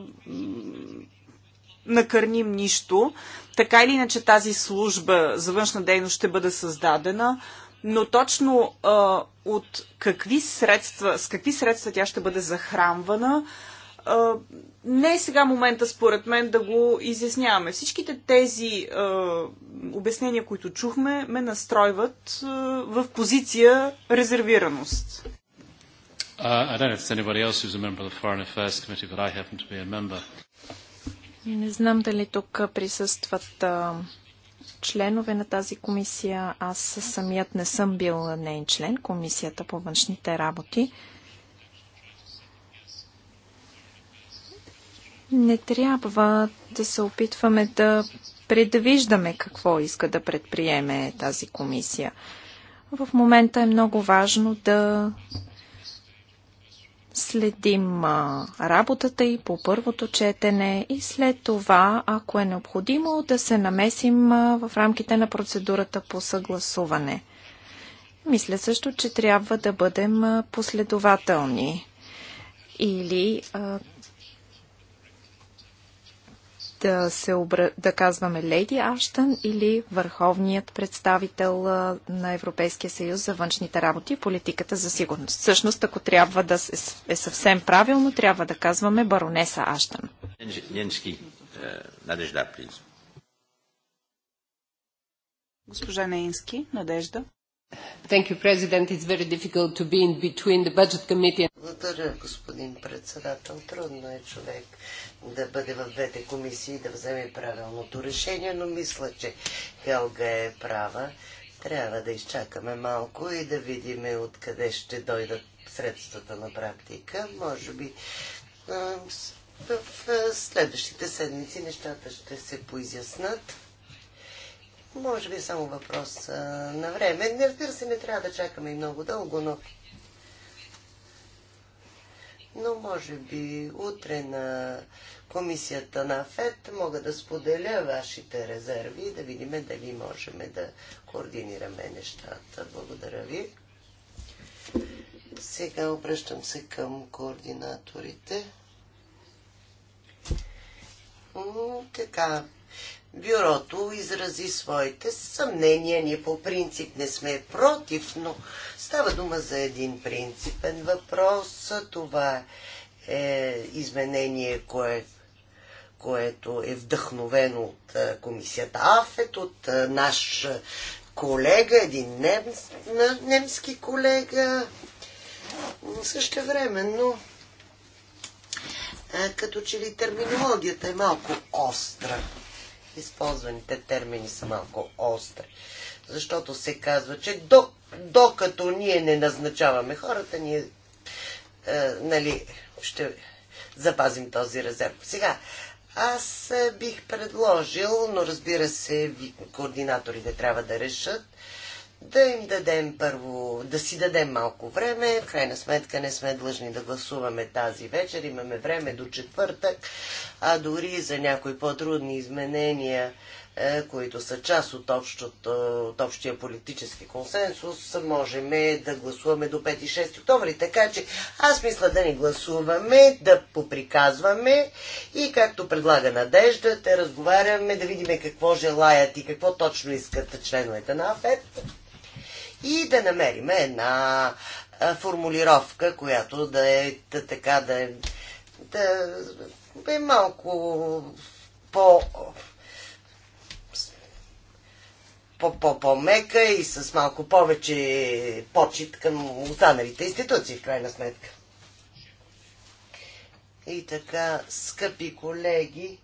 накърним нищо. Така или иначе тази служба за външна дейност ще бъде създадена но точно а, от какви средства, с какви средства тя ще бъде захранвана, а, не е сега момента, според мен, да го изясняваме. Всичките тези а, обяснения, които чухме, ме настройват а, в позиция резервираност. Uh, не знам дали тук присъстват а, членове на тази комисия. Аз самият не съм бил нейн член, комисията по външните работи. Не трябва да се опитваме да предвиждаме какво иска да предприеме тази комисия. В момента е много важно да Следим работата и по първото четене и след това, ако е необходимо, да се намесим в рамките на процедурата по съгласуване. Мисля също, че трябва да бъдем последователни или а, да, се обра... да казваме Леди Аштън или върховният представител на Европейския съюз за външните работи и политиката за сигурност. Всъщност, ако трябва да е съвсем правилно, трябва да казваме баронеса Аштън. Ненски, е, Надежда, плиз. Госпожа Неински, Надежда. You, Благодаря, господин председател. Трудно е човек да бъде в двете комисии и да вземе правилното решение, но мисля, че Хелга е права. Трябва да изчакаме малко и да видим откъде ще дойдат средствата на практика. Може би в следващите седмици нещата ще се поизяснат може би е само въпрос а, на време. Не разбира се, не трябва да чакаме и много дълго, но... Но може би утре на комисията на ФЕД мога да споделя вашите резерви и да видим дали можем да координираме нещата. Благодаря ви. Сега обръщам се към координаторите. Така, бюрото изрази своите съмнения. Ние по принцип не сме против, но става дума за един принципен въпрос. Това е изменение, кое, което е вдъхновено от комисията АФЕТ, от наш колега, един нем, немски колега. Също времено, като че ли терминологията е малко остра използваните термини са малко остри. Защото се казва, че докато ние не назначаваме хората, ние е, нали, ще запазим този резерв. Сега, аз е, бих предложил, но разбира се, координаторите трябва да решат, да им дадем първо, да си дадем малко време. В крайна сметка не сме длъжни да гласуваме тази вечер. Имаме време до четвъртък, а дори за някои по-трудни изменения, е, които са част от, общото, е, от общия политически консенсус, можем да гласуваме до 5 и 6 октомври. Така че аз мисля да ни гласуваме, да поприказваме и както предлага Надежда, те разговаряме, да видим какво желаят и какво точно искат членовете на АФЕТ и да намерим една формулировка, която да е да, така, да е, да, да е малко по по-мека -по и с малко повече почет към останалите институции, в крайна сметка. И така, скъпи колеги,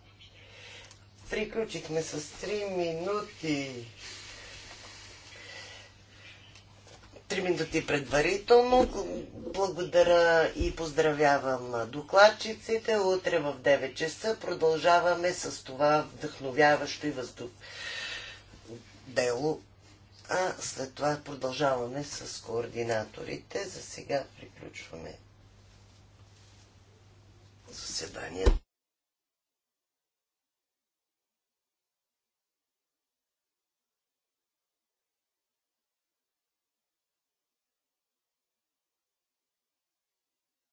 приключихме с 3 минути. Три минути предварително. Благодаря и поздравявам докладчиците. Утре в 9 часа продължаваме с това вдъхновяващо и въздух дело. А след това продължаваме с координаторите. За сега приключваме заседанието.